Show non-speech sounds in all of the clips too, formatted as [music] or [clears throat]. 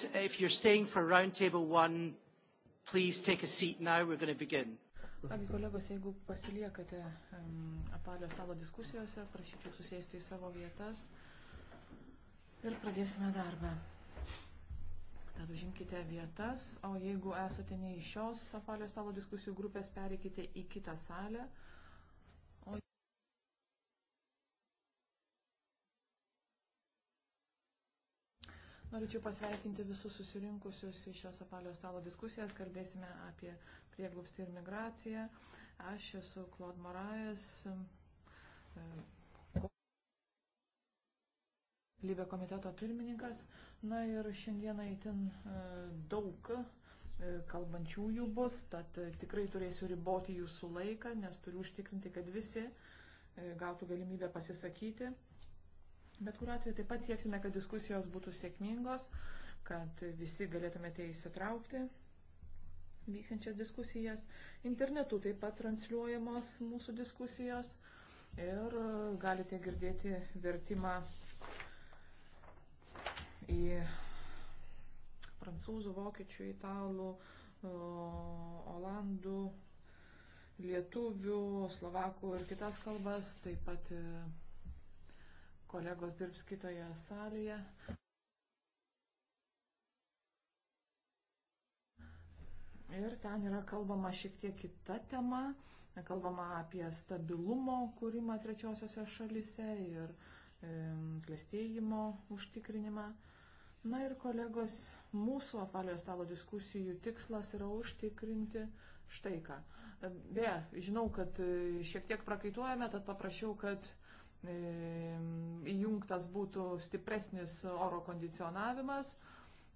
colleagues, if you're staying for roundtable one, please take a seat now. We're going to begin. Agi kolegos, jeigu pasiliekate um, apalio stalo diskusijose, prašyčiau susėsti į savo vietas ir pradėsime darbą. Tad užimkite vietas, o jeigu esate ne iš šios apalio stalo diskusijų grupės, pereikite į kitą salę. Norėčiau pasveikinti visus susirinkusius į šios apalio stalo diskusijas. Kalbėsime apie prieglobstį ir migraciją. Aš esu Klod Morajas. E, Lybė komiteto pirmininkas. Na ir šiandieną įtin e, daug e, kalbančiųjų bus, tad tikrai turėsiu riboti jūsų laiką, nes turiu užtikrinti, kad visi gautų galimybę pasisakyti. Bet kuriuo atveju taip pat sieksime, kad diskusijos būtų sėkmingos, kad visi galėtumėte įsitraukti vykstančias diskusijas. Internetu taip pat transliuojamos mūsų diskusijos ir e, galite girdėti vertimą į prancūzų, vokiečių, italų, e, olandų, lietuvių, slovakų ir kitas kalbas, taip pat e, kolegos dirbs kitoje salėje. Ir ten yra kalbama šiek tiek kita tema, kalbama apie stabilumo kūrimą trečiosiose šalise ir e, klėstėjimo užtikrinimą. Na ir kolegos, mūsų apalio stalo diskusijų tikslas yra užtikrinti štai ką. Beje, žinau, kad e, šiek tiek prakaituojame, tad paprašiau, kad įjungtas būtų stipresnis oro kondicionavimas.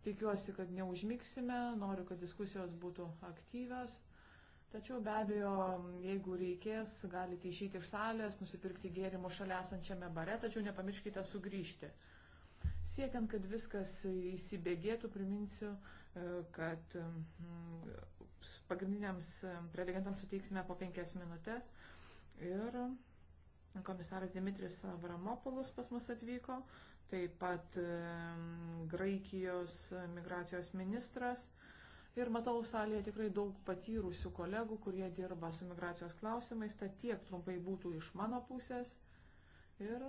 Tikiuosi, kad neužmiksime, noriu, kad diskusijos būtų aktyvios. Tačiau be abejo, jeigu reikės, galite išeiti iš salės, nusipirkti gėrimų šalia esančiame bare, tačiau nepamirškite sugrįžti. Siekiant, kad viskas įsibėgėtų, priminsiu, e, kad mm, pagrindiniams e, prelegentams suteiksime po penkias minutės ir komisaras Dimitris Avramopoulos pas mus atvyko, taip pat Graikijos migracijos ministras. Ir matau salėje tikrai daug patyrusių kolegų, kurie dirba su migracijos klausimais, tad tiek trumpai būtų iš mano pusės. Ir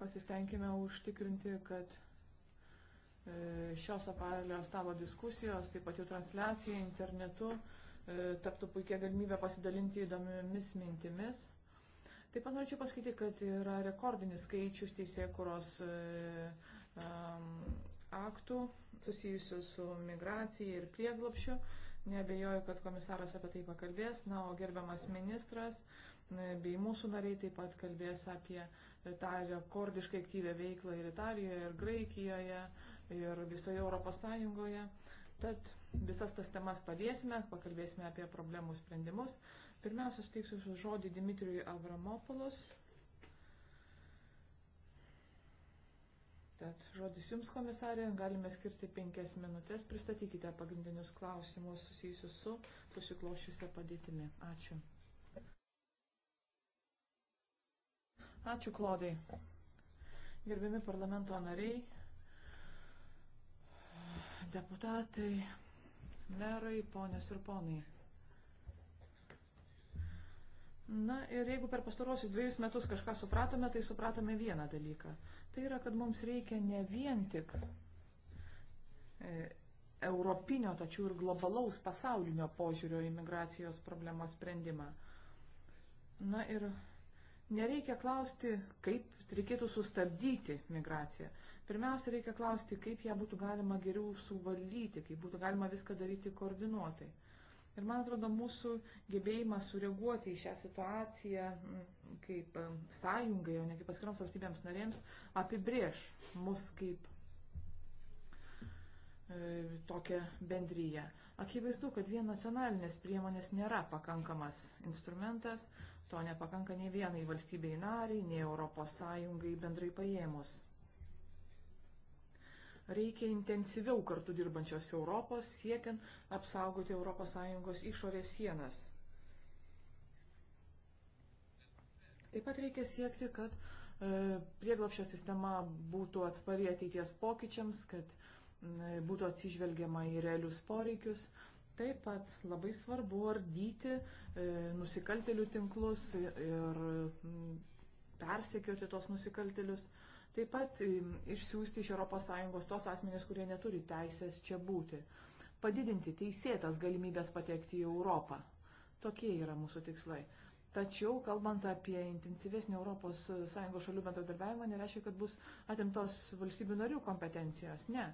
pasistengime užtikrinti, kad e, šios apalio stalo diskusijos, taip pat jų transliacija internetu e, taptų puikia galimybė pasidalinti įdomiomis mintimis. Taip pat norėčiau pasakyti, kad yra rekordinis skaičius teisėkuros e, aktų susijusių su migracija ir prieglopšiu. Nebejoju, kad komisaras apie tai pakalbės. Na, o gerbiamas ministras e, bei mūsų nariai taip pat kalbės apie tą rekordiškai aktyvę veiklą ir Italijoje, ir Graikijoje, ir visoje Europos Sąjungoje. Tad visas tas temas paliesime, pakalbėsime apie problemų sprendimus. Pirmiausia, steiksiu žodį Dimitrijui Avramopolos. Tad žodis Jums, komisarė, galime skirti penkias minutės. Pristatykite pagrindinius klausimus susijusius su susiklošiusią padėtimi. Ačiū. Ačiū, Klodai. Gerbiami parlamento nariai, deputatai, merai, ponios ir ponai. Na ir jeigu per pastarosius dviejus metus kažką supratome, tai supratome vieną dalyką. Tai yra, kad mums reikia ne vien tik e, europinio, tačiau ir globalaus pasaulinio požiūrio į migracijos problemos sprendimą. Na ir nereikia klausti, kaip reikėtų sustabdyti migraciją. Pirmiausia, reikia klausti, kaip ją būtų galima geriau suvaldyti, kaip būtų galima viską daryti koordinuotai. Ir man atrodo, mūsų gebėjimas sureaguoti į šią situaciją kaip sąjungai, o ne kaip atskiroms valstybėms narėms, apibrieš mus kaip e, tokią bendryją. Akivaizdu, kad vien nacionalinės priemonės nėra pakankamas instrumentas, to nepakanka nei vienai valstybei nariai, nei Europos Sąjungai bendrai paėmus. Reikia intensyviau kartu dirbančios Europos, siekiant apsaugoti ES išorės sienas. Taip pat reikia siekti, kad e, prieglopščio sistema būtų atspari ateities pokyčiams, kad būtų atsižvelgiama į realius poreikius. Taip pat labai svarbu ardyti e, nusikaltelių tinklus ir persekioti tos nusikaltelius taip pat e, išsiųsti iš ES tos asmenys, kurie neturi teisės čia būti, padidinti teisėtas galimybės patekti į Europą. Tokie yra mūsų tikslai. Tačiau, kalbant apie intensyvesnį ES šalių bendradarbiavimą, nereiškia, kad bus atimtos valstybių narių kompetencijos. Ne.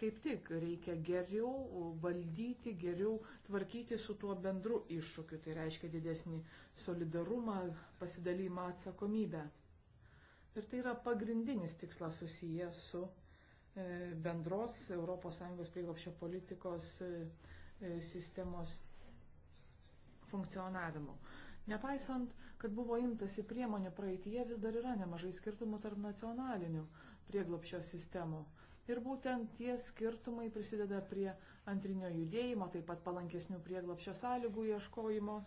Kaip tik reikia geriau valdyti, geriau tvarkyti su tuo bendru iššūkiu. Tai reiškia didesnį solidarumą, pasidalymą atsakomybę. Ir tai yra pagrindinis tikslas susijęs su e, bendros ES prieglopščio politikos e, e, sistemos funkcionavimu. Nepaisant, kad buvo imtasi priemonių praeitie, vis dar yra nemažai skirtumų tarp nacionalinių prieglopščio sistemų. Ir būtent tie skirtumai prisideda prie antrinio judėjimo, taip pat palankesnių prieglopščio sąlygų ieškojimo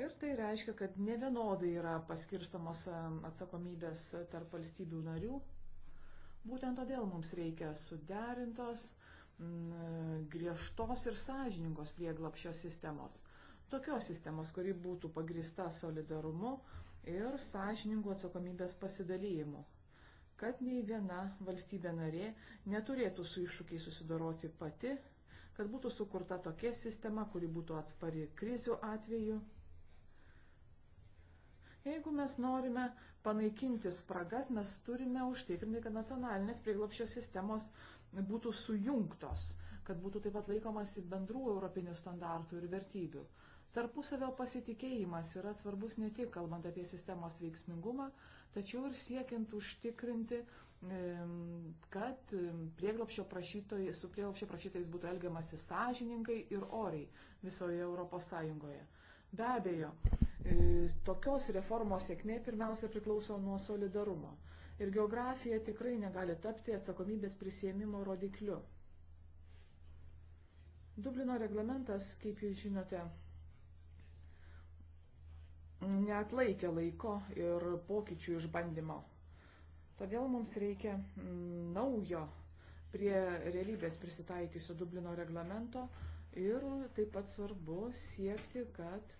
Ir tai reiškia, kad ne vienodai yra paskirstamos atsakomybės tarp valstybių narių. Būtent todėl mums reikia suderintos, griežtos ir sąžiningos prieglapšio sistemos. Tokios sistemos, kuri būtų pagrista solidarumu ir sąžiningų atsakomybės pasidalymu kad nei viena valstybė narė neturėtų su iššūkiai susidoroti pati, kad būtų sukurta tokia sistema, kuri būtų atspari krizių atveju Jeigu mes norime panaikinti spragas, mes turime užtikrinti, kad nacionalinės prieglopščio sistemos būtų sujungtos, kad būtų taip pat laikomasi bendrų europinių standartų ir vertybių. Tarpusavio pasitikėjimas yra svarbus ne tik kalbant apie sistemos veiksmingumą, tačiau ir siekiant užtikrinti, kad prieglopščio prašytojai, su prieglopščio prašytojais būtų elgiamasi sąžiningai ir oriai visoje Europos Sąjungoje. Be abejo, E, tokios reformos sėkmė pirmiausia priklauso nuo solidarumo. Ir geografija tikrai negali tapti atsakomybės prisėmimo rodikliu. Dublino reglamentas, kaip jūs žinote, neatlaikė laiko ir pokyčių išbandymo. Todėl mums reikia mm, naujo prie realybės prisitaikiusio Dublino reglamento ir taip pat svarbu siekti, kad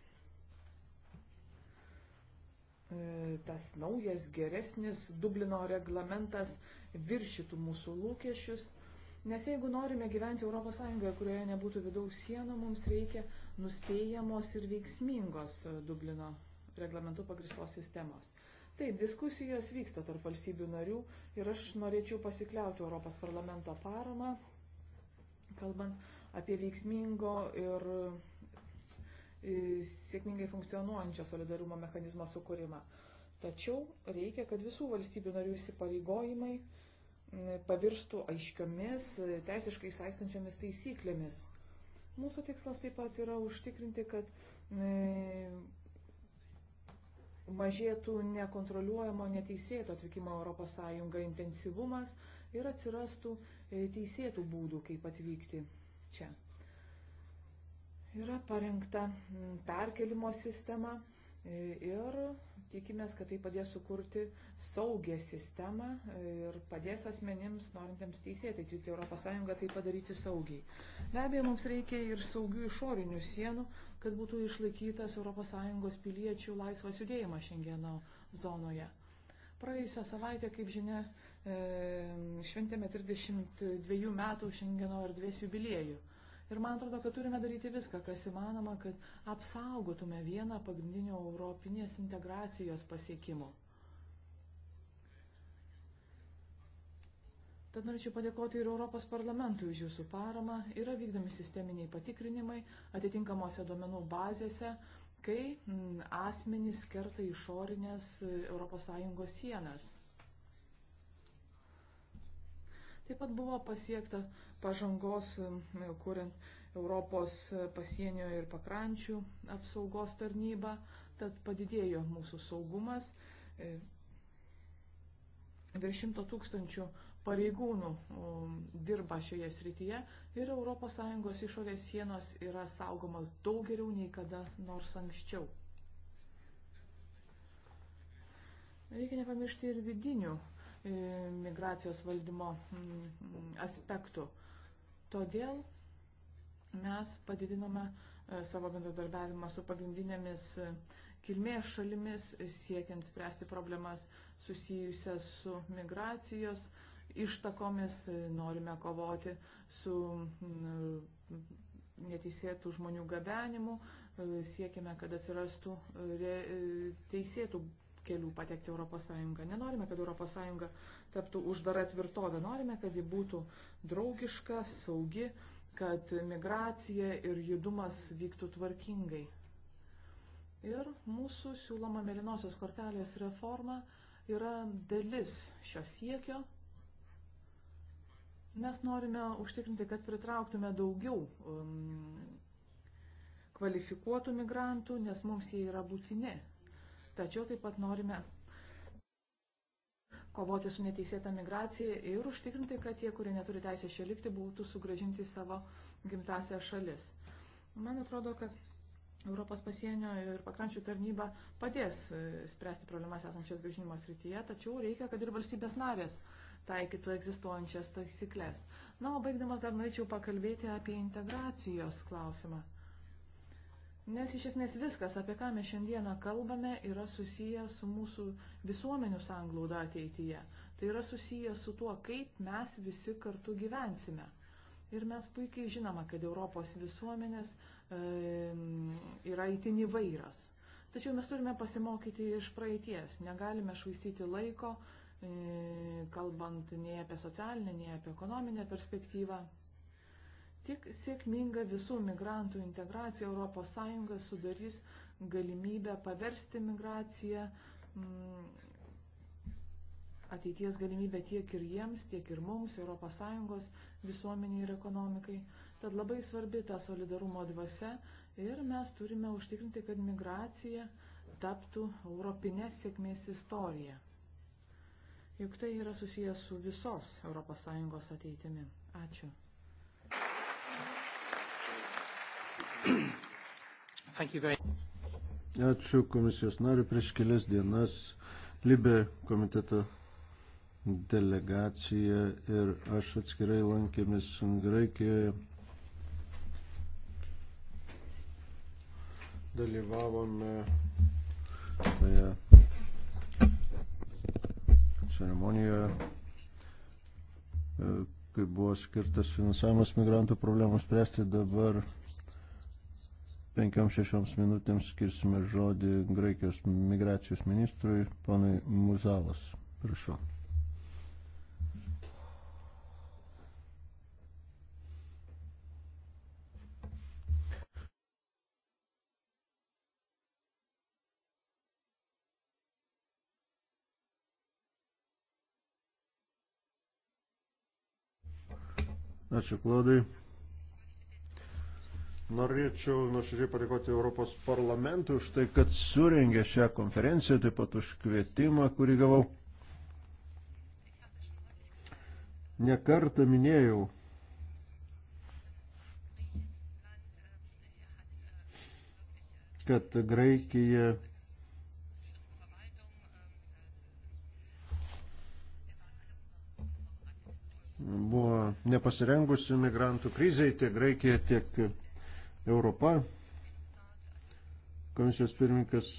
E, tas naujas, geresnis Dublino reglamentas viršytų mūsų lūkesčius. Nes jeigu norime gyventi ES, kurioje nebūtų vidaus sienų, mums reikia nuspėjamos ir veiksmingos Dublino reglamentų pagristos sistemos. Taip, diskusijos vyksta tarp valstybių narių ir aš norėčiau pasikliauti Europos parlamento paramą, kalbant apie veiksmingo ir sėkmingai funkcionuojančio solidarumo mechanizmo sukūrimą. Tačiau reikia, kad visų valstybių narių įsipareigojimai pavirstų aiškiomis, teisiškai saistančiomis taisyklėmis. Mūsų tikslas taip pat yra užtikrinti, kad mažėtų nekontroliuojamo neteisėto atvykimo ES intensyvumas ir atsirastų e, teisėtų būdų, kaip atvykti čia. Yra parengta perkelimo sistema ir tikimės, kad tai padės sukurti saugią sistemą ir padės asmenims, norintiems teisėtai atvykti Europos Sąjungą, tai padaryti saugiai. Be abejo, mums reikia ir saugių išorinių sienų, kad būtų išlaikytas Europos Sąjungos piliečių laisvas judėjimas šiandieno zonoje. Praėjusią savaitę, kaip žinia, e, šventėme 32 metų šiandieno erdvės jubiliejų. Ir man atrodo, kad turime daryti viską, kas įmanoma, kad apsaugotume vieną pagrindinių europinės integracijos pasiekimų. Tad norėčiau padėkoti ir Europos parlamentui už jūsų paramą. Yra vykdomi sisteminiai patikrinimai atitinkamose duomenų bazėse, kai mm, asmenys kerta išorinės ES sienas. Taip pat buvo pasiekta pažangos, kuriant Europos pasienio ir pakrančių apsaugos tarnybą, tad padidėjo mūsų saugumas. E, Virš šimto tūkstančių pareigūnų dirba šioje srityje ir ES išorės sienos yra saugomas daug geriau nei kada nors anksčiau. Reikia nepamiršti ir vidinių E, migracijos valdymo mm, aspektų. Todėl mes padidinome e, savo bendradarbiavimą su pagrindinėmis e, kilmės šalimis, siekiant spręsti problemas susijusias su migracijos ištakomis, norime kovoti su mm, neteisėtų žmonių gabenimu, siekime, kad atsirastų teisėtų kelių patekti Europos Sąjungą. Nenorime, kad Europos Sąjunga taptų uždara tvirtovė. Norime, kad ji būtų draugiška, saugi, kad migracija ir judumas vyktų tvarkingai. Ir mūsų siūloma mėlynosios kortelės reforma yra dalis šio siekio. Mes norime užtikrinti, kad pritrauktume daugiau um, kvalifikuotų migrantų, nes mums jie yra būtini. Tačiau taip pat norime kovoti su neteisėta migracija ir užtikrinti, kad tie, kurie neturi teisės čia likti, būtų sugražinti į savo gimtasią šalis. Man atrodo, kad Europos pasienio ir pakrančių tarnyba padės e, spręsti problemas esančias grįžinimo srityje, tačiau reikia, kad ir valstybės narės taikytų egzistuojančias taisyklės. Na, o baigdamas dar norėčiau pakalbėti apie integracijos klausimą. Nes iš esmės viskas, apie ką mes šiandieną kalbame, yra susiję su mūsų visuomenių sanglauda ateityje. Tai yra susiję su tuo, kaip mes visi kartu gyvensime. Ir mes puikiai žinome, kad Europos visuomenės e, yra itin įvairios. Tačiau mes turime pasimokyti iš praeities. Negalime švaistyti laiko, e, kalbant nei apie socialinę, nei apie ekonominę perspektyvą. Tik sėkminga visų migrantų integracija ES sudarys galimybę paversti migraciją m, mm, ateities galimybę tiek ir jiems, tiek ir mums, ES visuomeniai ir ekonomikai. Tad labai svarbi ta solidarumo dvasia ir mes turime užtikrinti, kad migracija taptų europinė sėkmės istorija. Juk tai yra susijęs su visos ES ateitimi. Ačiū. Ačiū komisijos nariu. Prieš kelias dienas Libė komiteto delegacija ir aš atskirai lankėmės Graikijoje. Dalyvavome toje ceremonijoje, e, kai buvo skirtas finansavimas migrantų problemų spręsti dabar 5-6 minutėms skirsime žodį Graikijos migracijos ministrui, ponui Muzalas. Prašau. Ačiū, Klaudai. Norėčiau nuoširdžiai padėkoti Europos parlamentui už tai, kad surengė šią konferenciją, taip pat už kvietimą, kurį gavau. Nekartą minėjau, kad Graikija buvo nepasirengusi migrantų kriziai tiek Graikija, tiek Europa. Komisijos pirmininkas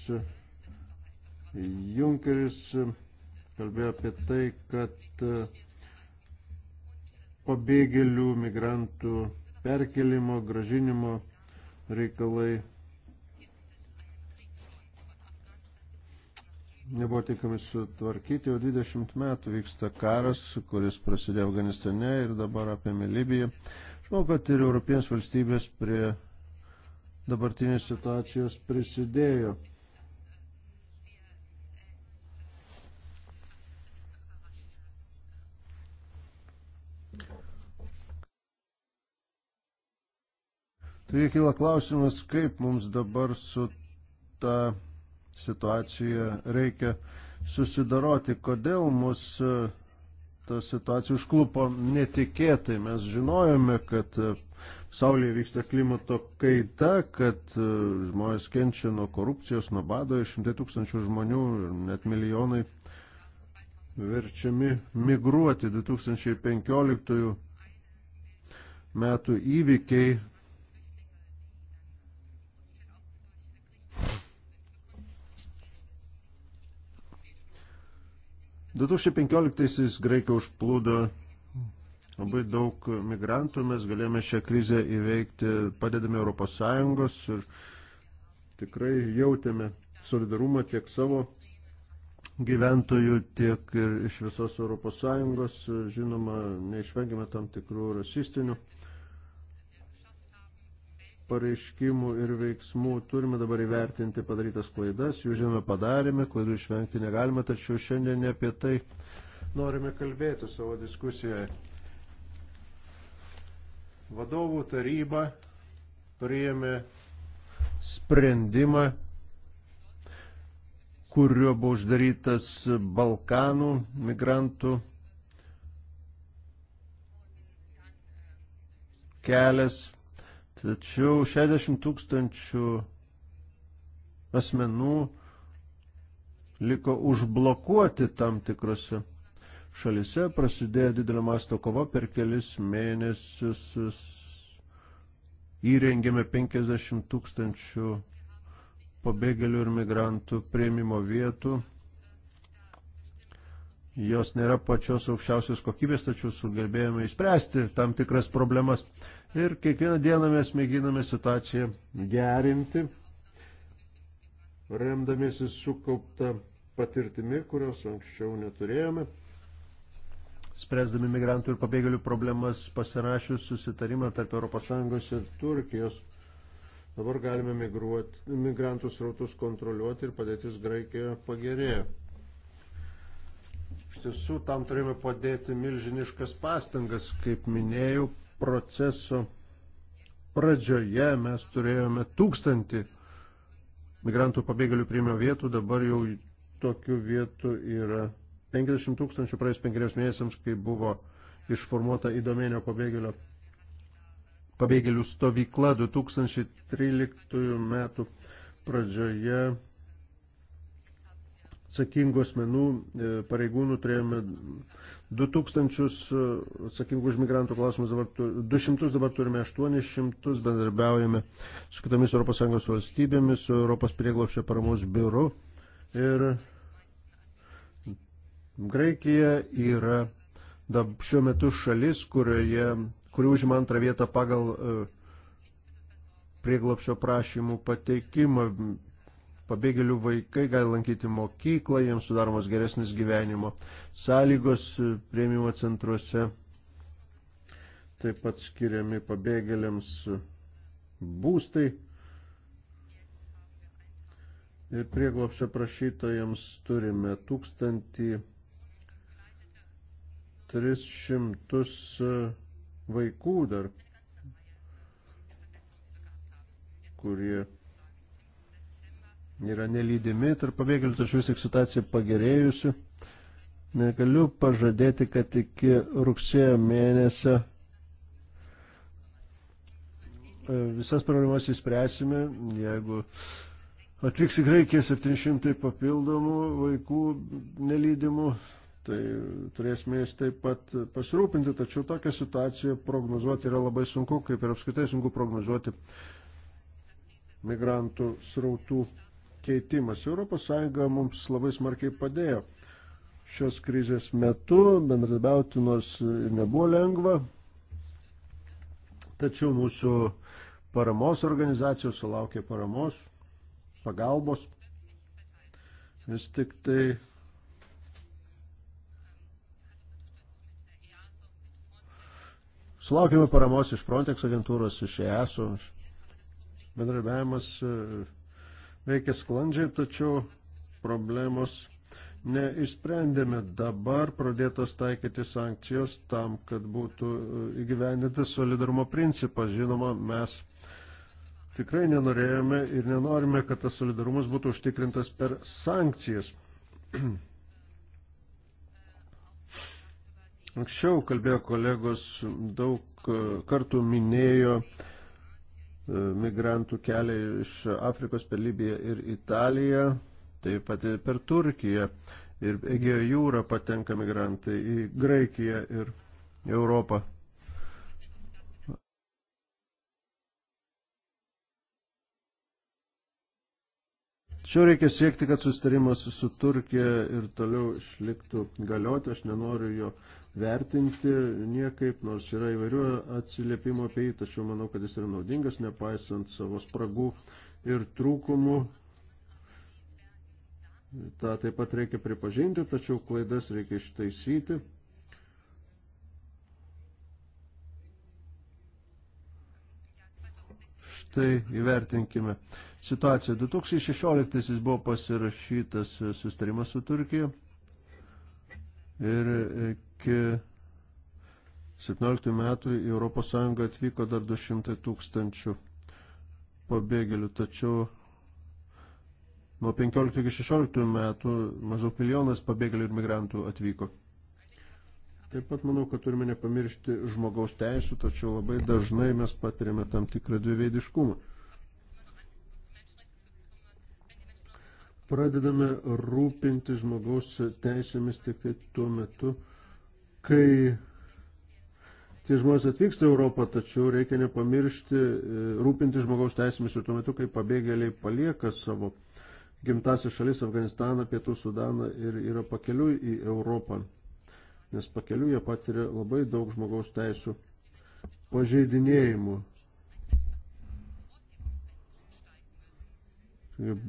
Junkeris kalbėjo apie tai, kad pabėgėlių, migrantų perkelimo, gražinimo reikalai nebuvo tinkamai sutvarkyti, jau 20 metų vyksta karas, kuris prasidėjo Afganistane ir dabar apėmė Libiją. Žinau, kad ir Europinės valstybės prie dabartinės situacijos prisidėjo. Taigi kyla klausimas, kaip mums dabar su ta situacija reikia susidaroti, kodėl mūsų ta situacija užklupo netikėtai. Mes žinojome, kad e, pasaulyje vyksta klimato kaita, kad e, žmonės kenčia nuo korupcijos, nuo bado, šimtai tūkstančių žmonių ir net milijonai verčiami migruoti 2015 metų įvykiai 2015-aisiais Graikija užplūdo labai daug migrantų, mes galėjome šią krizę įveikti padedami Europos Sąjungos ir tikrai jautėme solidarumą tiek savo gyventojų, tiek ir iš visos Europos Sąjungos. Žinoma, neišvengėme tam tikrų rasistinių pareiškimų ir veiksmų. Turime dabar įvertinti padarytas klaidas, jų žinome padarėme, klaidų išvengti negalime, tačiau šiandien ne apie tai norime kalbėti savo diskusijoje. Vadovų taryba priėmė sprendimą, kuriuo buvo uždarytas Balkanų migrantų kelias Tačiau 60 tūkstančių asmenų liko užblokuoti tam tikrose šalise, prasidėjo didelio masto kova per kelis mėnesius. Įrengėme 50 tūkstančių pabėgėlių ir migrantų prieimimo vietų. Jos nėra pačios aukščiausios kokybės, tačiau sugebėjome įspręsti tam tikras problemas ir kiekvieną dieną mes mėginame situaciją gerinti, remdamiesi sukauptą patirtimi, kurios anksčiau neturėjome. Spręsdami migrantų ir pabėgėlių problemas pasirašius susitarimą tarp ES ir Turkijos, dabar galime migruoti, migrantų srautus kontroliuoti ir padėtis Graikijoje pagerėjo. Iš tiesų, tam turime padėti milžiniškas pastangas, kaip minėjau, proceso pradžioje mes turėjome tūkstantį migrantų pabėgėlių priėmimo vietų, dabar jau tokių vietų yra 50 tūkstančių praėjus penkeriams mėnesiams, kai buvo išformuota įdomėnio pabėgėlio pabėgėlių stovykla 2013 metų pradžioje atsakingų asmenų e, pareigūnų turėjome 2000 e, atsakingų už migrantų klausimus, dabar 200 dabar turime 800, bendarbiaujame su kitomis ES valstybėmis, su Europos prieglopščio paramos biuru ir Graikija yra dab, šiuo metu šalis, kurioje, kuri užima antrą vietą pagal e, prieglopščio prašymų pateikimą pabėgėlių vaikai gali lankyti mokyklą, jiems sudaromos geresnis gyvenimo sąlygos e, prieimimo centruose, taip pat skiriami pabėgėliams e, būstai ir prieglopščio prašytojams turime 1300 e, vaikų dar, kurie yra nelydimi tarp pabėgėlių, tačiau vis tik situacija pagerėjusi. Negaliu pažadėti, kad iki rugsėjo mėnesio e, visas problemas įspręsime, jeigu atvyks į Graikiją 700 papildomų vaikų nelydimų, tai turėsime jais taip pat pasirūpinti, tačiau tokią situaciją prognozuoti yra labai sunku, kaip ir apskritai sunku prognozuoti migrantų srautų keitimas. ES mums labai smarkiai padėjo šios krizės metu, bendradarbiauti nors ir nebuvo lengva, tačiau mūsų paramos organizacijos sulaukė paramos, pagalbos. Vis tik tai sulaukėme paramos iš Frontex agentūros, iš EASO. Bendradarbiavimas veikia sklandžiai, tačiau problemos neišsprendėme. Dabar pradėtos taikyti sankcijos tam, kad būtų e, įgyvendintas solidarumo principas. Žinoma, mes tikrai nenorėjome ir nenorime, kad tas solidarumas būtų užtikrintas per sankcijas. Anksčiau kalbėjo kolegos daug e, kartų minėjo E, migrantų kelią iš Afrikos per Libiją ir Italiją, taip pat ir per Turkiją ir Egėjo jūrą patenka migrantai į Graikiją ir Europą. Čia reikia siekti, kad sustarimas su Turkija ir toliau išliktų galioti, aš nenoriu jo vertinti niekaip, nors yra įvairių atsiliepimų apie jį, tačiau manau, kad jis yra naudingas, nepaisant savo spragų ir trūkumų. Ta taip pat reikia pripažinti, tačiau klaidas reikia ištaisyti. Štai įvertinkime situaciją. 2016 buvo pasirašytas sustarimas su Turkija ir iki 17 metų į ES atvyko dar 200 tūkstančių pabėgėlių, tačiau nuo 15 iki 16 metų maždaug milijonas pabėgėlių ir migrantų atvyko. Taip pat manau, kad turime nepamiršti žmogaus teisų, tačiau labai dažnai mes patiriame tam tikrą dviveidiškumą. Pradedame rūpinti žmogaus teisėmis tik tai tuo metu, kai tie žmonės atvyksta į Europą, tačiau reikia nepamiršti e, rūpinti žmogaus teisėmis ir tuo metu, kai pabėgėliai palieka savo gimtasias šalis Afganistaną, Pietų Sudaną ir yra pakeliui į Europą, nes pakeliui jie patiria labai daug žmogaus teisų pažeidinėjimų.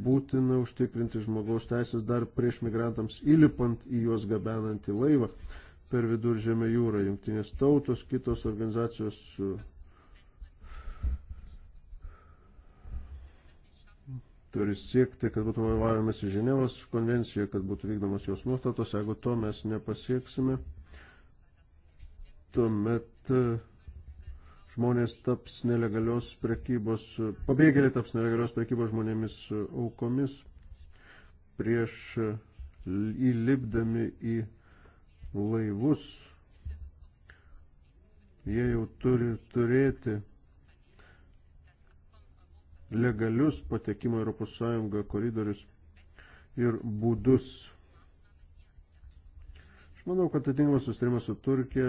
Būtina užtikrinti žmogaus teisės dar prieš migrantams įlipant į juos gabenantį laivą per viduržėmę jūrą. Jungtinės tautos, kitos organizacijos turi siekti, kad būtų vadovavimas į Ženevos konvenciją, kad būtų vykdomas jos nuostatos. Jeigu to mes nepasieksime, tuomet e, žmonės taps nelegalios prekybos, pabėgėliai taps nelegalios prekybos žmonėmis aukomis prieš e, įlipdami į laivus. Jie jau turi turėti legalius patekimo Europos Sąjungą koridorius ir būdus. Aš manau, kad atitinkamas sustarimas su Turkija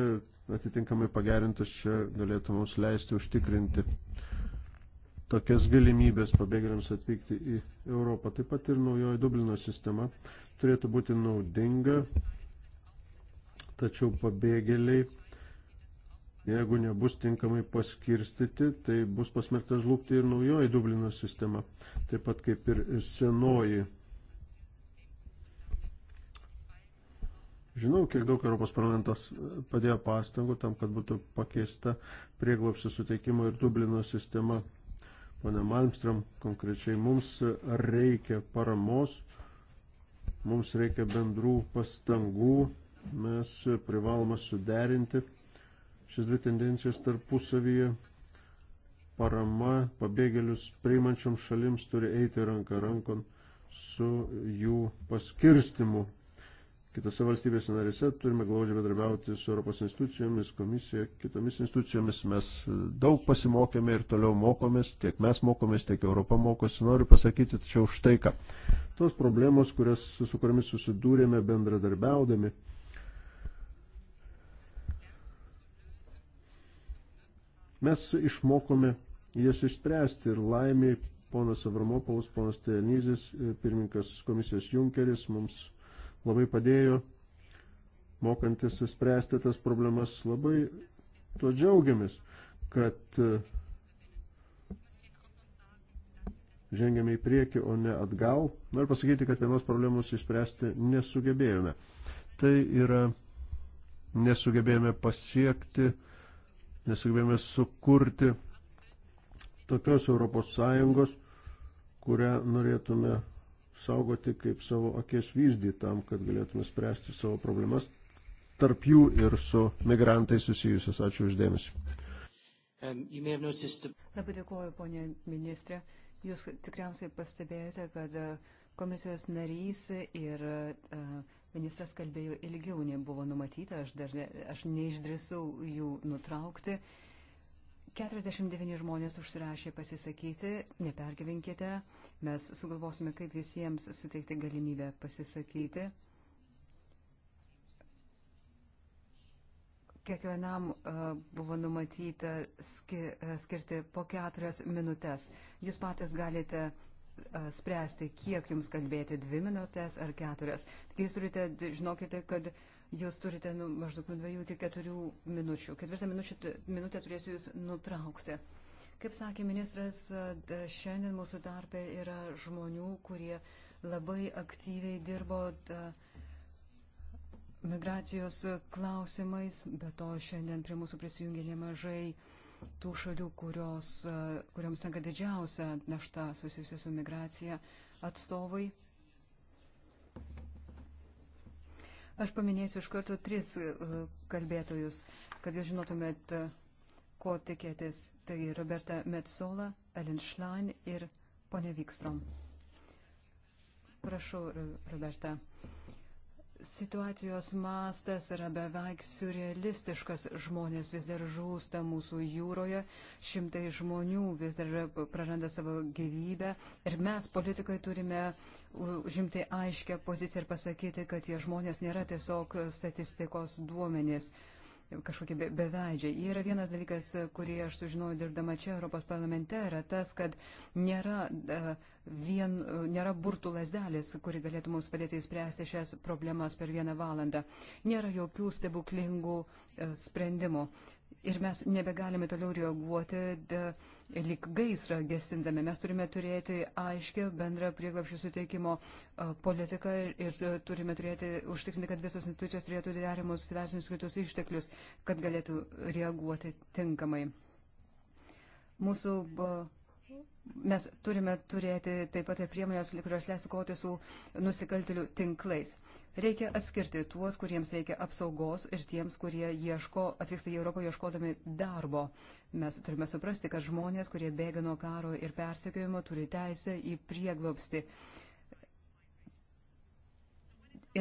atitinkamai pagerintas čia galėtų mums leisti užtikrinti tokias galimybės pabėgėliams atvykti į Europą. Taip pat ir naujoji Dublino sistema turėtų būti naudinga tačiau pabėgėliai, jeigu nebus tinkamai paskirstyti, tai bus pasmerkta žlugti ir naujoji Dublino sistema, taip pat kaip ir senoji. Žinau, kiek daug Europos parlamentas padėjo pastangų tam, kad būtų pakeista prieglopšio suteikimo ir Dublino sistema. Pone Malmström, konkrečiai mums reikia paramos, mums reikia bendrų pastangų Mes privalome suderinti šias dvi tendencijas tarpusavyje. Parama pabėgėlius priimančiom šalims turi eiti ranką rankon su jų paskirstimu. Kitose valstybėse narėse turime glaudžiai bedarbiauti su Europos institucijomis, komisija, kitomis institucijomis. Mes daug pasimokėme ir toliau mokomės, tiek mes mokomės, tiek Europa mokosi. Noriu pasakyti, tačiau štai ką. Tos problemos, kurias, su kuriamis susidūrėme bendradarbiaudami, Mes išmokome jas išspręsti ir laimiai ponas Avramopolas, ponas Tejanizis, e, pirmininkas komisijos Junkeris mums labai padėjo mokantis spręsti tas problemas. Labai tuo džiaugiamės, kad e, žengėme į priekį, o ne atgal. Noriu pasakyti, kad vienos problemos išspręsti nesugebėjome. Tai yra nesugebėjome pasiekti uh, nesugebėjome sukurti tokios Europos Sąjungos, kurią norėtume saugoti kaip savo akės vyzdį tam, kad galėtume spręsti savo problemas, tarp jų ir su migrantai susijusias. Ačiū uždėmesi. Um, the... Labai dėkuoju, ponė ministrė. Jūs tikriausiai pastebėjote, kad uh, komisijos narys ir uh, Ministras kalbėjo ilgiau, nei buvo numatyta, aš, dažnai, aš neišdrįsau jų nutraukti. 49 žmonės užsirašė pasisakyti, nepergyvenkite, mes sugalvosime, kaip visiems suteikti galimybę pasisakyti. Kiekvienam uh, buvo numatyta ski, uh, skirti po keturias minutės. Jūs patys galite spręsti, kiek jums kalbėti, dvi minutės ar keturias. Taigi jūs turite, žinokite, kad jūs turite nu, maždaug nuo dviejų iki keturių minučių. Ketvirtą minučių, minutę turėsiu jūs nutraukti. Kaip sakė ministras, šiandien mūsų darbė yra žmonių, kurie labai aktyviai dirbo da, migracijos klausimais, bet to šiandien prie mūsų prisijungė nemažai uh, tų šalių, kurios, e, kuriams tenka didžiausia našta susijusi su migracija atstovai. Aš paminėsiu iš karto tris e, kalbėtojus, kad jūs žinotumėt, e, ko tikėtis. Tai Roberta Metzola, Elin Schlein ir ponė Vikstrom. Prašau, Roberta. Uh, Situacijos mastas yra beveik surrealistiškas. Žmonės vis dar žūsta mūsų jūroje, šimtai žmonių vis dar praranda savo gyvybę. Ir mes, politikai, turime užimti aiškę poziciją ir pasakyti, kad tie žmonės nėra tiesiog statistikos duomenys. Uh, kažkokie be, beveidžiai. Jie yra vienas dalykas, kurį aš sužinojau dirbdama čia Europos parlamente, yra tas, kad nėra, vien, nėra burtų lasdelės, kuri galėtų mums padėti įspręsti šias problemas per vieną valandą. Nėra jokių stebuklingų e, sprendimų ir mes nebegalime toliau reaguoti lyg gaisrą gesindami. Mes turime turėti aiškę bendrą prieglapšių suteikimo politiką ir turime turėti užtikrinti, kad visos institucijos turėtų derimus finansinius kitus išteklius, kad galėtų reaguoti tinkamai. Mūsų Mes turime turėti taip pat ir priemonės, kurios leistų kovoti su nusikaltelių tinklais. Reikia atskirti tuos, kuriems reikia apsaugos ir tiems, kurie ieško, atvyksta į Europą ieškodami darbo. Mes turime suprasti, kad žmonės, kurie bėga nuo karo ir persekiojimo, turi teisę į prieglobstį.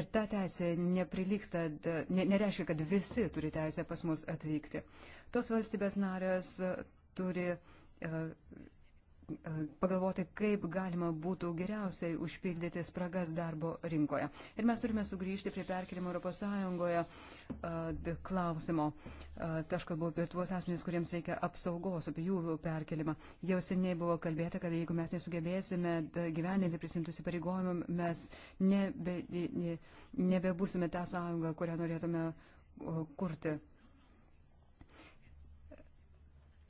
Ir ta teisė neprilyksta, ne, nereiškia, kad visi turi teisę pas mus atvykti. Tos valstybės narės turi uh, pagalvoti, kaip galima būtų geriausiai užpildyti spragas darbo rinkoje. Ir mes turime sugrįžti prie perkelimo Europos Sąjungoje uh, klausimo. Uh, aš kalbu apie tuos asmenys, kuriems reikia apsaugos, apie jų perkelimą. Jau seniai buvo kalbėta, kad jeigu mes nesugebėsime gyveninti prisimtus įpareigojimų, mes nebe, ne, nebebūsime tą sąjungą, kurią norėtume uh, kurti.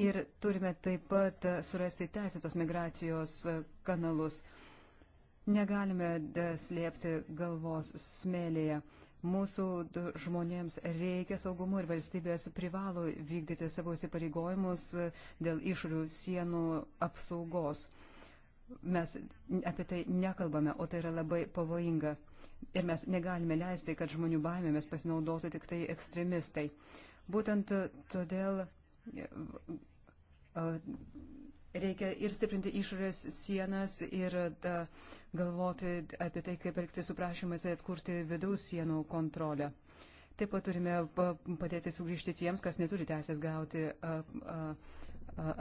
Ir turime taip pat e, surasti teisėtos migracijos e, kanalus. Negalime e, slėpti galvos smėlėje. Mūsų žmonėms reikia saugumo ir valstybės privalo vykdyti savo įsipareigojimus dėl išorių sienų apsaugos. Mes apie tai nekalbame, o tai yra labai pavojinga. Ir mes negalime leisti, kad žmonių baimėmis pasinaudotų tik tai ekstremistai. Būtent todėl Reikia ir stiprinti išorės sienas ir da, galvoti apie tai, kaip elgti su prašymais atkurti vidaus sienų kontrolę. Taip pat turime padėti sugrįžti tiems, kas neturi teisės gauti a, a, a,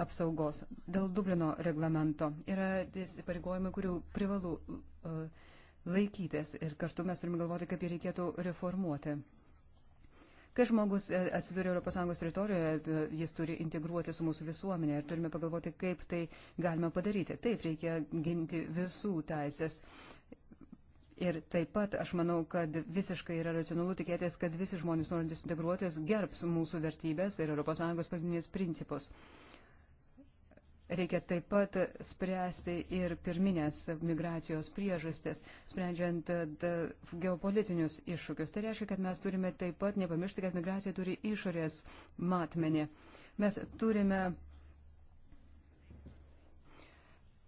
apsaugos. Dėl Dublino reglamento yra įsipareigojimai, kurių privalu laikytis ir kartu mes turime galvoti, kaip jį reikėtų reformuoti. Kai žmogus e, atsiduria ES teritorijoje, e, jis turi integruoti su mūsų visuomenė ir turime pagalvoti, kaip tai galima padaryti. Taip, reikia ginti visų teisės. Ir taip pat aš manau, kad visiškai yra racionalu tikėtis, kad visi žmonės norintys integruotis gerbs mūsų vertybės ir ES pagrindinės principus. Reikia taip pat spręsti ir pirminės migracijos priežastis, sprendžiant e, geopolitinius iššūkius. Tai reiškia, kad mes turime taip pat nepamiršti, kad migracija turi išorės matmenį. Mes turime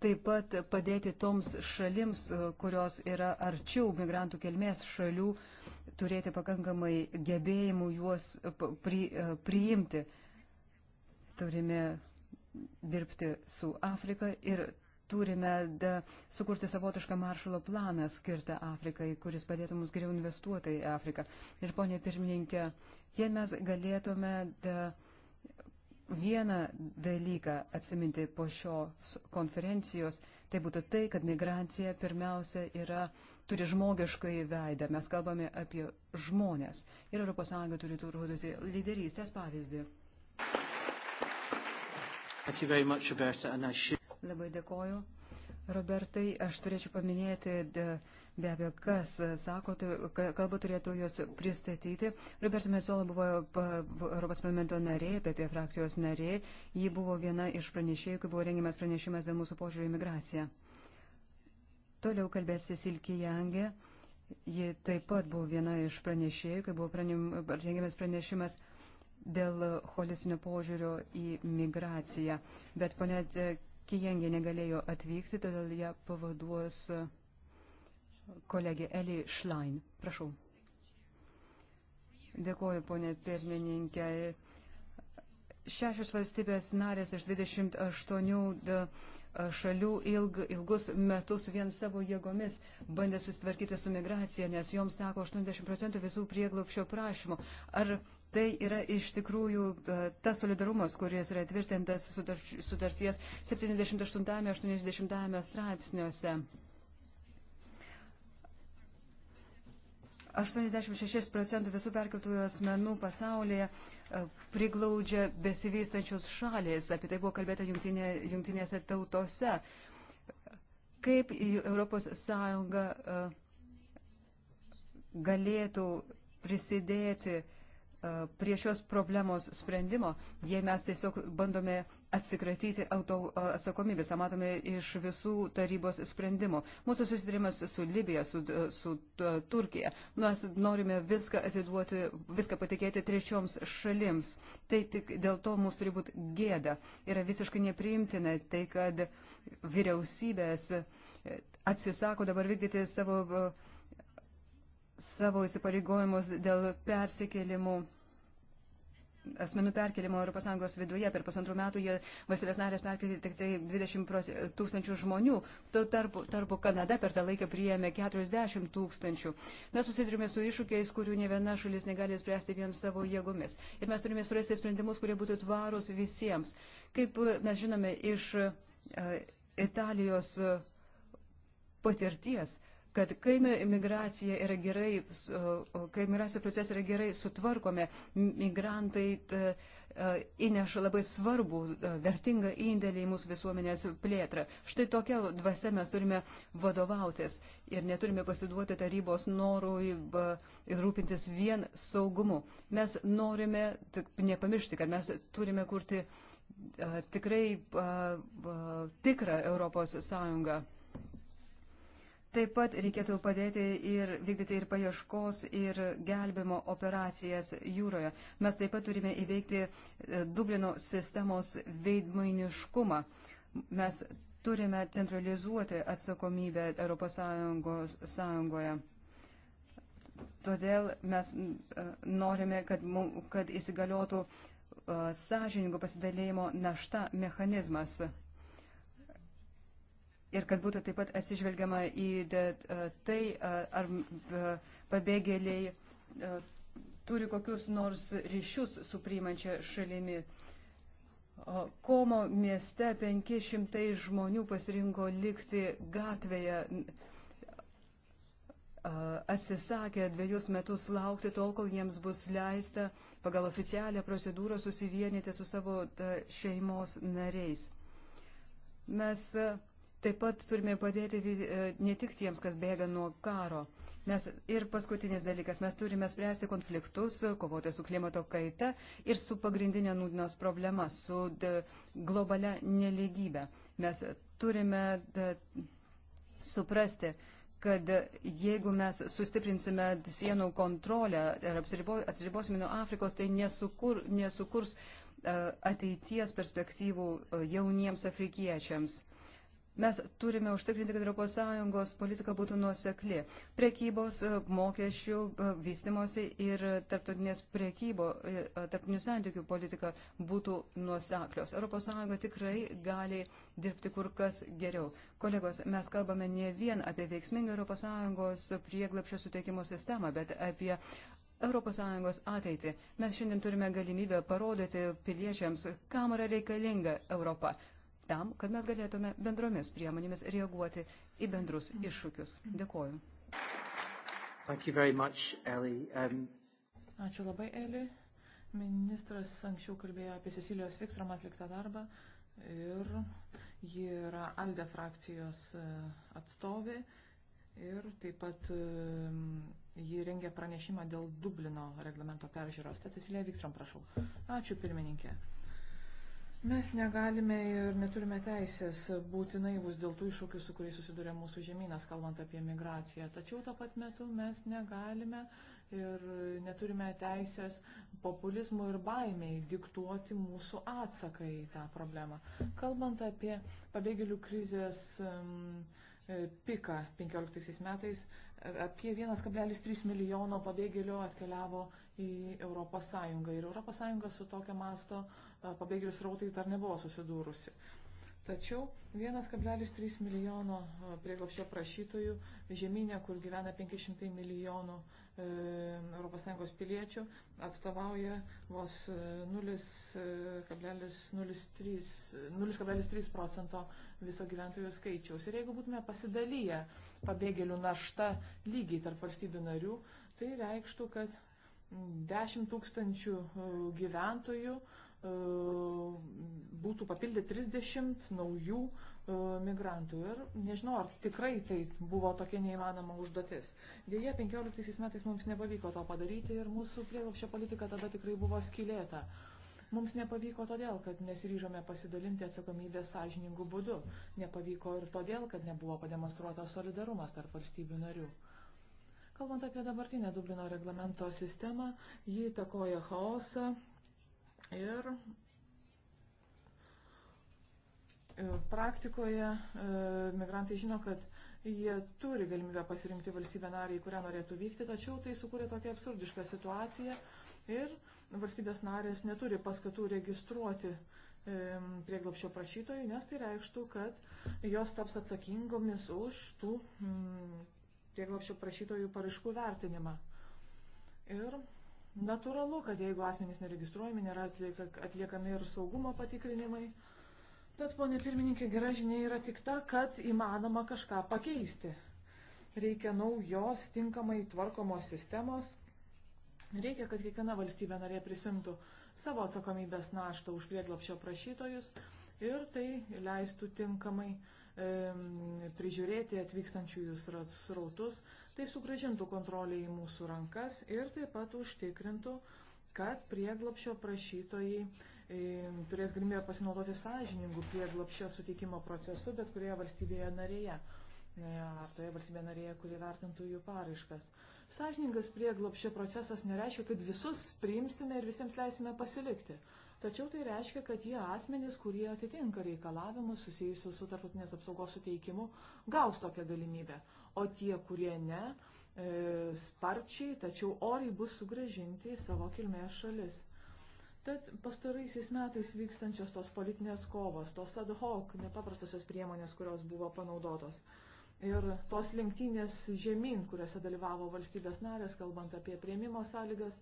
taip pat padėti toms šalims, e, kurios yra arčiau migrantų kelmės šalių, turėti pakankamai gebėjimų juos pri, e, priimti. Turime dirbti su Afrika ir turime da, sukurti savotišką maršalo planą skirtą Afrikai, kuris padėtų mums geriau investuoti į Afriką. Ir ponė pirmininkė, jei mes galėtume da, vieną dalyką atsiminti po šios konferencijos, tai būtų tai, kad migracija pirmiausia yra turi žmogiškai veidą. Mes kalbame apie žmonės. Ir ES turi rodyti lyderystės pavyzdį. Much, Roberta, should... Labai dėkoju. Robertai, aš turėčiau paminėti be abejo, kas sako, kalba turėtų juos pristatyti. Roberta Metzola buvo Europos parlamento narė, PP frakcijos narė. Ji buvo viena iš pranešėjų, kai buvo rengiamas pranešimas dėl mūsų požiūrį į migraciją. Toliau kalbės Silkija Jangė. Ji taip pat buvo viena iš pranešėjų, kai buvo rengiamas pranešimas dėl holistinio požiūrio į migraciją. Bet ponet Kijengė negalėjo atvykti, todėl ją pavaduos e, kolegė Eli Šlain. Prašau. Dėkuoju, ponė pirmininkė. Šešios valstybės narės iš 28 e, šalių ilg, ilgus metus vien savo jėgomis bandė susitvarkyti su migracija, nes joms teko 80 procentų visų prieglopšio prašymų. Ar Tai yra iš tikrųjų e, tas solidarumas, kuris yra tvirtintas sutarties 78-80 straipsniuose. 86 procentų visų perkeltųjų asmenų pasaulyje e, priglaudžia besivystančius šalės. Apie tai buvo kalbėta jungtinė, jungtinėse tautose. Kaip ES e, galėtų prisidėti E, prie šios problemos sprendimo, jei mes tiesiog bandome atsikratyti auto, e, atsakomybės, tą matome iš visų tarybos sprendimų. Mūsų susitarimas su Libija, su, e, su Turkija, mes norime viską atiduoti, viską patikėti trečioms šalims. Tai tik dėl to mums turi būti gėda. Yra visiškai nepriimtina tai, kad vyriausybės atsisako dabar vykdyti savo savo įsipareigojimus dėl persikėlimų asmenų perkelimo ES viduje per pusantrų metų jie valstybės narės perkelė tik tai 20 tūkstančių žmonių, tuo tarpu, tarpu Kanada per tą laiką priėmė 40 tūkstančių. Mes susidurime su iššūkiais, kurių ne viena šalis negali spręsti vien savo jėgomis. Ir mes turime surasti sprendimus, kurie būtų tvarūs visiems. Kaip e, mes žinome iš e, Italijos e, patirties, kad kai migracija yra gerai, kai migracijos procesai yra gerai sutvarkomi, migrantai įneša labai svarbų, vertingą indėlį į mūsų visuomenės plėtrą. Štai tokia dvasia mes turime vadovautis ir neturime pasiduoti tarybos norui ir rūpintis vien saugumu. Mes norime nepamiršti, kad mes turime kurti tikrai tikrą Europos Sąjungą. Taip pat reikėtų padėti ir vykdyti ir paieškos, ir gelbimo operacijas jūroje. Mes taip pat turime įveikti e, Dublino sistemos veidmainiškumą. Mes turime centralizuoti atsakomybę ES. Sąjungoje. Todėl mes e, norime, kad, kad įsigaliotų e, sąžiningo pasidalėjimo našta mechanizmas ir kad būtų taip pat atsižvelgiama į tai, ar pabėgėliai turi kokius nors ryšius su priimančia šalimi. Komo mieste 500 žmonių pasirinko likti gatvėje, atsisakė dviejus metus laukti tol, kol jiems bus leista pagal oficialią procedūrą susivienyti su savo šeimos nariais. Mes uh, Taip pat turime padėti e, ne tik tiems, kas bėga nuo karo. Nes ir paskutinis dalykas, mes turime spręsti konfliktus, kovoti su klimato kaita ir su pagrindinė nūdienos problema, su globalia neligybė. Mes turime suprasti, kad jeigu mes sustiprinsime sienų kontrolę ir atsiribosime nuo Afrikos, tai nesukur, nesukurs e, ateities perspektyvų e, jauniems afrikiečiams. Mes turime užtikrinti, kad ES politika būtų nuosekli. Prekybos, e, mokesčių, e, vystimosi ir tarptautinės prekybo, e, tarptautinių santykių politika būtų nuoseklios. ES tikrai gali dirbti kur kas geriau. Kolegos, mes kalbame ne vien apie veiksmingą ES prieglapšio suteikimo sistemą, bet apie ES ateitį. Mes šiandien turime galimybę parodyti piliečiams, kam yra reikalinga Europa tam, kad mes galėtume bendromis priemonėmis reaguoti į bendrus iššūkius. Dėkoju. Much, Ellie. um... Ačiū labai, Eli. Ministras anksčiau kalbėjo apie Cecilijos Vikstrom atliktą darbą ir ji yra Alde frakcijos e, atstovė ir taip pat e, ji rengia pranešimą dėl Dublino reglamento peržiūros. Tad Cecilija Vikstrom, prašau. Ačiū, pirmininkė. Mes negalime ir neturime teisės būti naivus dėl tų iššūkių, su kuriais susiduria mūsų žemynas, kalbant apie migraciją. Tačiau tuo pat metu mes negalime ir neturime teisės populizmui ir baimiai diktuoti mūsų atsaką į tą problemą. Kalbant apie pabėgėlių krizės e, piką 15 metais, apie 1,3 milijono pabėgėlių atkeliavo į ES. Ir ES su tokio masto pabėgėlių srautais dar nebuvo susidūrusi. Tačiau 1,3 milijono prieglopščio prašytojų žemynė, kur gyvena 500 milijonų ES piliečių, atstovauja vos 0,3 e, e, procento viso gyventojų skaičiaus. Ir jeigu būtume pasidalyję pabėgėlių naštą lygiai tarp valstybių narių, tai reikštų, kad 10 tūkstančių e, gyventojų uh, E, būtų papildę 30 naujų e, migrantų. Ir nežinau, ar tikrai tai buvo tokia neįmanoma užduotis. Dėje, 15 metais mums nepavyko to padaryti ir mūsų prieglapščio politika tada tikrai buvo skilėta. Mums nepavyko todėl, kad nesiryžome pasidalinti atsakomybės sąžiningų būdų. Nepavyko ir todėl, kad nebuvo pademonstruotas solidarumas tarp valstybių narių. Kalbant apie dabartinę Dublino reglamento sistemą, ji įtakoja chaosą, Ir e, praktikoje e, migrantai žino, kad jie turi galimybę pasirinkti valstybę narį, į kurią norėtų vykti, tačiau tai sukūrė tokią absurdišką situaciją ir valstybės narės neturi paskatų registruoti e, prieglapšio prašytojų, nes tai reikštų, kad jos taps atsakingomis už tų prieglapšio prašytojų paraiškų vertinimą. Ir Natūralu, kad jeigu asmenys neregistruojami, nėra atlieka, atliekami ir saugumo patikrinimai. Tad, ponė pirmininkė, gera žinia yra tik ta, kad įmanoma kažką pakeisti. Reikia naujos tinkamai tvarkomos sistemos. Reikia, kad kiekviena valstybė narė prisimtų savo atsakomybės naštą už prieglapšio prašytojus ir tai leistų tinkamai uh, prižiūrėti atvykstančiųjų srautus, tai sugražintų kontrolę į mūsų rankas ir taip pat užtikrintų, kad prieglopšio prašytojai turės galimybę pasinaudoti sąžiningų prieglopšio suteikimo procesu bet kurioje valstybėje narėje e, ar toje valstybėje narėje, kuri vertintų jų paraiškas. Sąžiningas prieglopšio procesas nereiškia, kad visus priimsime ir visiems leisime pasilikti. Tačiau tai reiškia, kad tie asmenys, kurie atitinka reikalavimus susijusius su tarptautinės apsaugos suteikimu, gaus tokią galimybę. O tie, kurie ne, e, sparčiai, tačiau oriai bus sugražinti į savo kilmės šalis. Tad pastaraisiais metais vykstančios tos politinės kovos, tos ad hoc nepaprastosios priemonės, kurios buvo panaudotos. Ir tos lenktynės žemyn, kuriuose dalyvavo valstybės narės, kalbant apie prieimimo sąlygas,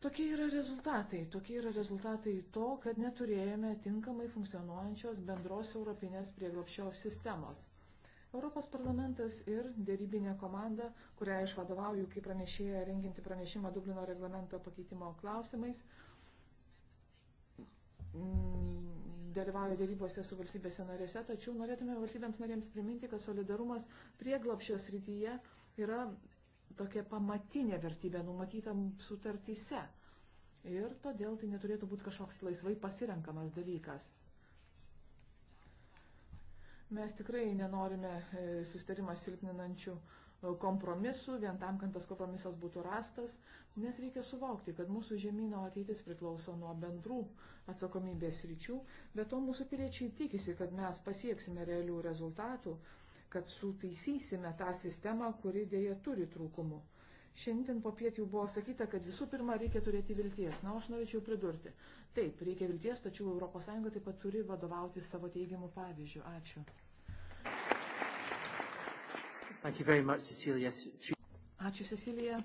Tokie yra rezultatai. Tokie yra rezultatai to, kad neturėjome tinkamai funkcionuojančios bendros europinės prieglapščio sistemos. Europos parlamentas ir dėrybinė komanda, kurią aš vadovauju kaip pranešėja renginti pranešimą Dublino reglamento pakeitimo klausimais, mm, dalyvauja dėrybose su valstybėse narėse, tačiau norėtume valstybėms narėms priminti, kad solidarumas prieglapščio srityje yra tokia pamatinė vertybė numatyta sutartyse. Ir todėl tai neturėtų būti kažkoks laisvai pasirenkamas dalykas. Mes tikrai nenorime e, sustarimą silpninančių e, kompromisų, vien tam, kad tas kompromisas būtų rastas, nes reikia suvokti, kad mūsų žemynų ateitis priklauso nuo bendrų atsakomybės ryčių, bet to mūsų piliečiai tikisi, kad mes pasieksime realių rezultatų kad sutaisysime tą sistemą, kuri dėja turi trūkumų. Šiandien po pietų buvo sakyta, kad visų pirma reikia turėti vilties. Na, aš norėčiau pridurti. Taip, reikia vilties, tačiau ES taip pat turi vadovauti savo teigiamų pavyzdžių. Ačiū. Much, Cecilia. Ačiū, Cecilija.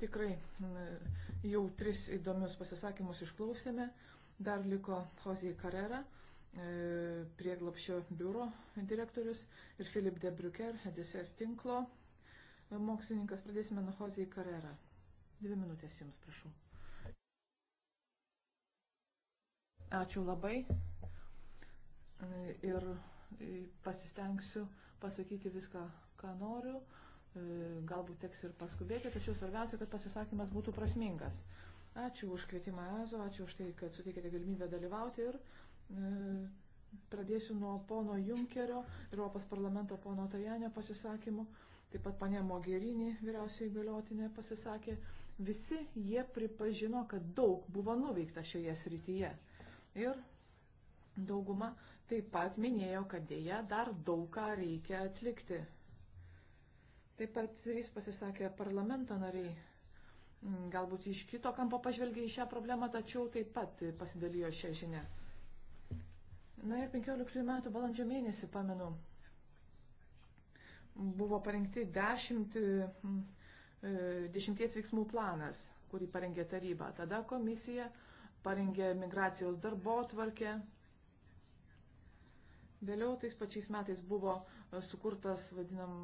Tikrai mm, jau tris įdomius pasisakymus išklausėme. Dar liko Hozija Karera. E, prieglapšio biuro direktorius ir Filip de Brucker, Edisės tinklo e, mokslininkas. Pradėsime nuo Hozijai Karerą. Dvi minutės jums, prašau. Ačiū labai e, ir pasistengsiu pasakyti viską, ką noriu. Galbūt teks ir paskubėti, tačiau svarbiausia, kad pasisakymas būtų prasmingas. Ačiū už kvietimą EZO, ačiū už tai, kad suteikėte galimybę dalyvauti ir uh, E, pradėsiu nuo pono Junkerio, Europos parlamento pono Tajanio pasisakymų, taip pat panė Mogerinį vyriausiai įgaliotinė pasisakė. Visi jie pripažino, kad daug buvo nuveikta šioje srityje. Ir dauguma taip pat minėjo, kad dėja dar daug ką reikia atlikti. Taip pat trys pasisakė parlamento nariai. Galbūt iš kito kampo pažvelgia į šią problemą, tačiau taip pat pasidalijo šią žinią. Na ir 15 metų balandžio mėnesį, pamenu, buvo parengti dešimt, e, dešimties veiksmų planas, kurį parengė taryba. Tada komisija parengė migracijos darbo tvarkę. Vėliau tais pačiais metais buvo sukurtas, vadinam,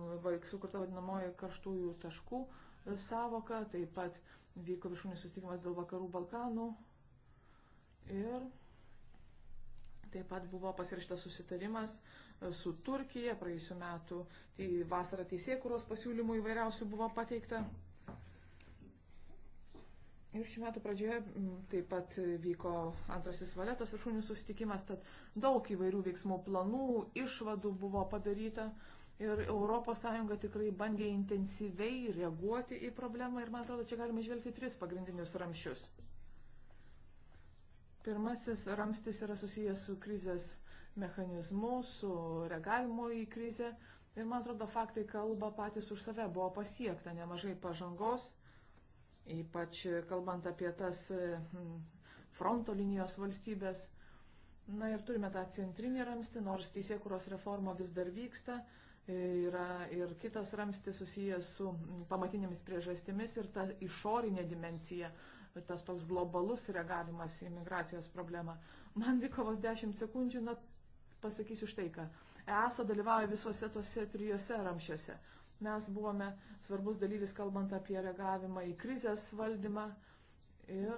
sukurta vadinamoji karštųjų taškų e, savoka, taip pat vyko viršūnės susitikimas dėl vakarų Balkanų ir Taip pat buvo pasirašytas susitarimas e, su Turkija, praėjusiu metu tai vasarą teisėkuros pasiūlymų įvairiausių buvo pateikta. Ir šių metų pradžioje taip pat vyko antrasis valetos viršūnių susitikimas, tad daug įvairių veiksmų planų, išvadų buvo padaryta. Ir ES tikrai bandė intensyviai reaguoti į problemą ir man atrodo, čia galime žvelgti tris pagrindinius ramšius. Pirmasis ramstis yra susijęs su krizės mechanizmu, su reagavimu į krizę. Ir man atrodo, faktai kalba patys už save. Buvo pasiekta nemažai pažangos, ypač kalbant apie tas hm, fronto linijos valstybės. Na ir turime tą centrinį ramstį, nors teisėkuros reforma vis dar vyksta. Yra ir kitas ramstis susijęs su hm, pamatinėmis priežastimis ir ta išorinė dimencija tas toks globalus reagavimas į migracijos problemą. Man liko vos 10 sekundžių, na, pasakysiu štai ką. ESA dalyvauja visose tose trijose ramšiuose. Mes buvome svarbus dalyvis, kalbant apie reagavimą į krizės valdymą ir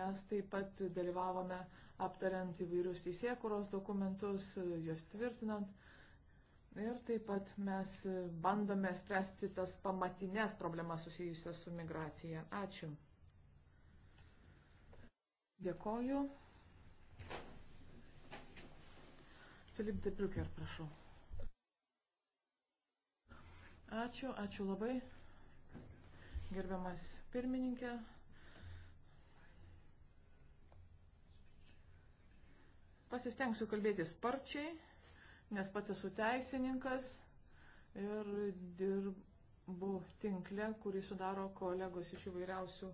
mes taip pat dalyvavome aptariant įvairius teisėkuros dokumentus, juos tvirtinant. Ir taip pat mes bandome spręsti tas pamatinės problemas susijusias su migracija. Ačiū. Dėkoju. Filip Debriuker, prašau. Ačiū, ačiū labai. Gerbiamas pirmininkė. Pasistengsiu kalbėti sparčiai, nes pats esu teisininkas ir dirbu tinkle, kurį sudaro kolegos iš įvairiausių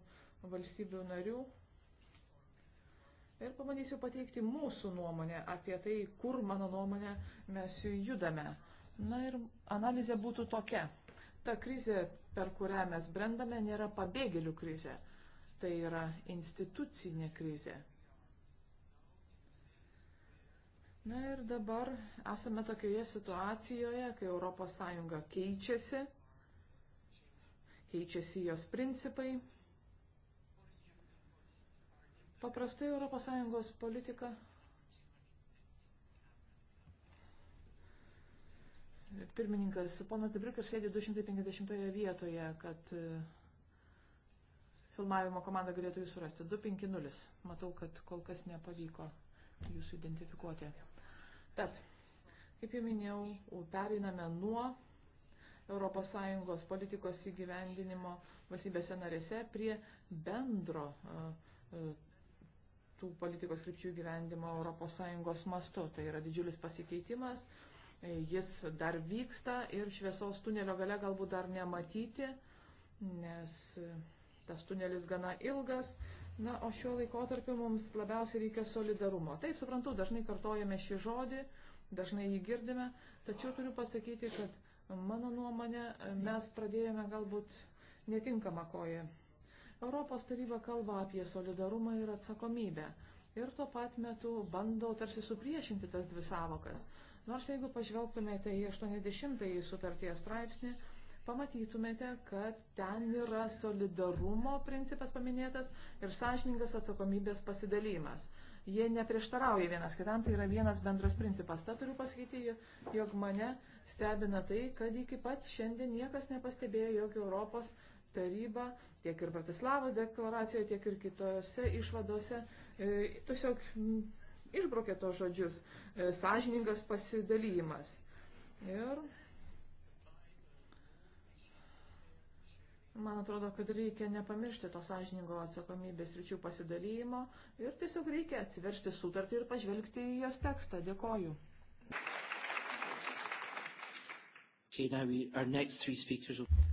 valstybių narių ir pabandysiu pateikti mūsų nuomonę apie tai, kur, mano nuomonė, mes judame. Na ir analizė būtų tokia. Ta krizė, per kurią mes brendame, nėra pabėgėlių krizė. Tai yra institucinė krizė. Na ir dabar esame tokioje situacijoje, kai ES keičiasi, keičiasi jos principai, Paprastai ES politika pirmininkas, ponas Dabriukas sėdi 250 vietoje, kad e, filmavimo komanda galėtų jūs surasti. 250. Matau, kad kol kas nepavyko jūsų identifikuoti. Tad, kaip jau minėjau, pereiname nuo ES politikos įgyvendinimo valstybėse narėse prie bendro e, e, tų politikos krypčių gyvendimo ES mastu. Tai yra didžiulis pasikeitimas, e, jis dar vyksta ir šviesos tunelio gale galbūt dar nematyti, nes e, tas tunelis gana ilgas. Na, o šiuo laikotarpiu mums labiausiai reikia solidarumo. Taip, suprantu, dažnai kartojame šį žodį, dažnai jį girdime, tačiau turiu pasakyti, kad mano nuomonė e, mes pradėjome galbūt netinkamą koją Europos taryba kalba apie solidarumą ir atsakomybę. Ir tuo pat metu bando tarsi supriešinti tas dvi savokas. Nors jeigu pažvelgtumėte į 80-ąjį sutarties straipsnį, pamatytumėte, kad ten yra solidarumo principas paminėtas ir sąžiningas atsakomybės pasidalymas. Jie neprieštarauja vienas kitam, tai yra vienas bendras principas. Ta turiu pasakyti, jog mane stebina tai, kad iki pat šiandien niekas nepastebėjo, jog Europos taryba, tiek ir Bratislavos deklaracijoje, tiek ir kitose išvadose e, tiesiog mm, išbraukė tos žodžius e, - sąžiningas pasidalymas. Ir man atrodo, kad reikia nepamiršti to sąžiningo atsakomybės ryčių pasidalymo ir tiesiog reikia atsiversti sutartį ir pažvelgti į jos tekstą. Dėkoju. Okay, now we, our next three speakers will...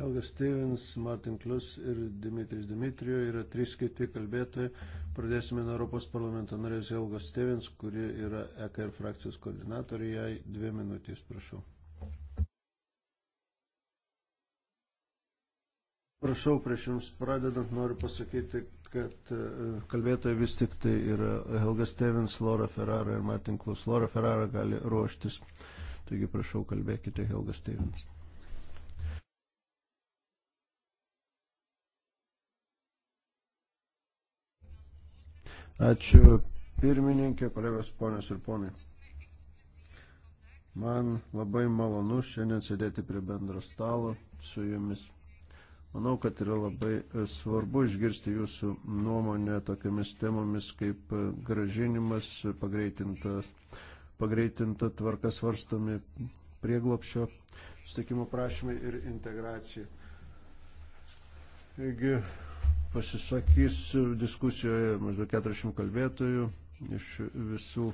Helga Stevens, Martin Klius ir Dimitris Dimitrijo yra trys kiti kalbėtojai. Pradėsime nuo Europos parlamento narės Helga Stevens, kuri yra EKR frakcijos koordinatorė. Jai dvi minutės, prašau. Prašau, prieš Jums pradedant noriu pasakyti, kad e, kalbėtojai vis tik tai yra Helga Stevens, Laura Ferrara ir Martin Klus. Laura Ferrara gali ruoštis. Taigi prašau, kalbėkite Helga Stevens. Ačiū pirmininkė, kolegos ponios ir ponai. Man labai malonu šiandien sėdėti prie bendro stalo su jumis. Manau, kad yra labai e, svarbu išgirsti jūsų nuomonę tokiamis temomis kaip e, gražinimas, pagreitinta, pagreitinta tvarka svarstomi prieglopšio sutikimo prašymai ir integracija. Taigi, pasisakys diskusijoje maždaug 40 kalbėtojų iš visų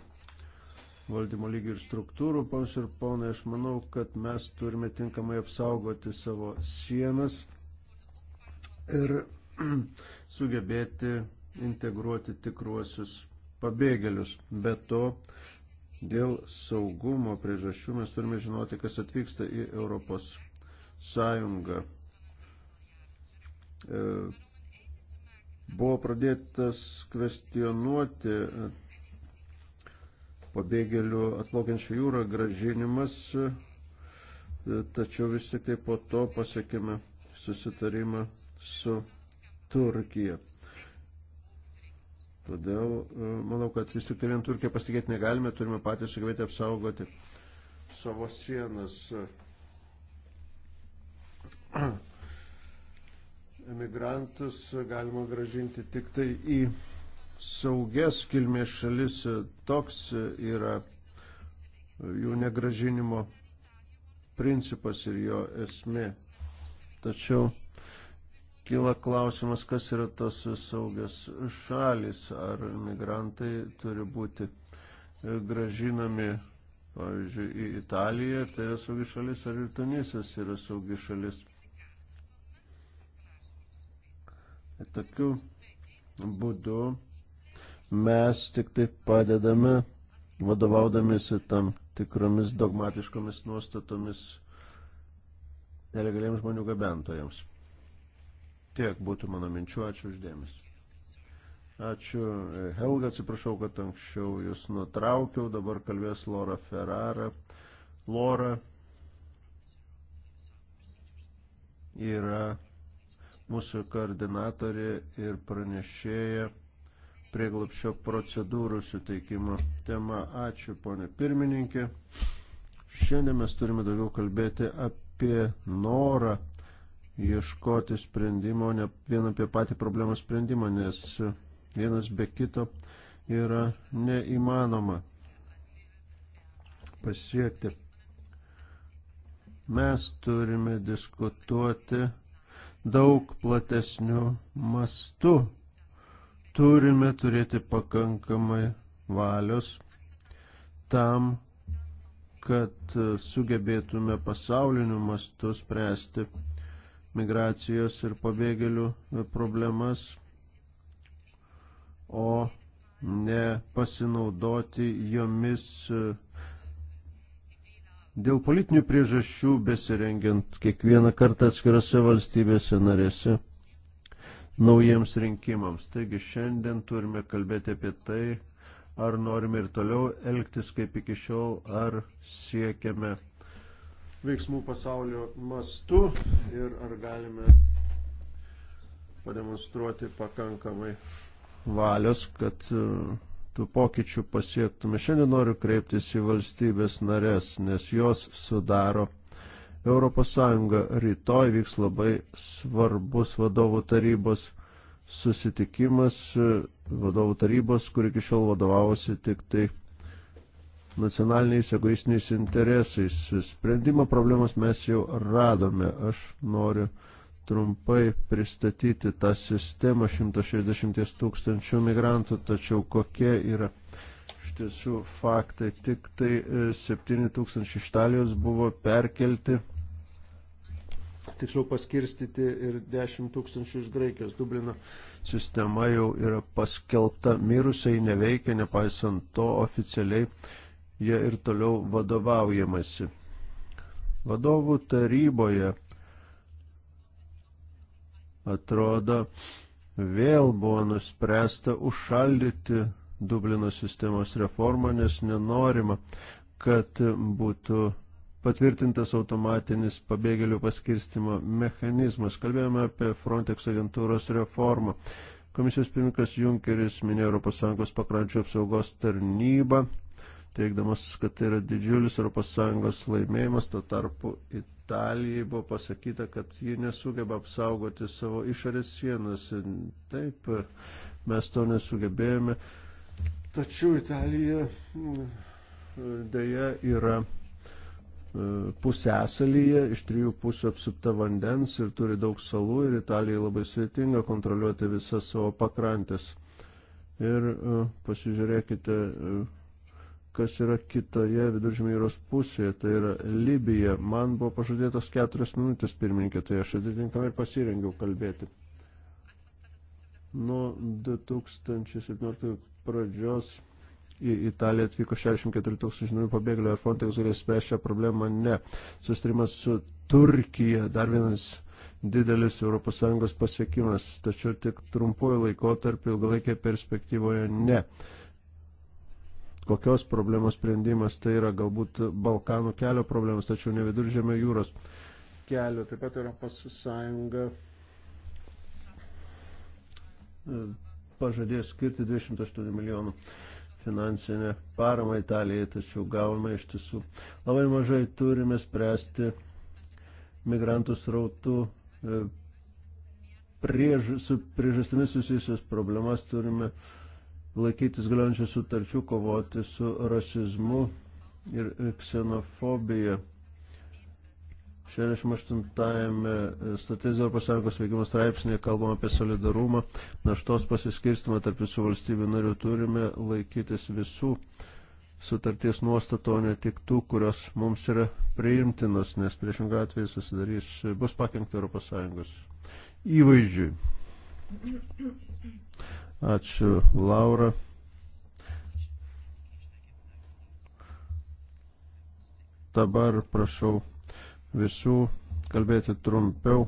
valdymo lygių ir struktūrų. Pons ir ponai, aš manau, kad mes turime tinkamai apsaugoti savo sienas ir [clears throat] sugebėti integruoti tikruosius pabėgėlius. Be to, dėl saugumo priežasčių mes turime žinoti, kas atvyksta į Europos Sąjungą. E, buvo pradėtas kvestionuoti e, pabėgėlių atplaukiančių jūrą gražinimas, e, tačiau vis tik tai po to pasiekėme susitarimą su Turkija. Todėl e, manau, kad vis tik tai vien Turkiją pasitikėti negalime, turime patys sugebėti apsaugoti savo sienas. emigrantus galima gražinti tik tai į saugias kilmės šalis. Toks yra jų negražinimo principas ir jo esmė. Tačiau kyla klausimas, kas yra tos saugias šalis, ar migrantai turi būti gražinami, pavyzdžiui, į Italiją, tai yra saugi šalis, ar ir Tunisas yra saugi šalis. Tokiu būdu mes tik tai padedame, vadovaudamėsi tam tikromis dogmatiškomis nuostatomis nelegaliems žmonių gabentojams. Tiek būtų mano minčių, ačiū uždėmesi. Ačiū e, Helga, atsiprašau, kad anksčiau jūs nutraukiau, dabar kalbės Laura Ferrara. Laura yra mūsų koordinatorė ir pranešėja prieglapšio procedūrų suteikimo tema. Ačiū, ponė pirmininkė. Šiandien mes turime daugiau kalbėti apie norą ieškoti sprendimo, ne vien apie patį problemų sprendimą, nes vienas be kito yra neįmanoma pasiekti. Mes turime diskutuoti daug platesnių mastų. Turime turėti pakankamai valios tam, kad sugebėtume pasauliniu mastu spręsti migracijos ir pabėgėlių problemas, o ne pasinaudoti jomis Dėl politinių priežasčių besirengiant kiekvieną kartą atskirose valstybėse narėse naujiems rinkimams. Taigi šiandien turime kalbėti apie tai, ar norime ir toliau elgtis kaip iki šiol, ar siekiame veiksmų pasaulio mastu ir ar galime pademonstruoti pakankamai valios, kad uh, tų pokyčių pasiektume. Šiandien noriu kreiptis į valstybės narės, nes jos sudaro ES. Rytoj vyks labai svarbus vadovų tarybos susitikimas, vadovų tarybos, kur iki šiol vadovavosi tik tai nacionaliniais egoistiniais interesais. Sprendimo problemas mes jau radome. Aš noriu trumpai pristatyti tą sistemą 160 tūkstančių migrantų, tačiau kokie yra iš tiesų faktai. Tik tai 7 e, tūkstančių iš Italijos buvo perkelti, tiksliau paskirstyti ir 10 tūkstančių iš Graikijos. Dublino sistema jau yra paskelta mirusiai, neveikia, nepaisant to oficialiai jie ir toliau vadovaujamasi. Vadovų taryboje atrodo, vėl buvo nuspręsta užšaldyti Dublino sistemos reformą, nes nenorima, kad būtų patvirtintas automatinis pabėgėlių paskirstimo mechanizmas. Kalbėjome apie Frontex agentūros reformą. Komisijos pirmininkas Junkeris minėjo ES pakrančių apsaugos tarnybą, teikdamas, kad tai yra didžiulis ES laimėjimas, to tarpu Italija. Italijai buvo pasakyta, kad ji nesugeba apsaugoti savo išorės sienas. Taip, mes to nesugebėjome. Tačiau Italija mm, dėja yra e, pusęsalyje, iš trijų pusių apsupta vandens ir turi daug salų ir Italijai labai sveitinga kontroliuoti visas savo pakrantės. Ir e, pasižiūrėkite, e, kas yra kitoje viduržymė jūros pusėje, tai yra Libija. Man buvo pažadėtos keturias minutės pirmininkė, tai aš atitinkamai pasirengiau kalbėti. Nuo 2017 pradžios į Italiją atvyko 64 tūkstančių žmonių pabėgėlių, ar Frontex galės spręsti šią problemą? Ne. Sustarimas su Turkija, dar vienas didelis ES pasiekimas, tačiau tik trumpuoju laikotarpiu, ilgalaikėje perspektyvoje ne kokios problemos sprendimas tai yra galbūt Balkanų kelio problemas, tačiau ne viduržėmio jūros kelio. Taip pat Europos Sąjunga e, pažadėjo skirti 208 milijonų finansinę paramą Italijai, tačiau gavome iš tiesų labai mažai turime spręsti migrantų srautų e, priež, su priežastimis susijusios problemas turime uh, laikytis galiojančių sutarčių, kovoti su rasizmu ir ksenofobija. 68-ame statys Europos Sąjungos veikimo straipsnėje kalbam apie solidarumą, naštos pasiskirstimą tarp visų valstybių narių turime laikytis visų sutarties nuostato, ne tik tų, kurios mums yra priimtinos, nes priešingą atveju susidarys, bus pakengta Europos Sąjungos įvaizdžiui. Ačiū, Laura. Dabar prašau visų kalbėti trumpiau.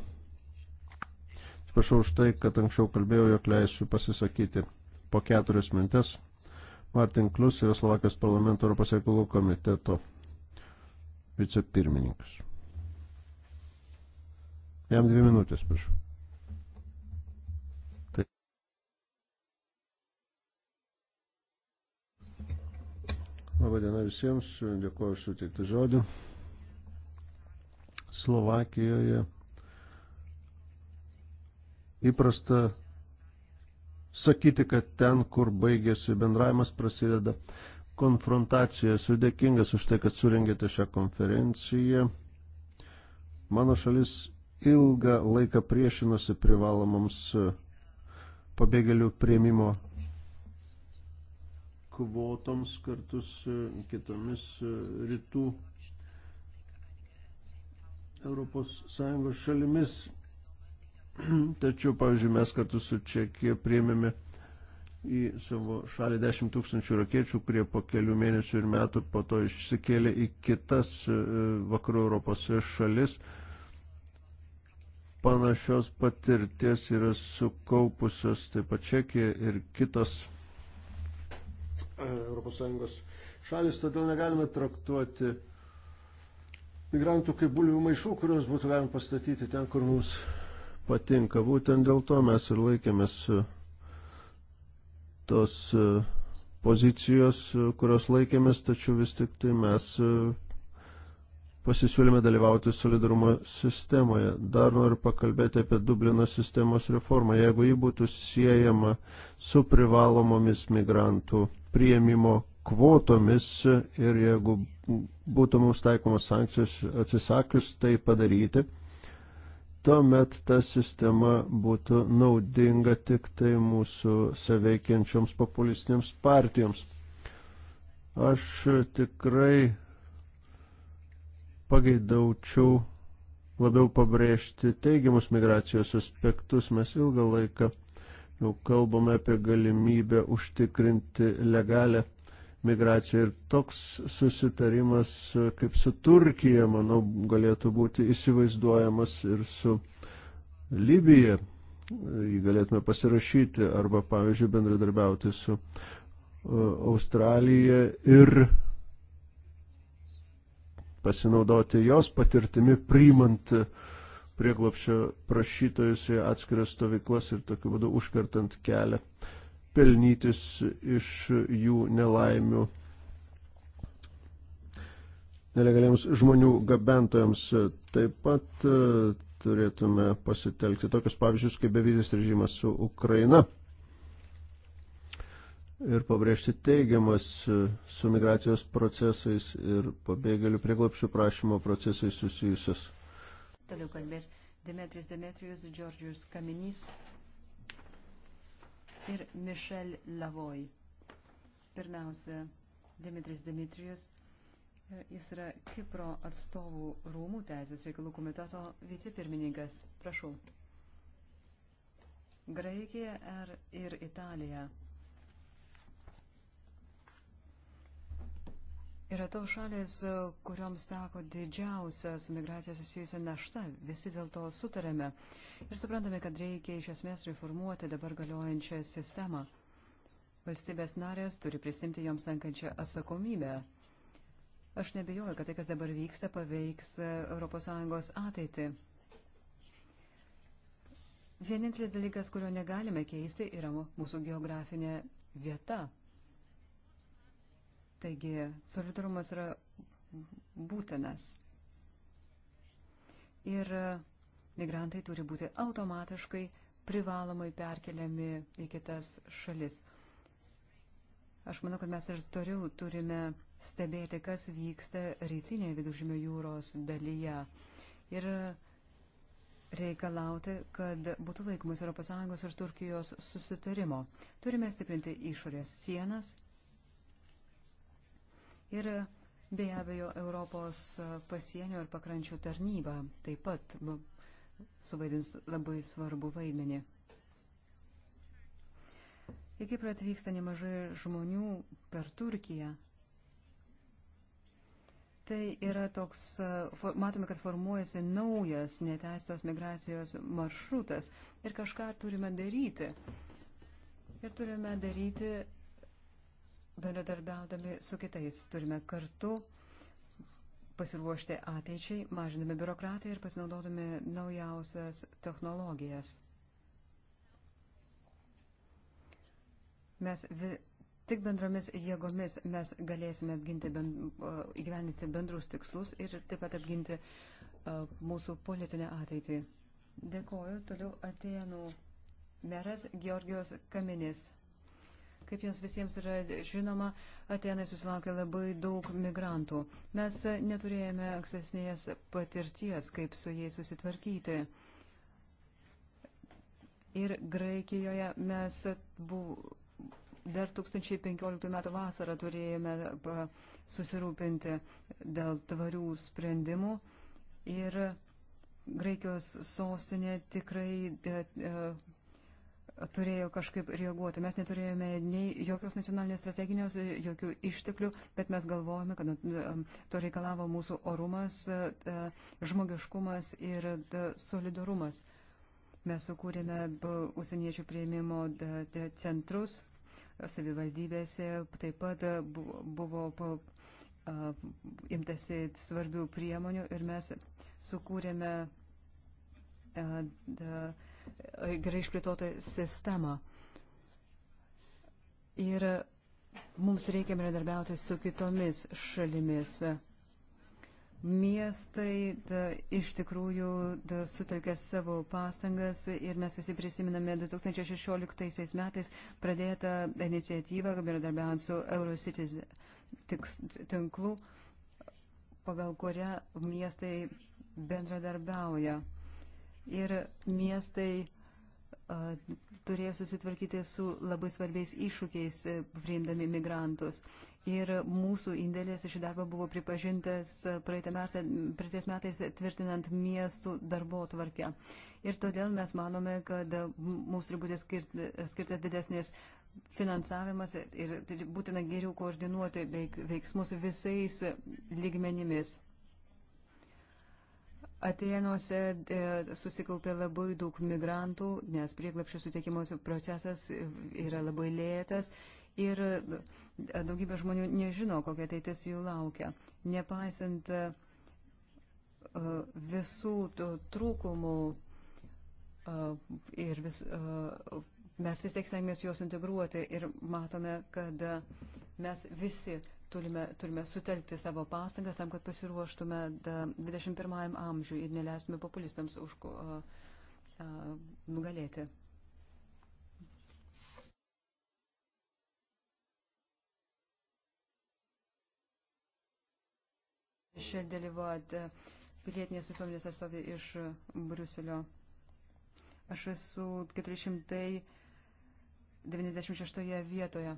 Atsiprašau už tai, kad anksčiau kalbėjau, jog leisiu pasisakyti po keturias mintes. Martin Klus yra Slovakijos parlamento Europos reikalų komiteto vicepirmininkas. Jam dvi minutės, prašau. Labadiena visiems, dėkuoju suteiktą žodį. Slovakijoje įprasta sakyti, kad ten, kur baigėsi bendravimas, prasideda konfrontacija. Esu dėkingas už tai, kad suringėte šią konferenciją. Mano šalis ilgą laiką priešinosi privalomams pabėgėlių prieimimo kvotoms kartu su kitomis e, rytų ES šalimis. [clears throat] Tačiau, pavyzdžiui, mes kartu su Čekija priėmėme į savo šalį 10 tūkstančių rakiečių, kurie po kelių mėnesių ir metų po to išsikėlė į kitas e, vakarų Europos šalis. Panašios patirties yra sukaupusios taip pat Čekija ir kitos ES šalis, todėl negalime traktuoti migrantų kaip bulvių maišų, kuriuos būtų galima pastatyti ten, kur mums patinka. Būtent dėl to mes ir laikėmės e, tos e, pozicijos, e, kurios laikėmės, tačiau vis tik tai mes pasisiūlėme dalyvauti solidarumo sistemoje. Dar noriu pakalbėti apie Dublino sistemos reformą. Jeigu ji būtų siejama su privalomomis migrantų prieimimo kvotomis ir jeigu būtų mums taikomos sankcijos atsisakius tai padaryti, tuomet ta sistema būtų naudinga tik tai mūsų saveikiančioms populistinėms partijoms. Aš tikrai pageidaučiau labiau pabrėžti teigiamus migracijos aspektus. Mes ilgą laiką jau kalbame apie galimybę užtikrinti legalę migraciją. Ir toks susitarimas kaip su Turkija, manau, galėtų būti įsivaizduojamas ir su Libija. Jį galėtume pasirašyti arba, pavyzdžiui, bendradarbiauti su e, Australija ir pasinaudoti jos patirtimi priimant uh, prieglopščio prašytojus į atskiras stovyklas ir tokiu būdu užkartant kelią pelnytis iš jų nelaimių nelegaliems žmonių gabentojams. Taip pat e, turėtume pasitelkti tokius pavyzdžius kaip bevizis režimas su Ukraina ir pabrėžti teigiamas e, su migracijos procesais ir pabėgėlių prieglapšių prašymo procesais susijusias Toliau kalbės Demetris Demetrijus, Džordžius Kaminys ir Mišel Lavoj. Pirmiausia, Demetris Demetrijus, jis yra Kipro atstovų rūmų teisės reikalų komiteto vicepirmininkas. Prašau. Graikija er ir Italija Yra tos šalis, kurioms teko didžiausia su migracija susijusi našta, visi dėl to sutarėme ir suprantame, kad reikia iš esmės reformuoti dabar galiojančią sistemą. Valstybės narės turi prisimti joms tenkančią atsakomybę. Aš nebejoju, kad tai, kas dabar vyksta, paveiks ES ateitį. Vienintelis dalykas, kurio negalime keisti, yra mūsų geografinė vieta. Taigi, solidarumas yra būtinas. Ir migrantai turi būti automatiškai privalomai perkeliami į kitas šalis. Aš manau, kad mes ir toliau turime stebėti, kas vyksta rytinėje viduržymio jūros dalyje. Ir reikalauti, kad būtų laikomas ES ir Turkijos susitarimo. Turime stiprinti išorės sienas ir be abejo Europos pasienio ir pakrančių tarnyba taip pat suvaidins labai svarbu vaidmenį. Į Kiprą atvyksta nemažai žmonių per Turkiją. Tai yra toks, matome, kad formuojasi naujas neteistos migracijos maršrutas ir kažką turime daryti. Ir turime daryti bendradarbiaudami su kitais turime kartu pasiruošti ateičiai, mažinami biurokratiją ir pasinaudodami naujausias technologijas. Mes vi, tik bendromis jėgomis mes galėsime apginti, ben, įgyveninti bendrus tikslus ir taip pat apginti uh, mūsų politinę ateitį. Dėkoju. Toliau atėjau meras Georgijos Kaminis. Kaip jums visiems yra žinoma, Atenai susilaukė labai daug migrantų. Mes neturėjome ankstesnės patirties, kaip su jais susitvarkyti. Ir Graikijoje mes buvome. Dar 2015 metų vasarą turėjome susirūpinti dėl tvarių sprendimų ir Graikijos sostinė tikrai e, e, turėjo kažkaip reaguoti. Mes neturėjome nei jokios nacionalinės strateginios, jokių išteklių, bet mes galvojame, kad um, to reikalavo mūsų orumas, uh, žmogiškumas ir uh, solidarumas. Mes sukūrėme uh, užsieniečių prieimimo centrus savivaldybėse, taip pat buvo imtasi svarbių priemonių ir mes sukūrėme. Uh, the, E, gerai išplėtotą sistemą. Ir mums reikia bendradarbiauti su kitomis šalimis. Miestai da, iš tikrųjų da, sutelkė savo pastangas ir mes visi prisiminame 2016 metais pradėtą iniciatyvą, bendradarbiaujant su Eurocities tinklu, pagal kurią miestai bendradarbiauja ir miestai turėjo susitvarkyti su labai svarbiais iššūkiais e, priimdami migrantus. Ir mūsų indėlis iš darbą buvo pripažintas e, praeitais metais tvirtinant miestų darbo tvarkę. Ir todėl mes manome, kad mums turi būti skirtas didesnis finansavimas ir būtina geriau koordinuoti veiksmus visais e, lygmenimis. Atėnuose e, susikaupė labai daug migrantų, nes prieglapščio suteikimo procesas e, yra labai lėtas ir e, daugybė žmonių nežino, kokia ateitis jų laukia. Nepaisant visų trūkumų ir vis, mes vis tiek stengiamės juos integruoti ir matome, kad mes visi turime, turime sutelkti savo pastangas tam, kad pasiruoštume 21 amžiui ir neleistume populistams už uh, uh, nugalėti. Šiandien dalyvuot pilietinės visuomenės atstovė iš Bruselio. Aš esu 496 vietoje.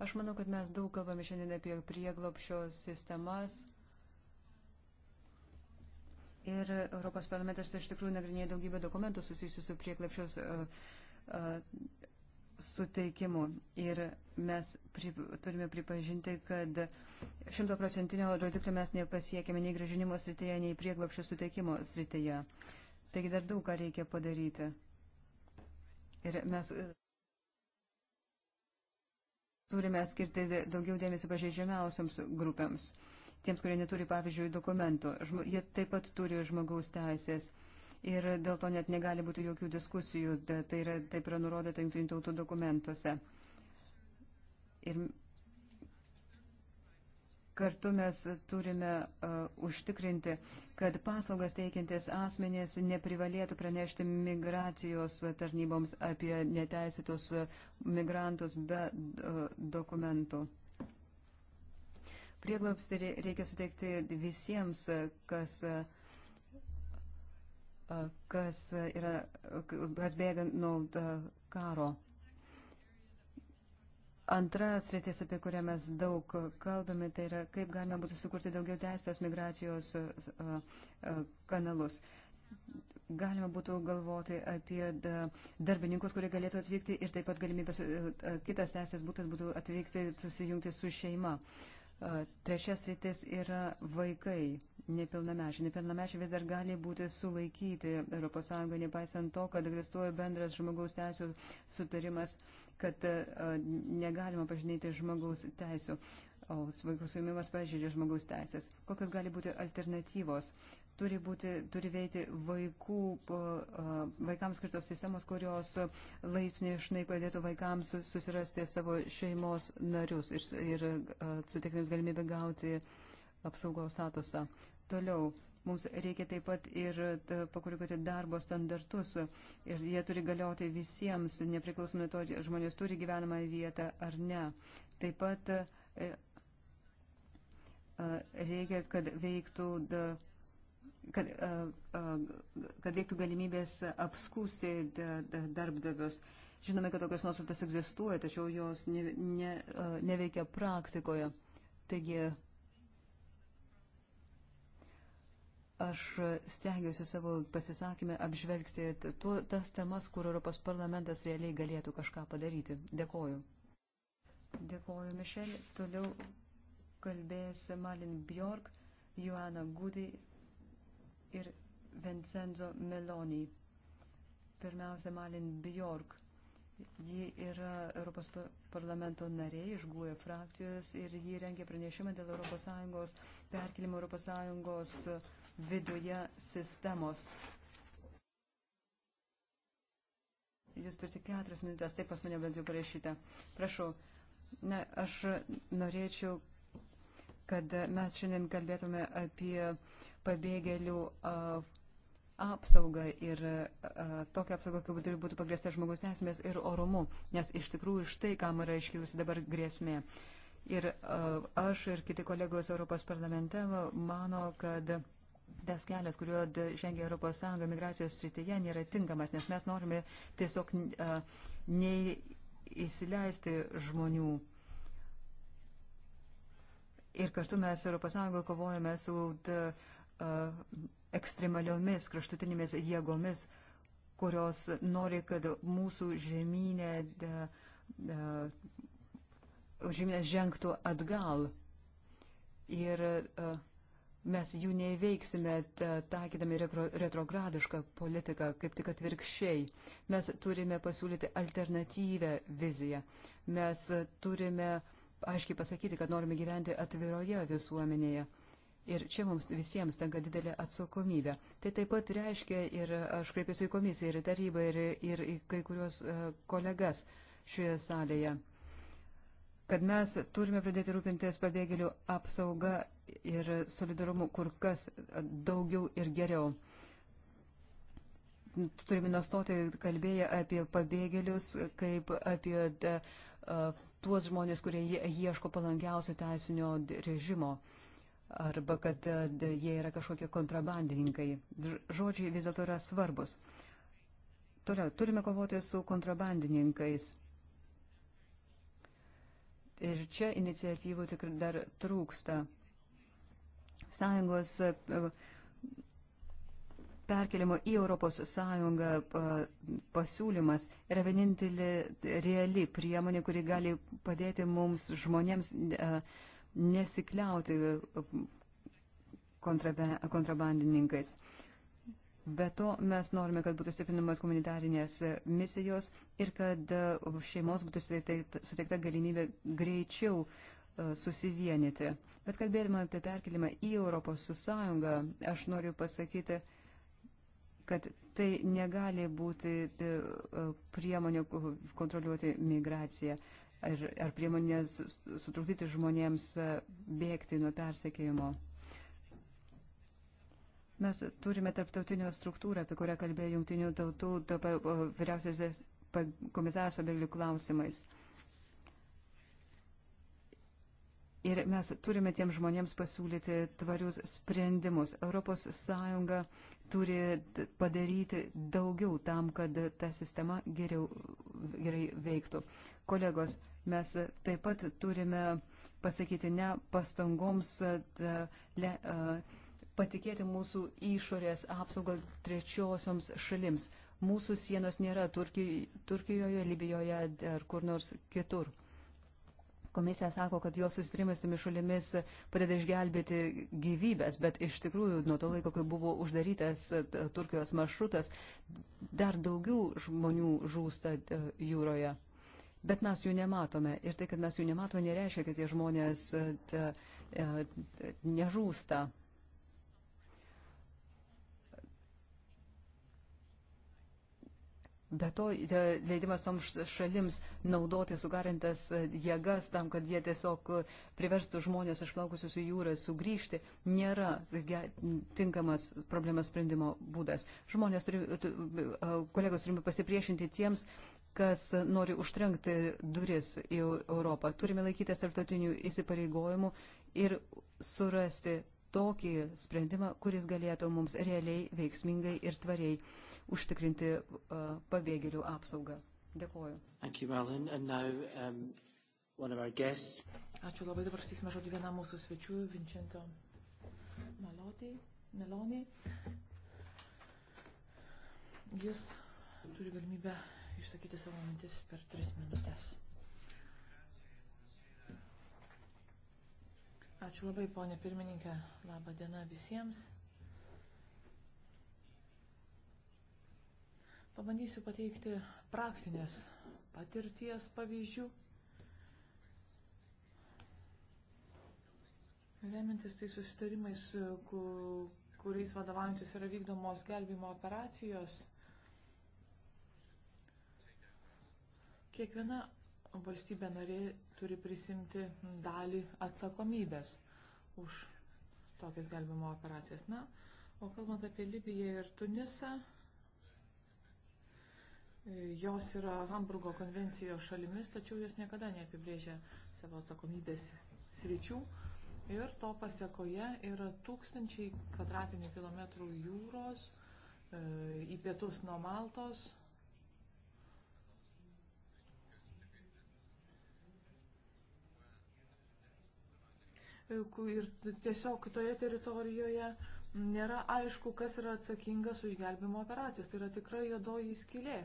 Aš manau, kad mes daug kalbame šiandien apie prieglopšio sistemas. Ir Europos parlamentas tai iš tikrųjų nagrinėja daugybę dokumentų susijusių su prieglopšios uh, e, uh, e, suteikimu. Ir mes pri, turime pripažinti, kad šimto procentinio rodiklio mes nepasiekėme nei gražinimo srityje, nei prieglopšio suteikimo srityje. Taigi dar daug ką reikia padaryti. Ir mes turime skirti daugiau dėmesio pažeidžiamiausiams grupėms, tiems, kurie neturi, pavyzdžiui, dokumentų. Žmo, jie taip pat turi žmogaus teisės. Ir dėl to net negali būti jokių diskusijų, tai yra, taip yra nurodyta jungtinių tautų dokumentuose. Ir Kartu mes turime uh, užtikrinti, kad paslaugas teikiantis asmenys neprivalėtų pranešti migracijos tarnyboms apie neteisėtus migrantus be uh, dokumentų. Prieglobstį reikia suteikti visiems, kas, e, kas, yra, kas bėga nuo karo. Antra sritis, apie kurią mes daug kalbame, tai yra, kaip galima būtų sukurti daugiau teisės migracijos e, e, e, kanalus. Galima būtų galvoti apie darbininkus, kurie galėtų atvykti ir taip pat galimybės, kitas teisės būtent būtų atvykti, susijungti su šeima. Trečias rytis yra vaikai, nepilnamečiai. Nepilnamečiai vis dar gali būti sulaikyti ES, nepaisant to, kad egzistuoja bendras žmogaus teisų sutarimas. Uh, kad e, negalima pažinėti žmogaus teisų. O vaikų suėmimas pažydžia žmogaus teisės. Kokios gali būti alternatyvos? Turi, būti, turi veikti vaikų, e, vaikams skirtos sistemos, kurios laipsniškai padėtų vaikams susirasti savo šeimos narius ir, ir e, suteikti jiems galimybę gauti apsaugos statusą. Toliau Mums reikia taip pat ir e, pakorikuoti darbo standartus ir jie turi galioti visiems, nepriklausomai to, žmonės turi gyvenamą vietą ar ne. Taip pat e, e, reikia, kad veiktų, kad, kad veiktų galimybės apskūsti darbdavius. Žinome, kad tokios nuostatas egzistuoja, tačiau jos ne, ne, neveikia praktikoje. Taigi Aš stengiuosi savo pasisakymę apžvelgti tuo, tas temas, kur Europos parlamentas realiai galėtų kažką padaryti. Dėkoju. Dėkoju, Mišel. Toliau kalbės Malin Bjork, Joana Gudi ir Vincenzo Meloni. Pirmiausia, Malin Bjork. Ji yra Europos parlamento narė iš GUE frakcijos ir ji rengia pranešimą dėl ES perkelimo ES viduje sistemos. Jūs turite keturias minutės, taip pas mane bent jau parašyta. Prašau, ne, aš norėčiau, kad mes šiandien kalbėtume apie pabėgėlių a, apsaugą ir a, tokią apsaugą, kaip turi būti pagrėsta žmogus nesmės ir orumu, nes iš tikrųjų iš tai, kam yra iškilusi dabar grėsmė. Ir a, aš ir kiti kolegos Europos parlamente mano, kad. A, tas kelias, kuriuo žengia ES migracijos srityje, nėra tinkamas, nes mes norime tiesiog neįsileisti žmonių. Ir kartu mes ES kovojame su ta, uh, ekstremaliomis kraštutinėmis jėgomis, kurios nori, kad mūsų žemynė, da, da, žemynė žengtų atgal. Ir uh, Mes jų neįveiksime taikydami retrogradišką politiką, kaip tik atvirkščiai. Mes turime pasiūlyti alternatyvę viziją. Mes turime aiškiai pasakyti, kad norime gyventi atviroje visuomenėje. Ir čia mums visiems tenka didelė atsakomybė. Tai taip pat reiškia ir aš kreipiuosi į komisiją, ir į tarybą, ir, ir į kai kurios e, kolegas šioje salėje kad mes turime pradėti rūpintis pabėgėlių apsauga ir solidarumu kur kas daugiau ir geriau. Turime nustoti kalbėję apie pabėgėlius kaip apie da, e, e, tuos žmonės, kurie ieško palankiausio teisinio režimo arba kad e, jie yra kažkokie kontrabandininkai. Žodžiai vis dėlto yra svarbus. Toliau, turime kovoti su kontrabandininkais. Ir čia iniciatyvų tikrai dar trūksta. Sąjungos e, perkelimo į Europos Sąjungą e, pasiūlymas yra vienintelė reali priemonė, kuri gali padėti mums žmonėms e, nesikliauti kontrabandininkais. Be to mes norime, kad būtų stiprinamas komunitarinės misijos, ir kad e, šeimos būtų suteikta galimybė greičiau e, susivienyti. Bet kalbėdama apie perkelimą į Europos Sąjungą, aš noriu pasakyti, kad tai negali būti e, priemonė kontroliuoti migraciją ar, ar priemonė sutrukdyti žmonėms bėgti nuo persekėjimo. Mes turime tarptautinę struktūrą, apie kurią kalbėjo jungtinių tautų vyriausiasis komisaras pabėgėlių klausimais. Ir mes turime tiem žmonėms pasiūlyti tvarius sprendimus. ES turi padaryti daugiau tam, kad ta sistema geriau, gerai veiktų. Kolegos, mes taip pat turime pasakyti ne pastangoms da, le, a, patikėti mūsų išorės apsaugą trečiosioms šalims. Mūsų sienos nėra Turkijoje, Libijoje ar kur nors kitur. Komisija sako, kad jos susitrimai su tomis šalimis padeda išgelbėti gyvybės, bet iš tikrųjų nuo to laiko, kai buvo uždarytas Turkijos maršrutas, dar daugiau žmonių žūsta jūroje. Bet mes jų nematome. Ir tai, kad mes jų nematome, nereiškia, kad tie žmonės e, nežūsta. Be to, e, leidimas toms šalims naudoti sugarintas e, jėgas tam, kad jie tiesiog e, priverstų žmonės išplaukusius į jūrą sugrįžti, nėra tinkamas problemas sprendimo būdas. Žmonės turi, kolegos turime pasipriešinti tiems, kas nori užtrenkti duris į Europą. Turime laikytis tarptautinių įsipareigojimų ir surasti tokį sprendimą, kuris galėtų mums realiai, veiksmingai ir tvariai užtikrinti pabėgėlių apsaugą. Dėkuoju. Thank you, Alan. And now, um, one of our guests. Ačiū labai, dabar steiksime žodį vienam mūsų svečių, Vincento Malotį, Melonį. Jis turi galimybę išsakyti savo mintis per tris minutės. Ačiū labai, ponė pirmininkė. Labą dieną visiems. Pabandysiu pateikti praktinės patirties pavyzdžių. Remintis tai susitarimais, kuriais vadovaujantis yra vykdomos gelbimo operacijos, kiekviena valstybė narė turi prisimti dalį atsakomybės už tokias gelbimo operacijas. Na, o kalbant apie Libiją ir Tunisą, Jos yra Hamburgo konvencijos šalimis, tačiau jos niekada neapibrėžia savo atsakomybės sričių. Ir to pasiekoje yra tūkstančiai kvadratinių kilometrų jūros e, į pietus nuo Maltos. E, ir tiesiog toje teritorijoje nėra aišku, kas yra atsakingas už gelbimo operacijas. Tai yra tikrai jodoji skylė.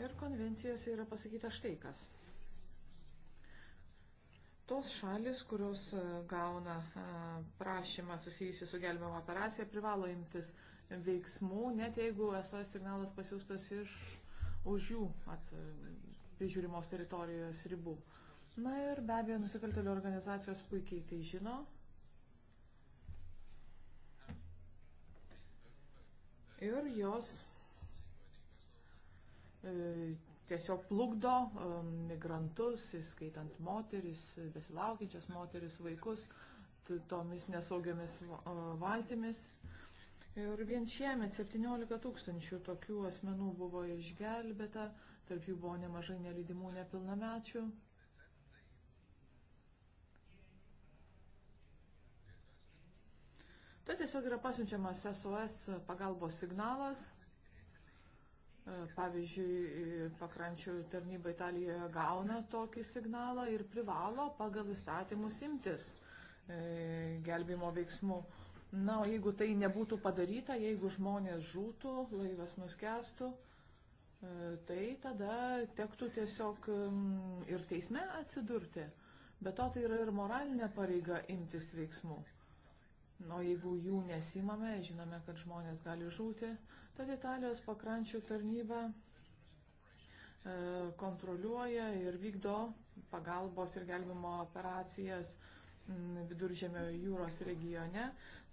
Ir konvencijose yra pasakyta štai kas. Tos šalis, kurios e, gauna e, prašymą susijusiu su gelbėjimo operacija, privalo imtis veiksmų, net jeigu SOS signalas pasiūstas iš už jų prižiūrimos teritorijos ribų. Na ir be abejo, nusikaltelių organizacijos puikiai tai žino. Ir jos E, tiesiog plukdo e, migrantus, įskaitant moteris, besilaukiančias moteris, vaikus, tomis nesaugiamis e, valtimis. Ir vien šiemet 17 tūkstančių tokių asmenų buvo išgelbėta, tarp jų buvo nemažai nelydimų nepilnamečių. Tai tiesiog yra pasiunčiamas SOS pagalbos signalas E, pavyzdžiui, e, pakrančių tarnyba Italijoje gauna tokį signalą ir privalo pagal įstatymus imtis e, gelbimo veiksmų. Na, o jeigu tai nebūtų padaryta, jeigu žmonės žūtų, laivas nuskestų, tai tada tektų tiesiog ir teisme atsidurti. Bet to tai yra ir moralinė pareiga imtis veiksmų. O jeigu jų nesimame, žinome, kad žmonės gali žūti, Tad Italijos pakrančių tarnyba e, kontroliuoja ir vykdo pagalbos ir gelbimo operacijas Viduržėmio jūros regione.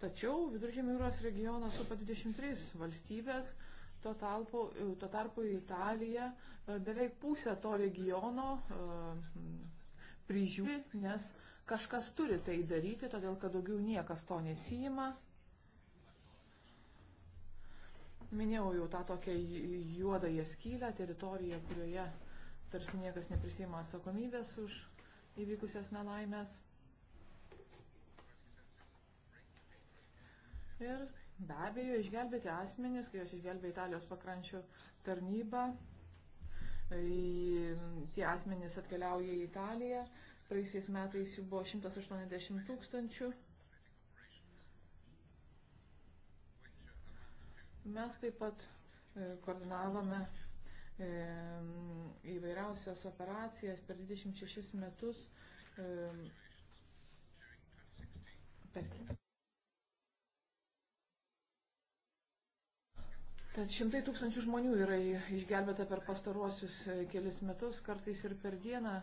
Tačiau Viduržėmio jūros regioną supa 23 valstybės, tuo, talpu, e, tuo tarpu Italija e, beveik pusę to regiono prižiūri, nes kažkas turi tai daryti, todėl kad daugiau niekas to nesijima. Minėjau jau tą tokią juodąją skylę, teritoriją, kurioje tarsi niekas neprisima atsakomybės už įvykusias nelaimės. Ir be abejo, išgelbėti asmenys, kai jos išgelbė Italijos pakrančių tarnybą, tie asmenys atkeliauja į Italiją, praeisiais metais jų buvo 180 tūkstančių. 000 Mes taip pat e, koordinavome e, įvairiausias operacijas per 26 metus. E, per... Tad šimtai tūkstančių žmonių yra išgelbėta per pastaruosius kelis metus, kartais ir per dieną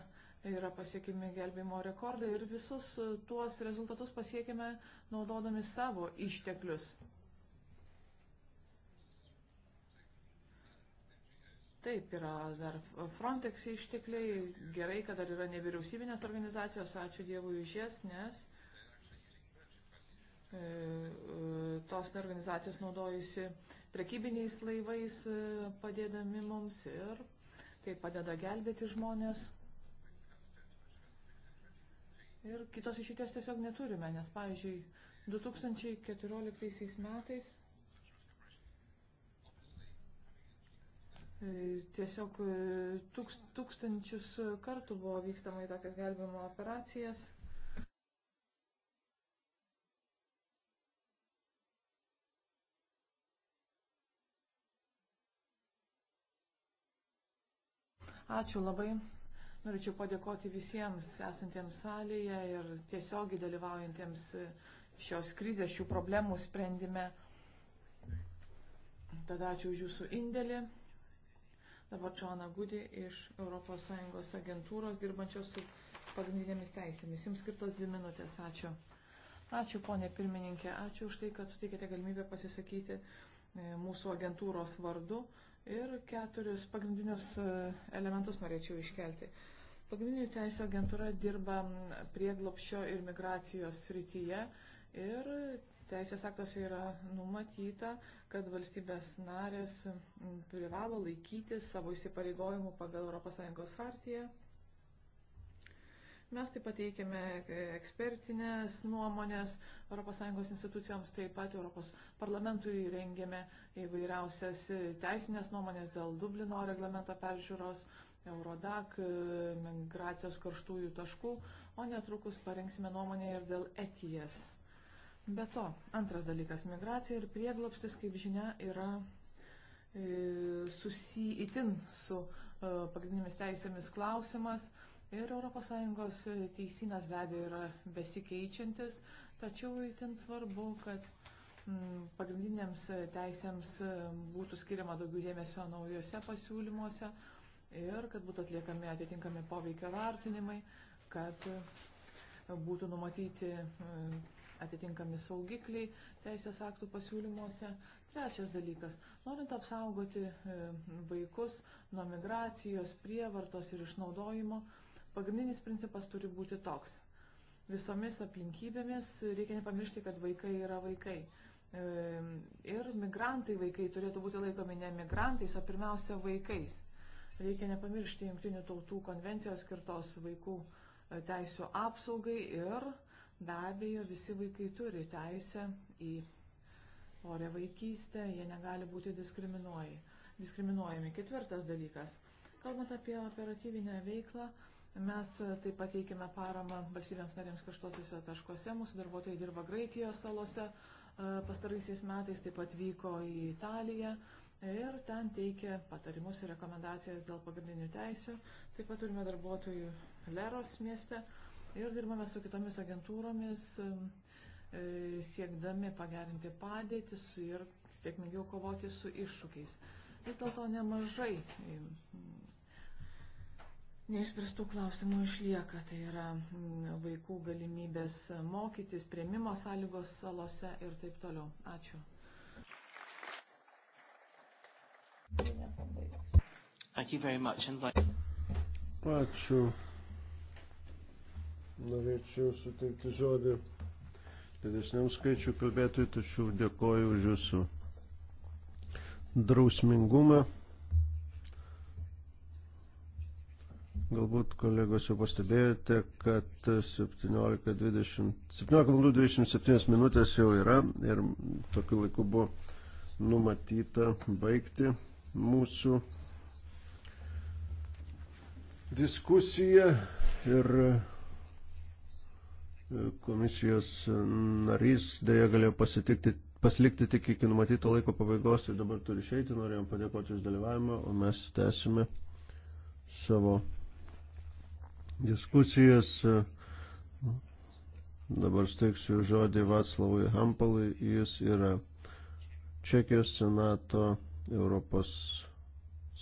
yra pasiekimi gelbėjimo rekordai ir visus tuos rezultatus pasiekime naudodami savo išteklius. Taip, yra dar Frontex ištekliai, gerai, kad dar yra nevyriausybinės organizacijos, ačiū Dievui už jas, nes e, e, tos organizacijos naudojasi prekybiniais laivais e, padėdami mums ir tai padeda gelbėti žmonės. Ir kitos išeities tiesiog neturime, nes, pavyzdžiui, 2014 metais E, tiesiog e, tūkst, tūkstančius kartų buvo vykstama į tokias gelbėjimo operacijas. Ačiū labai. Norėčiau padėkoti visiems esantiems salėje ir tiesiogiai dalyvaujantiems šios krizės, šių problemų sprendime. Tada ačiū už jūsų indėlį dabar Čoana Gudi iš ES agentūros dirbančios su pagrindinėmis teisėmis. Jums skirtos dvi minutės. Ačiū. Ačiū, ponė pirmininkė. Ačiū už tai, kad suteikėte galimybę pasisakyti e, mūsų agentūros vardu. Ir keturis pagrindinius e, elementus norėčiau iškelti. Pagrindinių teisų agentūra dirba prieglopščio ir migracijos srityje ir Teisės aktuose yra numatyta, kad valstybės narės privalo laikytis savo įsipareigojimų pagal ES hartiją. Mes taip pat teikiame e, ekspertinės nuomonės ES institucijoms, taip pat Europos parlamentui rengėme įvairiausias e, teisinės nuomonės dėl Dublino reglamento peržiūros, Eurodak, e, migracijos karštųjų taškų, o netrukus parengsime nuomonę ir dėl ETIES Be to, antras dalykas - migracija ir prieglopstis, kaip žinia, yra e, susijitin su e, pagrindinėmis teisėmis klausimas. Ir ES e, teisinas be abejo yra besikeičiantis, tačiau įtin svarbu, kad pagrindinėms e, teisėms e, būtų skiriama daugiau dėmesio naujose pasiūlymuose ir kad būtų atliekami atitinkami poveikio vertinimai, kad būtų numatyti atitinkami saugikliai teisės aktų pasiūlymuose. Trečias dalykas, norint apsaugoti e, vaikus nuo migracijos, prievartos ir išnaudojimo, pagrindinis principas turi būti toks. Visomis aplinkybėmis reikia nepamiršti, kad vaikai yra vaikai. E, ir migrantai vaikai turėtų būti laikomi ne migrantais, o pirmiausia vaikais. Reikia nepamiršti Junktinių tautų konvencijos skirtos vaikų e, teisų apsaugai ir Be abejo, visi vaikai turi teisę į orę vaikystę, jie negali būti diskriminuojami. Ketvirtas dalykas. Kalbant apie operatyvinę veiklą, mes taip pat teikime paramą valstybėms narėms kažkosiuose taškuose. Mūsų darbuotojai dirba Graikijos salose, e, pastaraisiais metais taip pat vyko į Italiją ir ten teikia patarimus ir rekomendacijas dėl pagrindinių teisių. Taip pat turime darbuotojų Leros mieste, Ir dirbame su kitomis agentūromis, e, siekdami pagerinti padėtį ir sėkmingiau kovoti su iššūkiais. Vis dėlto nemažai e, neišspręstų klausimų išlieka. Tai yra vaikų galimybės mokytis, prieimimo sąlygos salose ir taip toliau. Ačiū. Ačiū. Norėčiau suteikti žodį didesniam skaičiu kalbėtojų, tačiau dėkoju už jūsų drausmingumą. Galbūt kolegos jau pastebėjote, kad 17.27 17 minutės jau yra ir tokiu laiku buvo numatyta baigti mūsų diskusiją ir komisijos narys dėja galėjo pasitikti, pasilikti tik iki numatyto laiko pabaigos ir dabar turi išeiti. Norėjom padėkoti už dalyvavimą, o mes tęsime savo diskusijas. Dabar steiksiu žodį Vaclavui Hampalui. Jis yra Čekijos senato Europos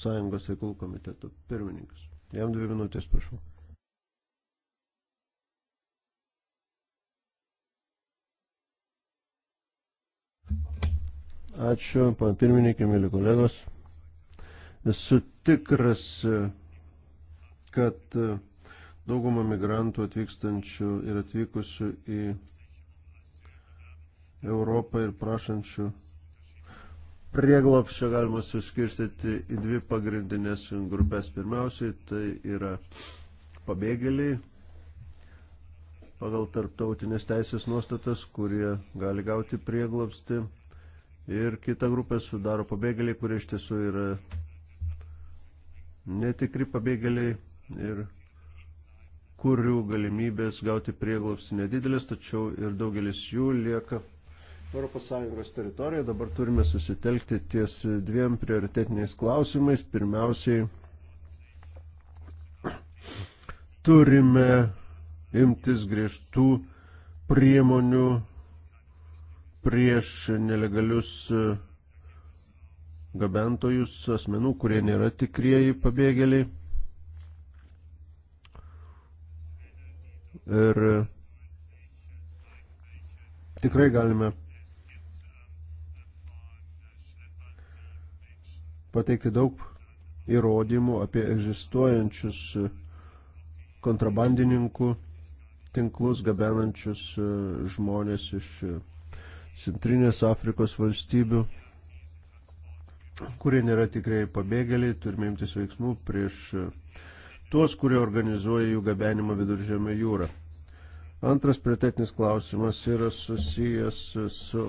Sąjungos reikalų komiteto pirmininkas. Jam dvi minutės, prašau. Ačiū, pan pirmininkė, mėly kolegos. Esu tikras, kad dauguma migrantų atvykstančių ir atvykusių į Europą ir prašančių prieglopščio galima suskirstyti į dvi pagrindinės grupės. Pirmiausiai tai yra pabėgėliai pagal tarptautinės teisės nuostatas, kurie gali gauti prieglopsti ir kitą grupę sudaro pabėgėliai, kurie iš tiesų yra netikri pabėgėliai ir kurių galimybės gauti prieglobstį nedidelis, tačiau ir daugelis jų lieka ES teritorijoje. Dabar turime susitelkti ties dviem prioritetiniais klausimais. Pirmiausiai turime imtis griežtų priemonių prieš nelegalius e, gabentojus asmenų, kurie nėra tikrieji pabėgėliai. Ir e, tikrai galime pateikti daug įrodymų apie egzistuojančius e, kontrabandininkų tinklus gabenančius žmonės iš Centrinės Afrikos valstybių, kurie nėra tikrai pabėgėliai, turime imtis veiksmų prieš tuos, kurie organizuoja jų gabenimą viduržėme jūrą. Antras prioritetinis klausimas yra susijęs su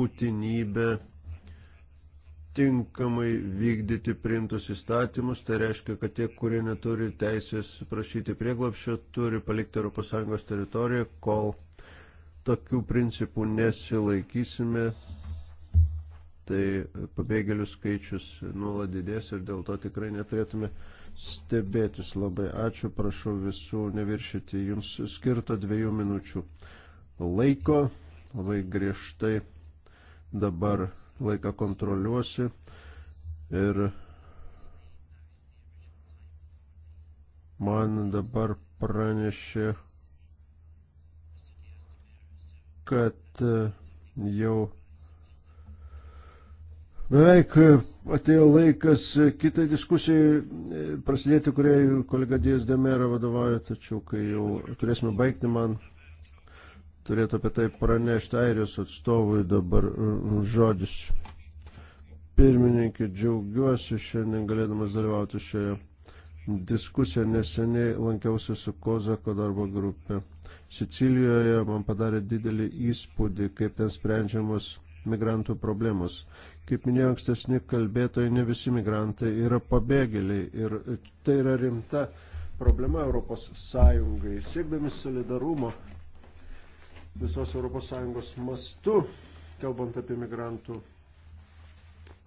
būtinybė tinkamai vykdyti priimtus įstatymus, tai reiškia, kad tie, kurie neturi teisės prašyti prieglapščio, turi palikti ES teritoriją, kol tokių principų nesilaikysime, tai pabėgėlių skaičius nuolat didės ir dėl to tikrai neturėtume stebėtis labai. Ačiū, prašau visų neviršyti jums skirto dviejų minučių laiko. Labai griežtai dabar laiką kontroliuosi ir man dabar pranešė, kad e, jau beveik atėjo laikas kitai diskusijai e, prasidėti, kuriai kolega Dijas Demera vadovauja, tačiau kai jau turėsime baigti, man turėtų apie tai pranešti Airijos atstovui dabar e, žodis. Pirmininkė, džiaugiuosi šiandien galėdamas dalyvauti šioje diskusijoje. Neseniai lankiausi su Kozako darbo grupė. Sicilijoje man padarė didelį įspūdį, kaip ten sprendžiamos migrantų problemos. Kaip minėjo ankstesni kalbėtojai, ne visi migrantai yra pabėgėliai ir tai yra rimta problema Europos Sąjungai. Siekdami solidarumo visos ES mastu, kalbant apie migrantų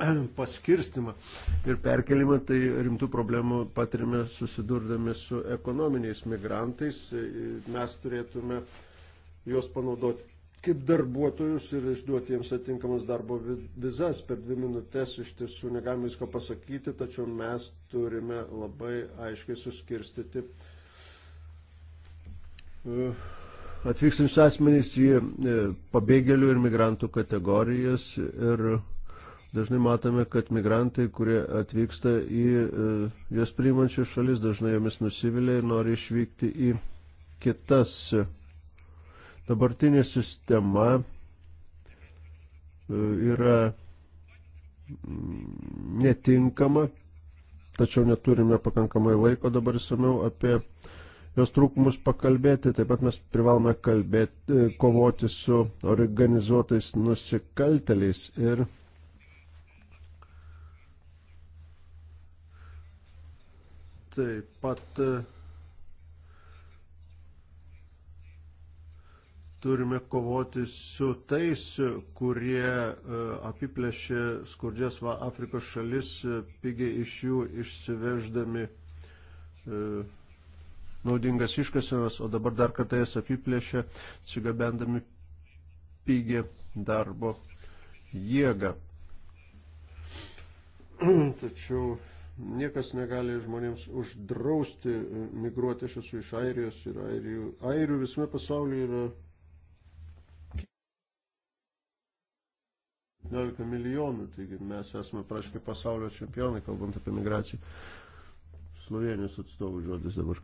[clears throat] paskirstimą ir perkelimą, tai rimtų problemų patirime susidurdami su ekonominiais migrantais. Mes turėtume juos panaudoti kaip darbuotojus ir išduoti jiems atinkamas darbo vizas. Per dvi minutės iš tiesų negalime visko pasakyti, tačiau mes turime labai aiškiai suskirstyti. Uh atvykstančius asmenys į e, pabėgėlių ir migrantų kategorijas ir dažnai matome, kad migrantai, kurie atvyksta į e, juos priimančių šalis, dažnai jomis nusivilia ir nori išvykti į kitas. Dabartinė sistema e, yra mm, netinkama, tačiau neturime pakankamai laiko dabar įsamiau apie jos trūkumus pakalbėti. Taip pat mes privalome kalbėti, e, kovoti su organizuotais nusikalteliais ir taip pat e, turime kovoti su tais, kurie e, apiplėšė skurdžias va Afrikos šalis, pigiai iš jų išsiveždami naudingas iškasenas, o dabar dar kartą jas apiplėšia, atsigabendami pigę darbo jėgą. [clears throat] Tačiau niekas negali žmonėms uždrausti e, migruoti. Aš esu iš Airijos ir Airijų. Airių visame pasaulyje yra 15 milijonų, taigi mes esame praškai pasaulio čempionai, kalbant apie migraciją. Slovenijos atstovų žodis dabar.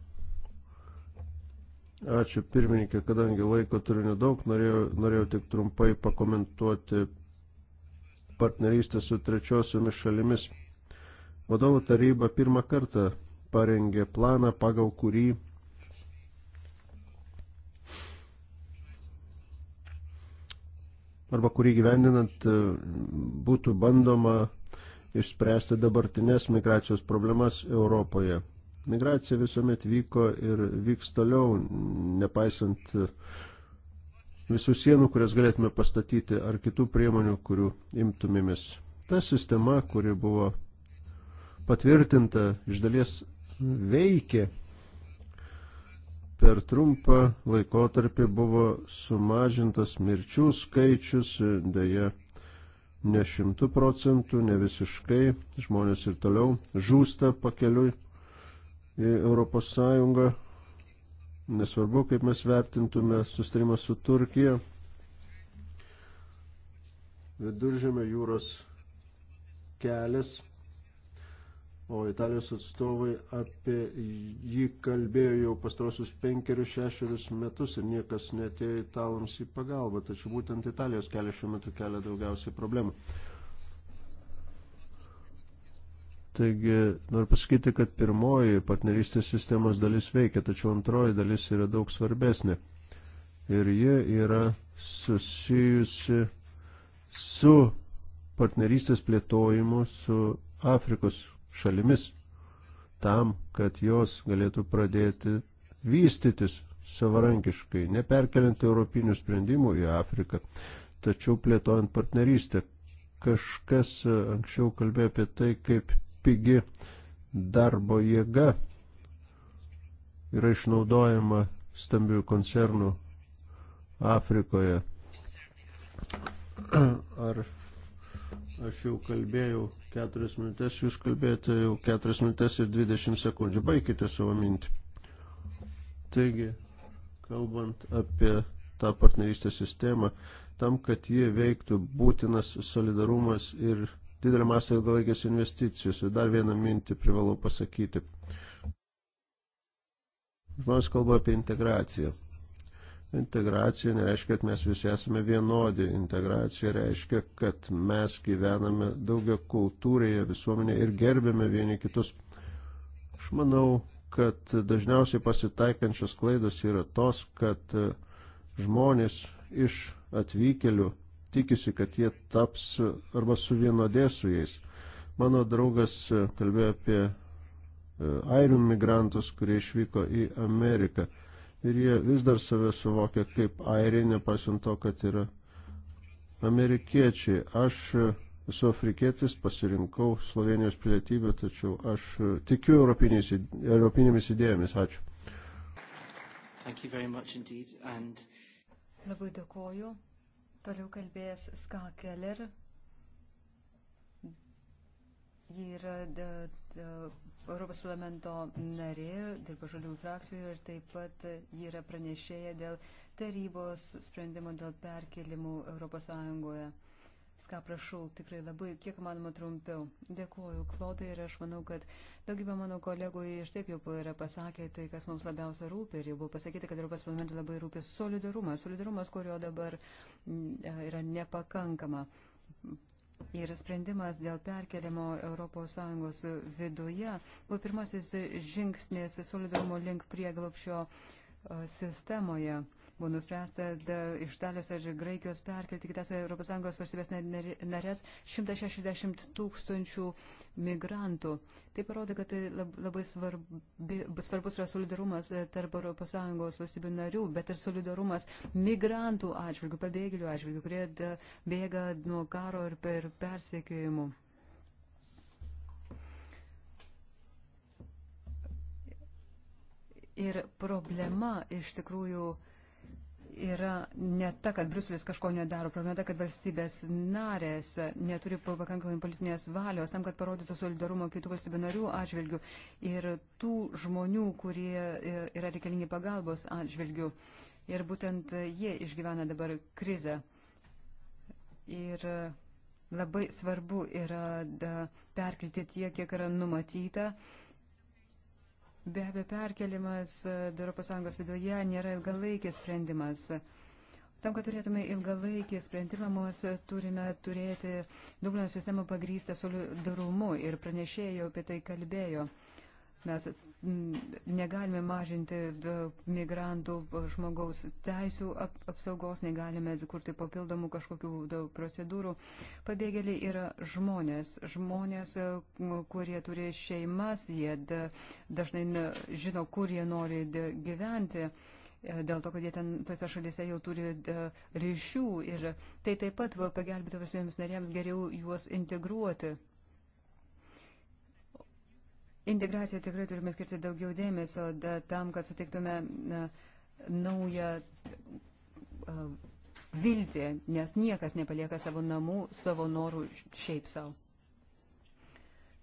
Ačiū pirmininkė, kadangi laiko turiu nedaug, norėjau, norėjau tik trumpai pakomentuoti partnerystę su trečiosiomis šalimis. Vadovų taryba pirmą kartą parengė planą, pagal kurį arba kurį gyvendinant e, būtų bandoma išspręsti dabartinės migracijos problemas Europoje. Migracija visuomet vyko ir vyks toliau, nepaisant visų sienų, kurias galėtume pastatyti, ar kitų priemonių, kurių imtumėmės. Ta sistema, kuri buvo patvirtinta, iš dalies veikė. Per trumpą laikotarpį buvo sumažintas mirčių skaičius, dėja ne šimtų procentų, ne visiškai, žmonės ir toliau žūsta pakeliui į Europos Sąjungą. Nesvarbu, kaip mes vertintume sustarimą su Turkija. Viduržėme jūros kelias, o Italijos atstovai apie jį kalbėjo jau pastrosius penkerius, šešerius metus ir niekas netėjo italams į pagalbą, tačiau būtent Italijos kelias šiuo metu kelia daugiausiai problemų. Taigi noriu pasakyti, kad pirmoji partnerystės sistemos dalis veikia, tačiau antroji dalis yra daug svarbesnė. Ir ji yra susijusi su partnerystės plėtojimu su Afrikos šalimis, tam, kad jos galėtų pradėti vystytis savarankiškai, neperkeliant europinių sprendimų į Afriką, tačiau plėtojant partnerystę. Kažkas e, anksčiau kalbėjo apie tai, kaip pigi darbo jėga yra išnaudojama stambių koncernų Afrikoje. Ar aš jau kalbėjau keturias minutės, jūs kalbėjote jau keturias minutės ir dvidešimt sekundžių. Baikite savo mintį. Taigi, kalbant apie tą partnerystės sistemą, tam, kad ji veiktų būtinas solidarumas ir didelio masto ilgalaikės investicijos. Ir dar vieną mintį privalau pasakyti. Žmonės kalba apie integraciją. Integracija nereiškia, kad mes visi esame vienodi. Integracija reiškia, kad mes gyvename daugia kultūrėje visuomenėje ir gerbėme vieni kitus. Aš manau, kad dažniausiai pasitaikančios klaidos yra tos, kad žmonės iš atvykelių tikisi, kad jie taps arba suvienodės su jais. Mano draugas kalbėjo apie e, airių migrantus, kurie išvyko į Ameriką. Ir jie vis dar save suvokia kaip airiai, nepasiant to, kad yra amerikiečiai. Aš esu afrikietis, pasirinkau Slovenijos pilietybę, tačiau aš e, tikiu europinėmis idėjomis. Ačiū. And... Labai dėkoju. Toliau kalbės Ska Keller. Ji yra de, de, Europos parlamento narė, dirba žaliųjų frakcijų ir taip pat ji yra pranešėja dėl tarybos sprendimo dėl perkelimų Europos Sąjungoje. Viską prašau tikrai labai, kiek manoma trumpiau. Dėkuoju, Klodai, ir aš manau, kad daugybė mano kolegų iš taip jau yra pasakę tai, kas mums labiausia rūpi. Ir jau buvo pasakyti, kad Europos parlamentui labai rūpi solidarumas. Solidarumas, kurio dabar mm, e, yra nepakankama. Ir sprendimas dėl perkeliamo ES viduje buvo pirmasis žingsnis solidarumo link prieglopšio e, sistemoje. Buvo nuspręsta iš Italijos ar Graikijos perkelti kitas ES valstybės narės 160 tūkstančių migrantų. Tai parodo, kad tai labai svarbi, svarbus yra solidarumas e, tarp ES valstybių narių, bet ir solidarumas migrantų atžvilgių, pabėgėlių atžvilgių, kurie bėga nuo karo ir per persekiojimų. Ir problema iš tikrųjų yra ne ta, kad Bruselis kažko nedaro, problema ta, kad valstybės narės neturi pakankamai politinės valios tam, kad parodytų solidarumą kitų valstybių narių atžvilgių ir tų žmonių, kurie e, yra reikalingi pagalbos atžvilgių. Ir būtent jie išgyvena dabar krizę. Ir e, labai svarbu yra perkelti tiek, kiek yra numatyta. Uh, Be abejo, perkelimas e, ES viduje nėra ilgalaikis sprendimas. Tam, kad turėtume ilgalaikį sprendimą, mes turime turėti Dublino sistemą pagrystą solidarumu ir pranešėjai apie tai kalbėjo. Mes negalime mažinti migrantų žmogaus teisų apsaugos, negalime kurti papildomų kažkokių procedūrų. Pabėgėliai yra žmonės, žmonės, e, kurie turi šeimas, jie dažnai žino, kur jie nori gyventi e, dėl to, kad jie ten tose šalise jau turi ryšių ir tai taip pat pagelbėtų visiems narėms geriau juos integruoti. Integracijoje tikrai turime skirti daugiau dėmesio da, tam, kad sutiktume na, naują uh, viltį, nes niekas nepalieka savo namų savo norų šiaip savo.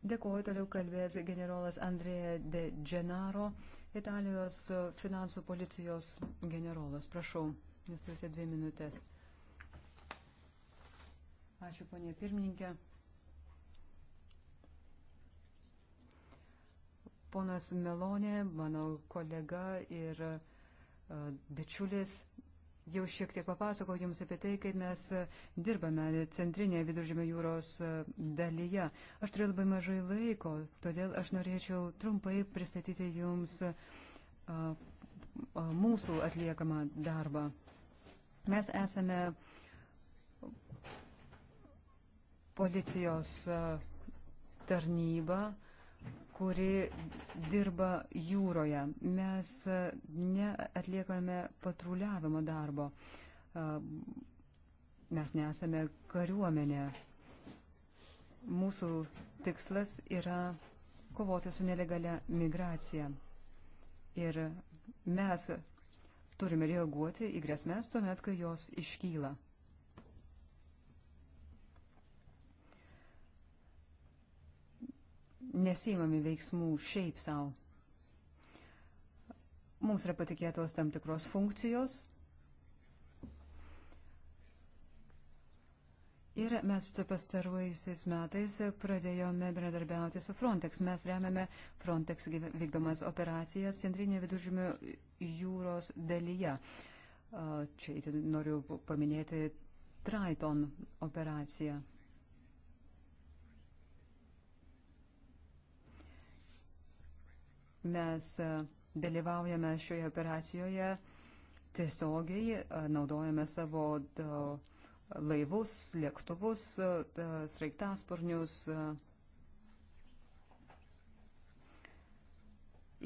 Dėkuoju, toliau kalbės generolas Andrėja De Gennaro, Italijos finansų policijos generolas. Prašau, jūs turite dvi minutės. Ačiū, ponė pirmininkė. ponas Melonė, mano kolega ir e, bičiulis, jau šiek tiek papasakojau Jums apie tai, kaip mes dirbame centrinėje viduržėmio jūros e, dalyje. Aš turiu labai mažai laiko, todėl aš norėčiau trumpai pristatyti Jums e, mūsų atliekamą darbą. Mes esame policijos tarnyba, kuri dirba jūroje. Mes e, neatliekame patruliavimo darbo. E, mes nesame kariuomenė. Mūsų tikslas yra kovoti su nelegalia migracija. Ir mes turime reaguoti į grėsmės tuomet, kai jos iškyla. nesimami veiksmų šiaip savo. Mums yra patikėtos tam tikros funkcijos Ir mes čia pastaruoisiais metais pradėjome bendradarbiauti su Frontex. Mes remiame Frontex vykdomas operacijas Centrinėje viduržymio jūros dalyje. Čia noriu paminėti Triton operaciją. Mes e, dalyvaujame šioje operacijoje tiesiogiai, e, naudojame savo laivus, lėktuvus, e, sraigtasparnius.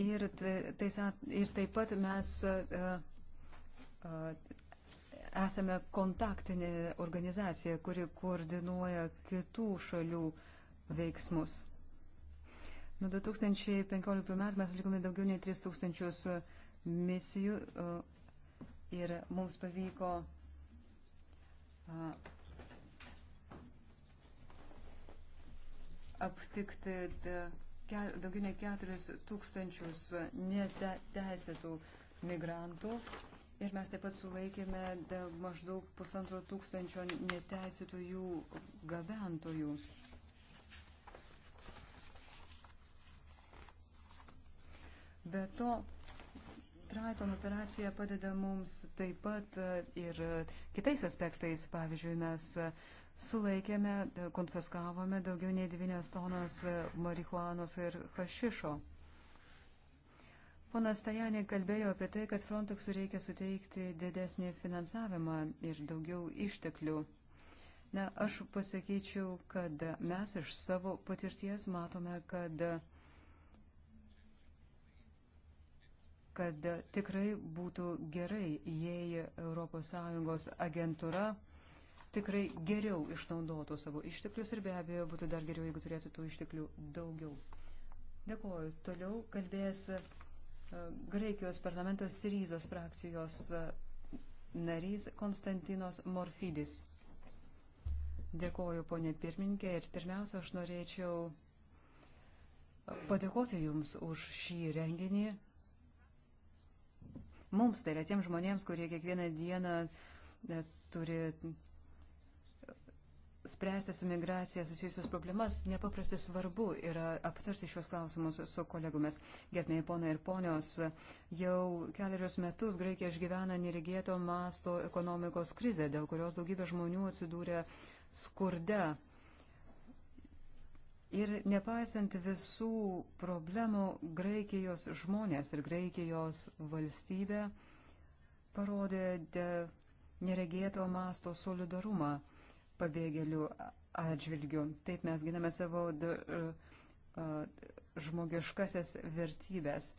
Ir, tais, ir taip pat mes esame kontaktinė organizacija, kuri koordinuoja kitų šalių veiksmus. Nuo 2015 metų mes atlikome daugiau nei 3000 e, misijų e, ir mums pavyko e, aptikti daugiau nei 4000 neteisėtų migrantų. Ir mes taip pat sulaikėme maždaug pusantro tūkstančio neteisėtų jų gabentojų. Be to, Triton operacija padeda mums taip pat e, ir e, kitais aspektais. Pavyzdžiui, mes e, sulaikėme, konfiskavome daugiau nei 9 tonas marihuanos ir hašišo. Ponas Tajanė kalbėjo apie tai, kad Frontexui reikia suteikti didesnį finansavimą ir daugiau išteklių. Na, aš pasakyčiau, kad mes iš savo patirties matome, kad uh, kad tikrai būtų gerai, jei ES agentūra tikrai geriau išnaudotų savo išteklius ir be abejo būtų dar geriau, jeigu turėtų tų išteklių daugiau. Dėkuoju. Toliau kalbės e, Graikijos parlamentos Syryzos frakcijos e, narys Konstantinos Morfidis. Dėkuoju, ponė pirmininkė, ir pirmiausia, aš norėčiau padėkoti Jums už šį renginį, mums, tai yra tiems žmonėms, kurie kiekvieną dieną e, turi spręsti su migracija susijusius problemas, nepaprastai svarbu yra aptarti šios klausimus su kolegomis. Gerbėjai ponai ir ponios, jau keliarius metus Graikija išgyvena neregėto masto ekonomikos krizę, dėl kurios daugybė žmonių atsidūrė skurde. Ir nepaisant visų problemų, Graikijos žmonės ir Graikijos valstybė parodė neregėto masto solidarumą pabėgėlių atžvilgių. Taip mes giname savo d, d, e, žmogiškasias vertybės.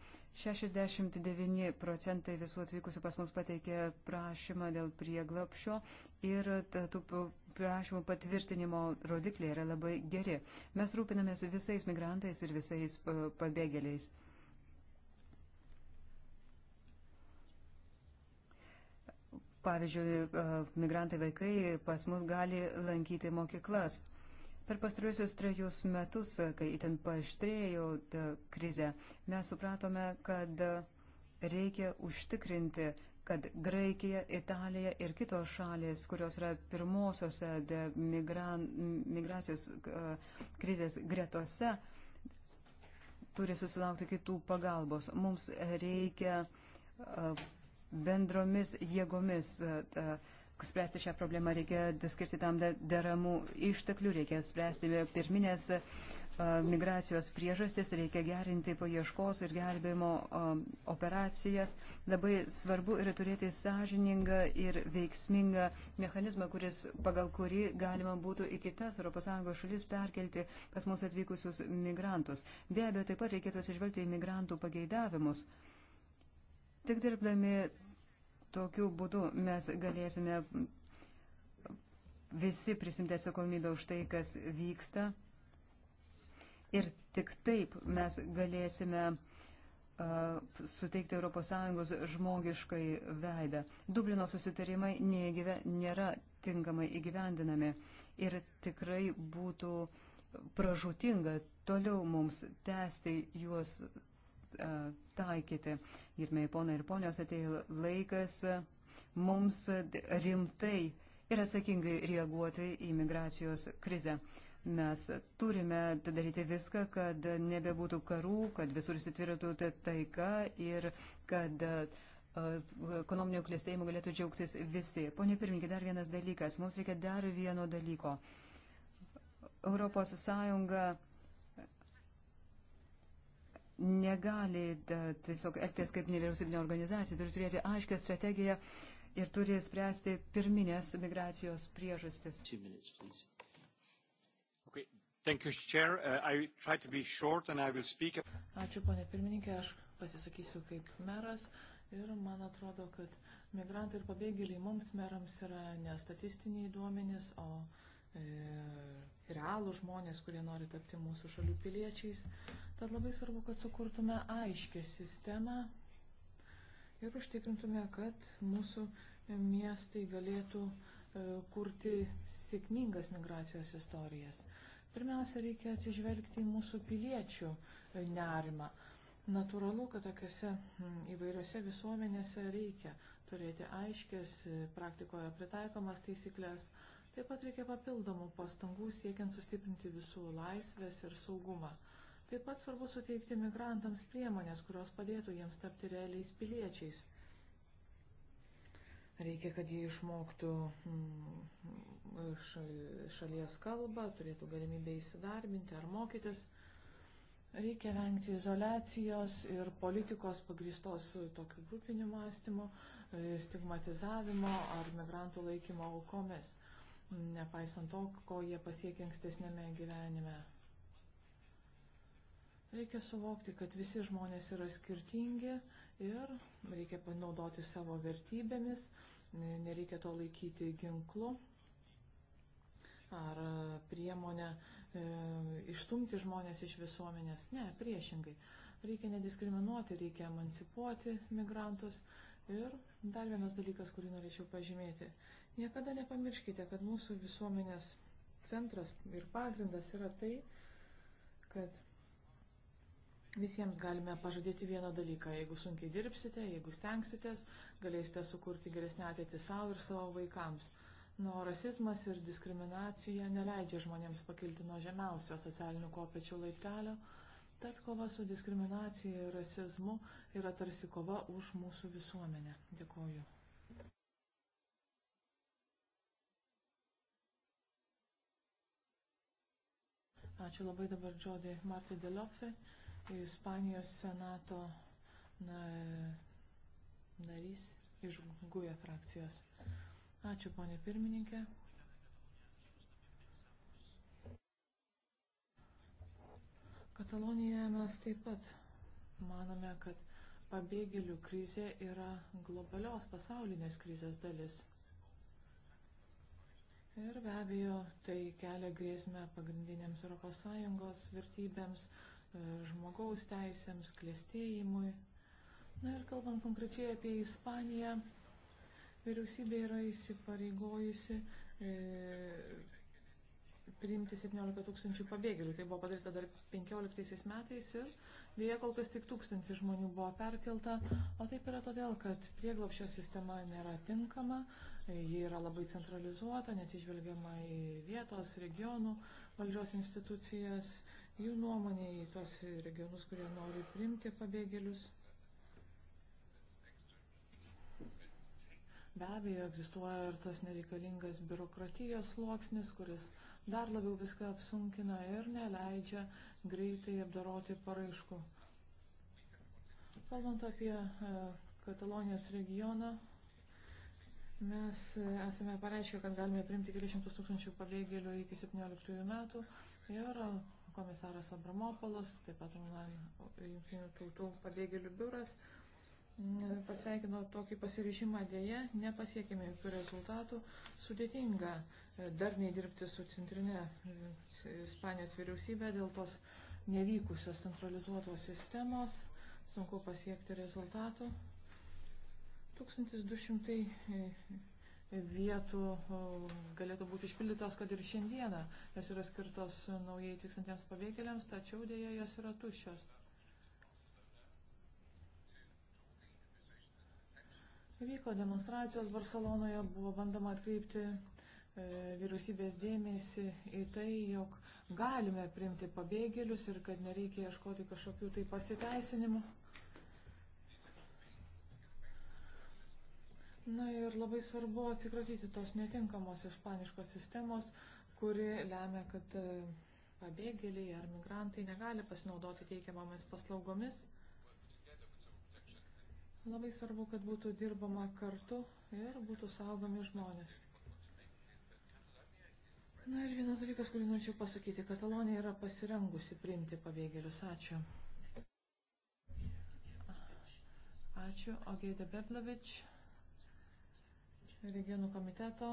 69 procentai visų atvykusių pas mus pateikė prašymą dėl prieglapšio ir tų prašymų patvirtinimo rodikliai yra labai geri. Mes rūpinamės visais migrantais ir visais pabėgėliais. Pavyzdžiui, migrantai vaikai pas mus gali lankyti mokyklas. Per pastaruosius trejus metus, kai itin paštrėjo krizė, mes supratome, kad reikia užtikrinti, kad Graikija, Italija ir kitos šalis, kurios yra pirmosiose migran, migracijos e, krizės gretose, turi susilaukti kitų pagalbos. Mums reikia e, bendromis jėgomis. Uh, spręsti šią problemą reikia skirti tam deramų išteklių, reikia spręsti pirminės migracijos priežastis, reikia gerinti paieškos ir gelbėjimo operacijas. Labai svarbu yra turėti sąžiningą ir veiksmingą mechanizmą, kuris, pagal kurį galima būtų į kitas ES šalis perkelti pas mūsų atvykusius migrantus. Be abejo, taip pat reikėtų atsižvelgti į migrantų pageidavimus. Tik dirbdami Tokiu būdu mes galėsime visi prisimti atsakomybę už tai, kas vyksta. Ir tik taip mes galėsime uh, suteikti ES žmogiškai veidą. Dublino susitarimai neįgyve, nėra tinkamai įgyvendinami ir tikrai būtų pražutinga toliau mums tęsti juos uh, taikyti. Gerbėjai ponai ir ponios, atėjo laikas mums rimtai ir atsakingai reaguoti į migracijos krizę. Mes turime daryti viską, kad nebebūtų karų, kad visur įsitvirtų taika ir kad ekonominio klėstėjimo galėtų džiaugtis visi. Pone pirmininkė, dar vienas dalykas. Mums reikia dar vieno dalyko. Europos Sąjunga negali da, tiesiog elgtis kaip nevyriausybinė organizacija, turi turėti aiškę strategiją ir turi spręsti pirminės migracijos priežastis. Minutes, okay. you, Chair. Uh, short, Ačiū, ponė pirmininkė, aš pasisakysiu kaip meras ir man atrodo, kad migrantai ir pabėgėliai mums merams yra ne statistiniai duomenys, o uh, E, realų žmonės, kurie nori tapti mūsų šalių piliečiais. Tad labai svarbu, kad sukurtume aiškę sistemą ir užtikrintume, kad mūsų miestai galėtų e, kurti sėkmingas migracijos istorijas. Pirmiausia, reikia atsižvelgti į mūsų piliečių e, nerimą. Natūralu, kad tokiuose įvairiose visuomenėse reikia turėti aiškės praktikoje pritaikomas taisyklės, Taip pat reikia papildomų pastangų siekiant sustiprinti visų laisvės ir saugumą. Taip pat svarbu suteikti migrantams priemonės, kurios padėtų jiems tapti realiais piliečiais. Reikia, kad jie išmoktų mm, šalies kalbą, turėtų galimybę įsidarbinti ar mokytis. Reikia vengti izolacijos ir politikos pagristos tokiu grupiniu mąstymu, e, stigmatizavimo ar migrantų laikymo aukomis. Ok nepaisant to, ko jie pasiekia ankstesnėme gyvenime. Reikia suvokti, kad visi žmonės yra skirtingi ir reikia panaudoti savo vertybėmis, nereikia to laikyti ginklu ar priemonę e, išstumti žmonės iš visuomenės. Ne, priešingai. Reikia nediskriminuoti, reikia emancipuoti migrantus. Ir dar vienas dalykas, kurį norėčiau pažymėti. Niekada nepamirškite, kad mūsų visuomenės centras ir pagrindas yra tai, kad visiems galime pažadėti vieną dalyką. Jeigu sunkiai dirbsite, jeigu stengsitės, galėsite sukurti geresnę ateitį savo ir savo vaikams. Na, nu, o rasizmas ir diskriminacija neleidžia žmonėms pakilti nuo žemiausio socialinių kopečių laiptelio, tad kova su diskriminacija ir rasizmu yra tarsi kova už mūsų visuomenę. Dėkuoju. Ačiū labai dabar žodį Martai Delofi, Ispanijos senato na, narys iš GUE frakcijos. Ačiū, ponė pirmininkė. Katalonijoje mes taip pat manome, kad pabėgėlių krizė yra globalios pasaulinės krizės dalis. Ir be abejo, tai kelia grėsmę pagrindinėms ES vertybėms, e, žmogaus teisėms, klėstėjimui. Na ir kalbant konkrečiai apie Ispaniją, vyriausybė yra įsipareigojusi e, priimti 17 tūkstančių pabėgėlių. Tai buvo padaryta dar 15 metais ir dėja kol kas tik tūkstantį žmonių buvo perkelta, o taip yra todėl, kad prieglopšio sistema nėra tinkama, ji yra labai centralizuota, netižvelgiama į vietos, regionų valdžios institucijas, jų nuomonė į tuos regionus, kurie nori priimti pabėgėlius. Be abejo, egzistuoja ir tas nereikalingas biurokratijos sluoksnis, kuris dar labiau viską apsunkina ir neleidžia greitai apdaroti paraiškų. Kalbant apie e, Katalonijos regioną, mes e, esame pareiškę, kad galime priimti 400 tūkstančių pabėgėlių iki 17 metų ir e, komisaras Abramopolas, taip pat Jungtinių tautų pabėgėlių biuras pasveikino tokį pasirižimą dėje, nepasiekėme jokių rezultatų. Sudėtinga e, dar nedirbti su centrinė e, Ispanijos vyriausybė dėl tos nevykusios centralizuotos sistemos, sunku pasiekti rezultatų. 1200 e, vietų galėtų būti išpildytos, kad ir šiandieną jos yra skirtos naujai tikstantiems pabėgėliams, tačiau dėja jos yra tuščios. Vyko demonstracijos Barcelonoje, buvo bandama atkreipti e, vyriausybės dėmesį į tai, jog galime priimti pabėgėlius ir kad nereikia ieškoti kažkokių tai pasiteisinimų. Na ir labai svarbu atsikratyti tos netinkamos ispaniškos sistemos, kuri lemia, kad e, pabėgėliai ar migrantai negali pasinaudoti teikiamomis paslaugomis. Labai svarbu, kad būtų dirbama kartu ir būtų saugomi žmonės. Na ir vienas dalykas, kurį norėčiau pasakyti, Katalonija yra pasirengusi priimti pabėgėlius. Ačiū. Ačiū. Ogeida Beblavič, regionų komiteto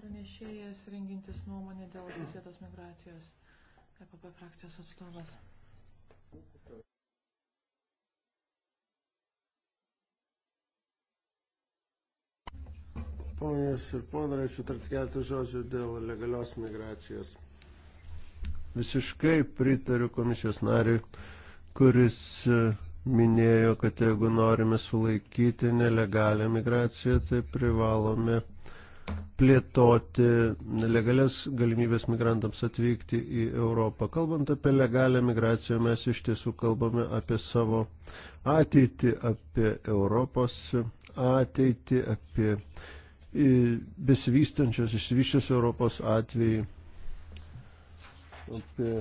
pranešėjas, rengintis nuomonę dėl teisėtos migracijos, EPP frakcijos atstovas. Ponios ir ponai, norėčiau tarti keletą žodžių dėl legalios migracijos. Visiškai pritariu komisijos nariui, kuris e, minėjo, kad jeigu norime sulaikyti nelegalią migraciją, tai privalome plėtoti legalias galimybės migrantams atvykti į Europą. Kalbant apie legalią migraciją, mes iš tiesų kalbame apie savo ateitį, apie Europos ateitį, apie besivystančios, išsivyščios Europos atvejį apie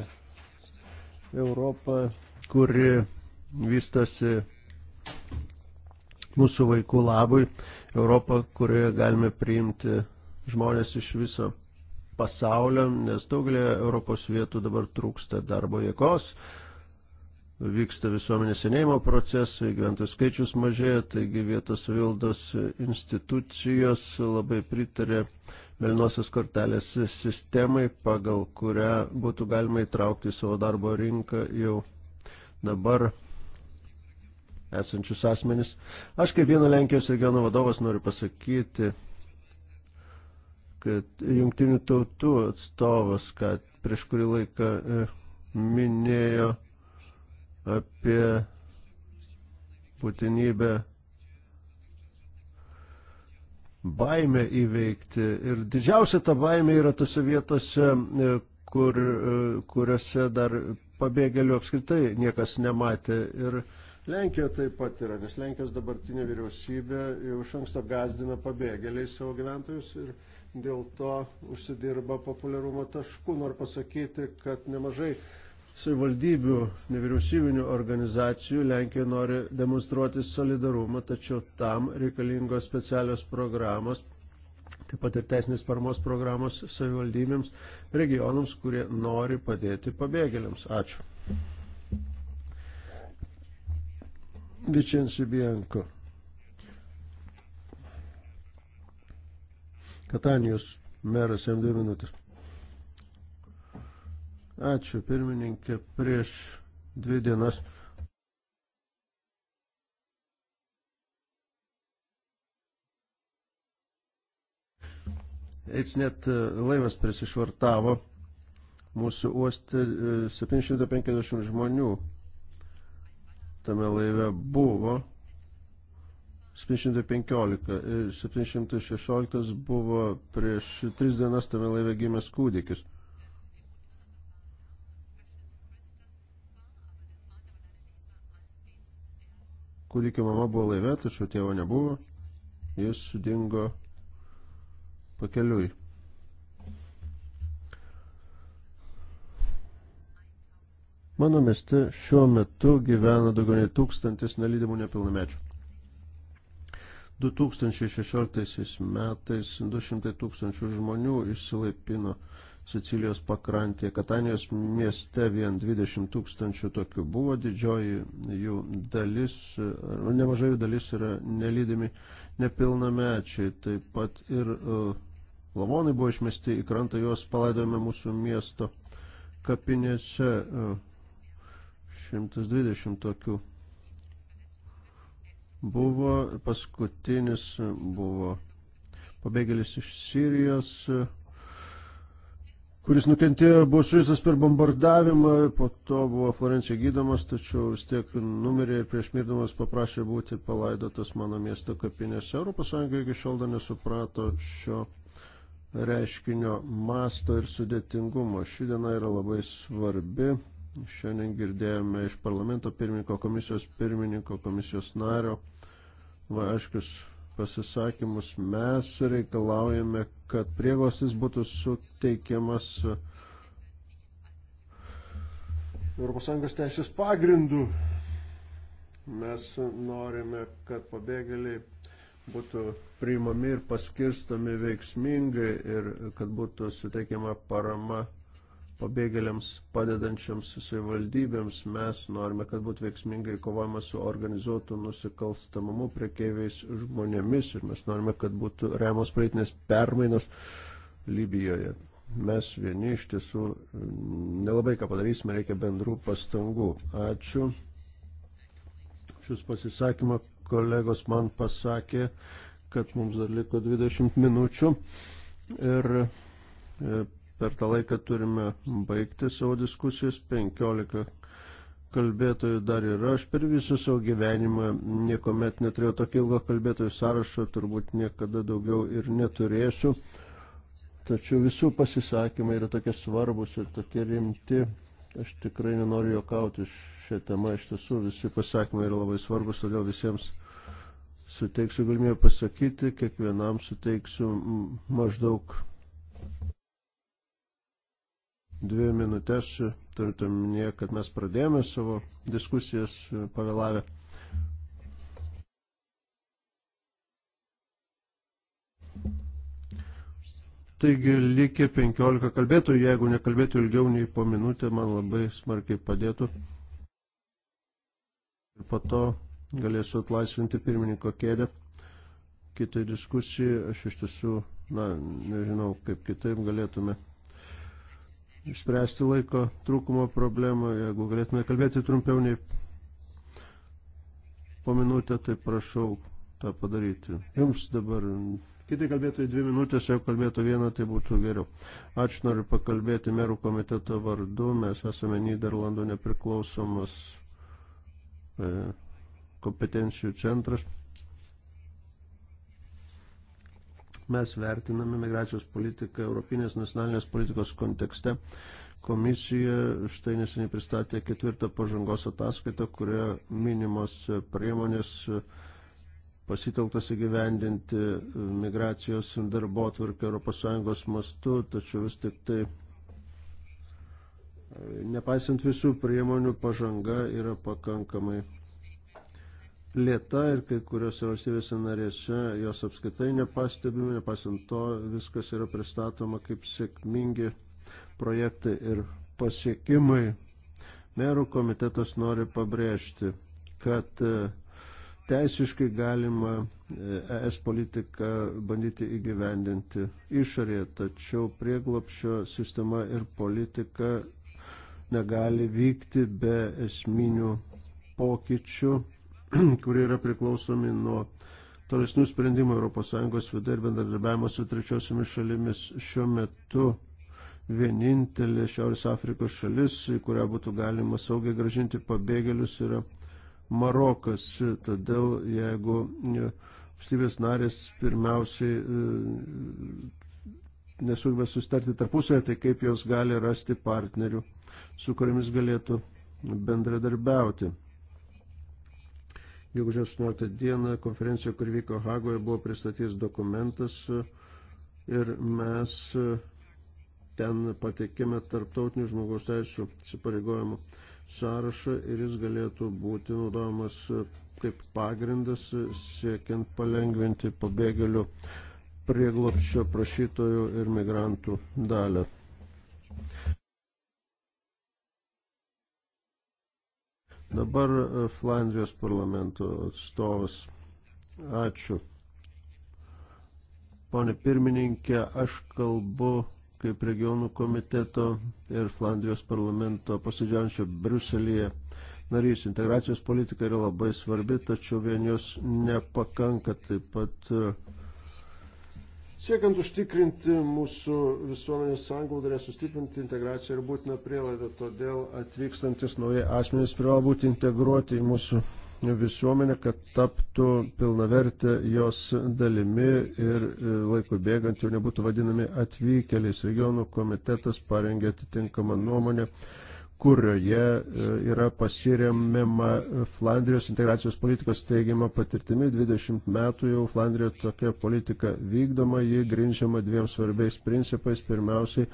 Europą, kuri vystosi mūsų vaikų labui, Europą, kurioje galime priimti žmonės iš viso pasaulio, nes daugelį Europos vietų dabar trūksta darbo jėgos, vyksta visuomenės senėjimo procesai, gyventojų skaičius mažėja, taigi vietos savildos institucijos labai pritarė Melinosios kortelės sistemai, pagal kurią būtų galima įtraukti į savo darbo rinką jau dabar esančius asmenis. Aš kaip vieno Lenkijos regiono vadovas noriu pasakyti, kad jungtinių tautų atstovas, kad prieš kurį laiką e, minėjo apie būtinybę baimę įveikti. Ir didžiausia ta baimė yra tose vietose, e, kur, e, kuriuose dar pabėgėlių apskritai niekas nematė. Ir Lenkijoje taip pat yra, nes Lenkijos dabartinė vyriausybė jau iš anksto gazdina pabėgėliai savo gyventojus ir dėl to užsidirba populiarumo taškų. Noriu pasakyti, kad nemažai savivaldybių nevyriausybinių organizacijų Lenkija nori demonstruoti solidarumą, tačiau tam reikalingos specialios programos, taip pat ir teisinės paramos programos savivaldybėms, regionams, kurie nori padėti pabėgėliams. Ačiū. Vičensi Bienko. Katanijos meras, jam dvi minutės. Ačiū pirmininkė prieš dvi dienas. Eits net e, laivas prisišvartavo mūsų uoste 750 e, žmonių tame laive buvo 715 ir 716 buvo prieš tris dienas tame laive gimęs kūdikis. kūdikio mama buvo laive, tačiau tėvo nebuvo. Jis sudingo pakeliui. Mano mieste šiuo metu gyvena daugiau nei tūkstantis nelydimų nepilnamečių. 2016 metais 200 tūkstančių žmonių išsilaipino Sicilijos pakrantėje. Katanijos mieste vien 20 tūkstančių tokių buvo, didžioji jų dalis, nemažai jų dalis yra nelydimi nepilnamečiai. Taip pat ir uh, lavonai buvo išmesti į krantą, juos palaidojame mūsų miesto kapinėse. Uh, e, 120 tokių buvo, paskutinis buvo pabėgėlis iš Sirijos. Uh, kuris nukentėjo, buvo sužeistas per bombardavimą, po to buvo Florencija gydomas, tačiau vis tiek numirė ir prieš mirdamas paprašė būti palaidotas mano miesto kapinėse. ES iki šiol dar nesuprato šio reiškinio masto ir sudėtingumo. Ši diena yra labai svarbi. Šiandien girdėjome iš parlamento pirmininko, komisijos pirmininko, komisijos nario, va aiškius pasisakymus. Mes reikalaujame, kad prieglostis būtų suteikiamas ES teisės pagrindų. Mes norime, kad pabėgėliai būtų priimami ir paskirstami veiksmingai ir kad būtų suteikiama parama pabėgėliams padedančiams savivaldybėms mes norime, kad būtų veiksmingai kovojama su organizuotu nusikalstamumu priekeiviais žmonėmis ir mes norime, kad būtų remos praeitinės permainos Libijoje. Mes vieni iš tiesų nelabai ką padarysime, reikia bendrų pastangų. Ačiū. Šis pasisakymą kolegos man pasakė, kad mums dar liko 20 minučių ir e, Per tą laiką turime baigti savo diskusijas. 15 kalbėtojų dar yra. Aš per visą savo gyvenimą niekuomet neturėjau tokio ilgo kalbėtojų sąrašo, turbūt niekada daugiau ir neturėsiu. Tačiau visų pasisakymai yra tokie svarbus ir tokie rimti. Aš tikrai nenoriu jokauti šią temą. Iš tiesų visi pasakymai yra labai svarbus, todėl visiems suteiksiu galimybę pasakyti, kiekvienam suteiksiu maždaug dvi minutės, turite minėję, kad mes pradėjome savo diskusijas e, pavėlavę. Taigi likė 15 kalbėtojų, jeigu nekalbėtų ilgiau nei po minutę, man labai smarkiai padėtų. Ir po to galėsiu atlaisvinti pirmininko kėdę kitai diskusijai. Aš iš tiesų, na, nežinau, kaip kitaip galėtume išspręsti laiko trūkumo problemą. Jeigu galėtume kalbėti trumpiau nei po minutę, tai prašau tą padaryti. Jums dabar Kiti kalbėtojai dvi minutės, jeigu kalbėtų vieną, tai būtų geriau. Aš noriu pakalbėti merų komiteto vardu. Mes esame Niderlandų nepriklausomas e, kompetencijų centras. mes vertiname migracijos politiką Europinės nacionalinės politikos kontekste. Komisija štai neseniai pristatė ketvirtą pažangos ataskaitą, kurioje minimos priemonės pasitelktas įgyvendinti migracijos darbo atvarkę ES mastu, tačiau vis tik tai nepaisant visų priemonių pažanga yra pakankamai lėta ir kai kuriuose valstybėse narėse jos apskaitai nepastebime, nepasant to viskas yra pristatoma kaip sėkmingi projektai ir pasiekimai. Merų komitetas nori pabrėžti, kad e, teisiškai galima ES e politiką bandyti įgyvendinti išorėje, tačiau prieglopšio sistema ir politika negali vykti be esminių pokyčių [clears throat] kurie yra priklausomi nuo tolesnių sprendimų ES vidai ir bendradarbiavimo su trečiosiomis šalimis. Šiuo metu vienintelė Šiaurės Afrikos šalis, į kurią būtų galima saugiai gražinti pabėgėlius, yra Marokas. Todėl jeigu e, valstybės narės pirmiausiai e, nesugeba sustarti tarpusavę, tai kaip jos gali rasti partnerių, su kuriamis galėtų bendradarbiauti gegužės 18 dieną konferencijoje, kur vyko Hagoje, buvo pristatytas dokumentas e, ir mes e, ten patekėme tarptautinių žmogaus teisų įsipareigojimų sąrašą ir jis galėtų būti naudojamas e, kaip pagrindas siekiant palengventi pabėgėlių prieglopščio prašytojų ir migrantų dalę. Dabar e, Flandrijos parlamento atstovas. Ačiū. Pone pirmininkė, aš kalbu kaip regionų komiteto ir Flandrijos parlamento posėdžiančio Bruselėje narys. Integracijos politika yra labai svarbi, tačiau vien jos nepakanka. Taip pat uh, Siekiant užtikrinti mūsų visuomenės sąnglaudą, sustiprinti integraciją ir būtiną prielaidą, todėl atvykstantis naujai asmenys privalo būti integruoti į mūsų visuomenę, kad taptų pilnavertė jos dalimi ir e, laikui bėgant jau nebūtų vadinami atvykėliais. Regionų komitetas parengė atitinkamą nuomonę kurioje e, yra pasiremiama Flandrijos integracijos politikos teigiama patirtimi. 20 metų jau Flandrijoje tokia politika vykdoma, ji grindžiama dviem svarbiais principais. Pirmiausiai,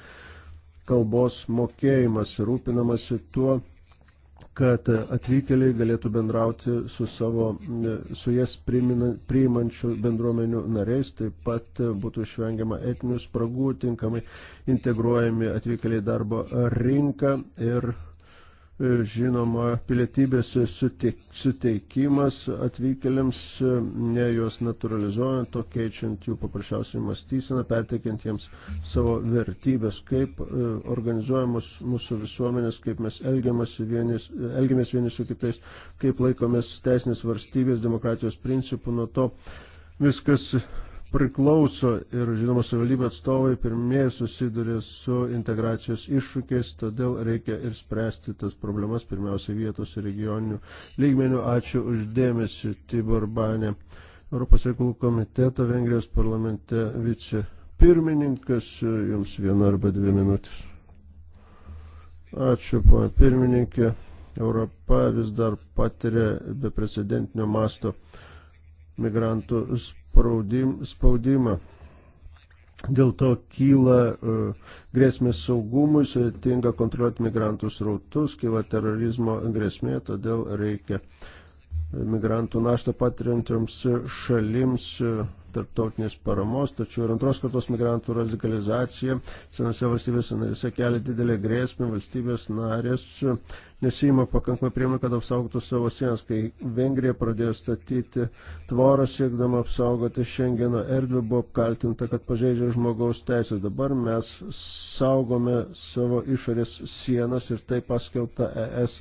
kalbos mokėjimas rūpinamasi tuo, kad atvykėliai galėtų bendrauti su, savo, e, su jas priimančių bendruomenių nariais, taip pat e, būtų išvengiama etinių spragų, tinkamai integruojami atvykėliai darbo rinką ir žinoma, pilietybės suteikimas atvykėliams, ne juos naturalizuojant, o keičiant jų paprasčiausiai mąstyseną, perteikiant jiems savo vertybės, kaip e, organizuojamos mūsų visuomenės, kaip mes vienis, elgiamės vieni su kitais, kaip laikomės teisinės varstybės, demokratijos principų, nuo to viskas priklauso ir, žinoma, savivaldybė atstovai pirmieji susiduria su integracijos iššūkiais, todėl reikia ir spręsti tas problemas, pirmiausia, vietos ir regioninių lygmenių. Ačiū uždėmesi, Tibor Banė, Europos reikalų komiteto Vengrijos parlamente vice pirmininkas, jums viena arba dvi minutės. Ačiū, pana pirmininkė. Europa vis dar patiria beprecedentinio masto migrantų spaudimą. Dėl to kyla uh, grėsmės saugumui, sudėtinga kontroliuoti migrantų srautus, kyla terorizmo grėsmė, todėl reikia migrantų naštą patiriantiems šalims e, tarptautinės paramos, tačiau ir antros kartos migrantų radikalizacija senose valstybėse narise kelia didelę grėsmę, valstybės narės uh, nesima pakankamai priemonių, kad apsaugotų savo sienas, kai Vengrija pradėjo statyti tvorą siekdama apsaugoti Šengeno erdvę, buvo apkaltinta, kad pažeidžia žmogaus teisės. Dabar mes saugome savo išorės sienas ir tai paskelbta ES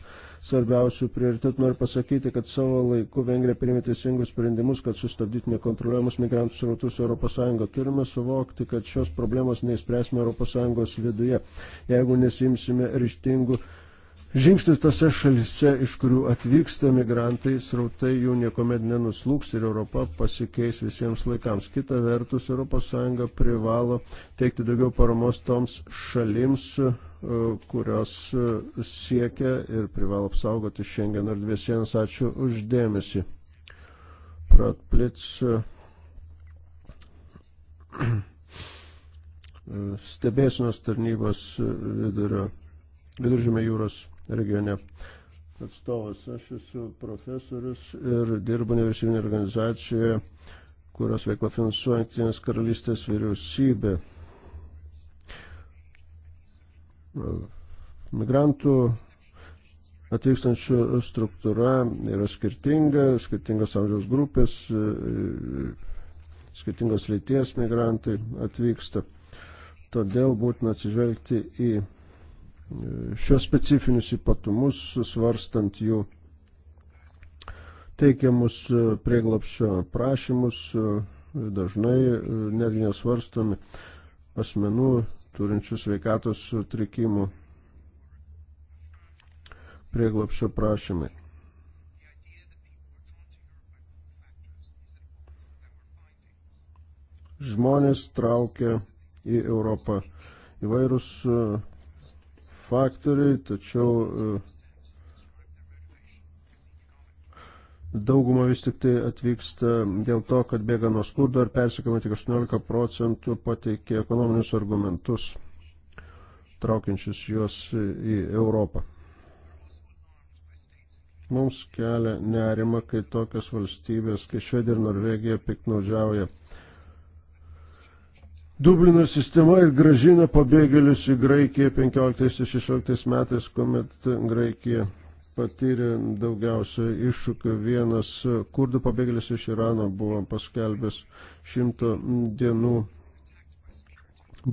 svarbiausių prioritetų. Noriu pasakyti, kad savo laiku Vengrija priėmė teisingus sprendimus, kad sustabdyti nekontroliuojamus migrantų srautus ES. Turime suvokti, kad šios problemos neįspręsime ES viduje, jeigu nesimsime ryštingų žingsnius tose šalise, iš kurių atvyksta migrantai, srautai jų niekuomet nenuslūks ir Europa pasikeis visiems laikams. Kita vertus, ES privalo teikti daugiau paramos toms šalims, e, kurios e, siekia ir privalo apsaugoti šiandien ar dviesiems. Ačiū uždėmesi. Pratplits e, [clears throat] stebėsinos tarnybos vidurio, viduržymė jūros regione atstovas. Aš esu profesorius ir dirbu nevyriausybinėje organizacijoje, kurios veikla finansuoja Jungtinės karalystės vyriausybė. Migrantų atvykstančių struktūra yra skirtinga, skirtingos amžiaus grupės, skirtingos lyties migrantai atvyksta. Todėl būtina atsižvelgti į šios specifinius ypatumus, svarstant jų teikiamus prieglapščio prašymus, dažnai netgi nesvarstomi asmenų turinčių sveikatos sutrikimų prieglapščio prašymai. Žmonės traukia į Europą įvairūs faktoriai, tačiau e, dauguma vis tik tai atvyksta dėl to, kad bėga nuo skurdo ir persikama tik 18 procentų pateikė ekonominius argumentus, traukiančius juos į Europą. Mums kelia nerima, kai tokios valstybės, kai Švedija ir Norvegija piknaudžiauja Dublino sistema ir gražina pabėgėlius į Graikiją 15-16 metais, kuomet Graikija patyrė daugiausia iššūkių. Vienas kurdų pabėgėlis iš Irano buvo paskelbęs šimto dienų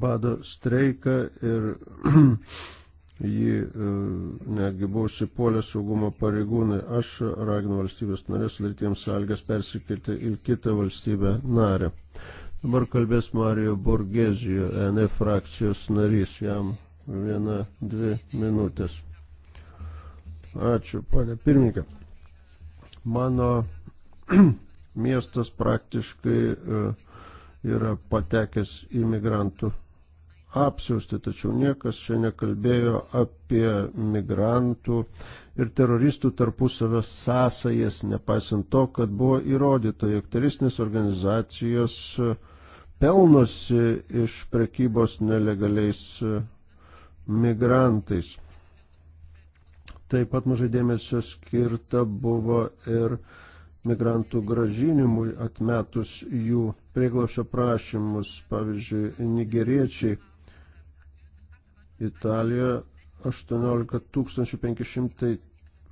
bado streiką ir [clears throat] jį e, netgi buvo užsipuolę saugumo pareigūnai. Aš raginu valstybės narės daryti jiems sąlygas persikėti į kitą valstybę narę. Dabar kalbės Mario Borgezijo, NF frakcijos narys, jam viena, dvi minutės. Ačiū, ponė pirmininkė. Mano [clears throat] miestas praktiškai e, yra patekęs imigrantų apsiausti, tačiau niekas čia nekalbėjo apie migrantų ir teroristų tarpusavio sąsajas, nepaisant to, kad buvo įrodyta, jog teroristinės organizacijos uh, pelnosi iš prekybos nelegaliais e, migrantais. Taip pat mažai dėmesio skirta buvo ir migrantų gražinimui atmetus jų prieglaušio prašymus, pavyzdžiui, nigeriečiai. Italija 18 500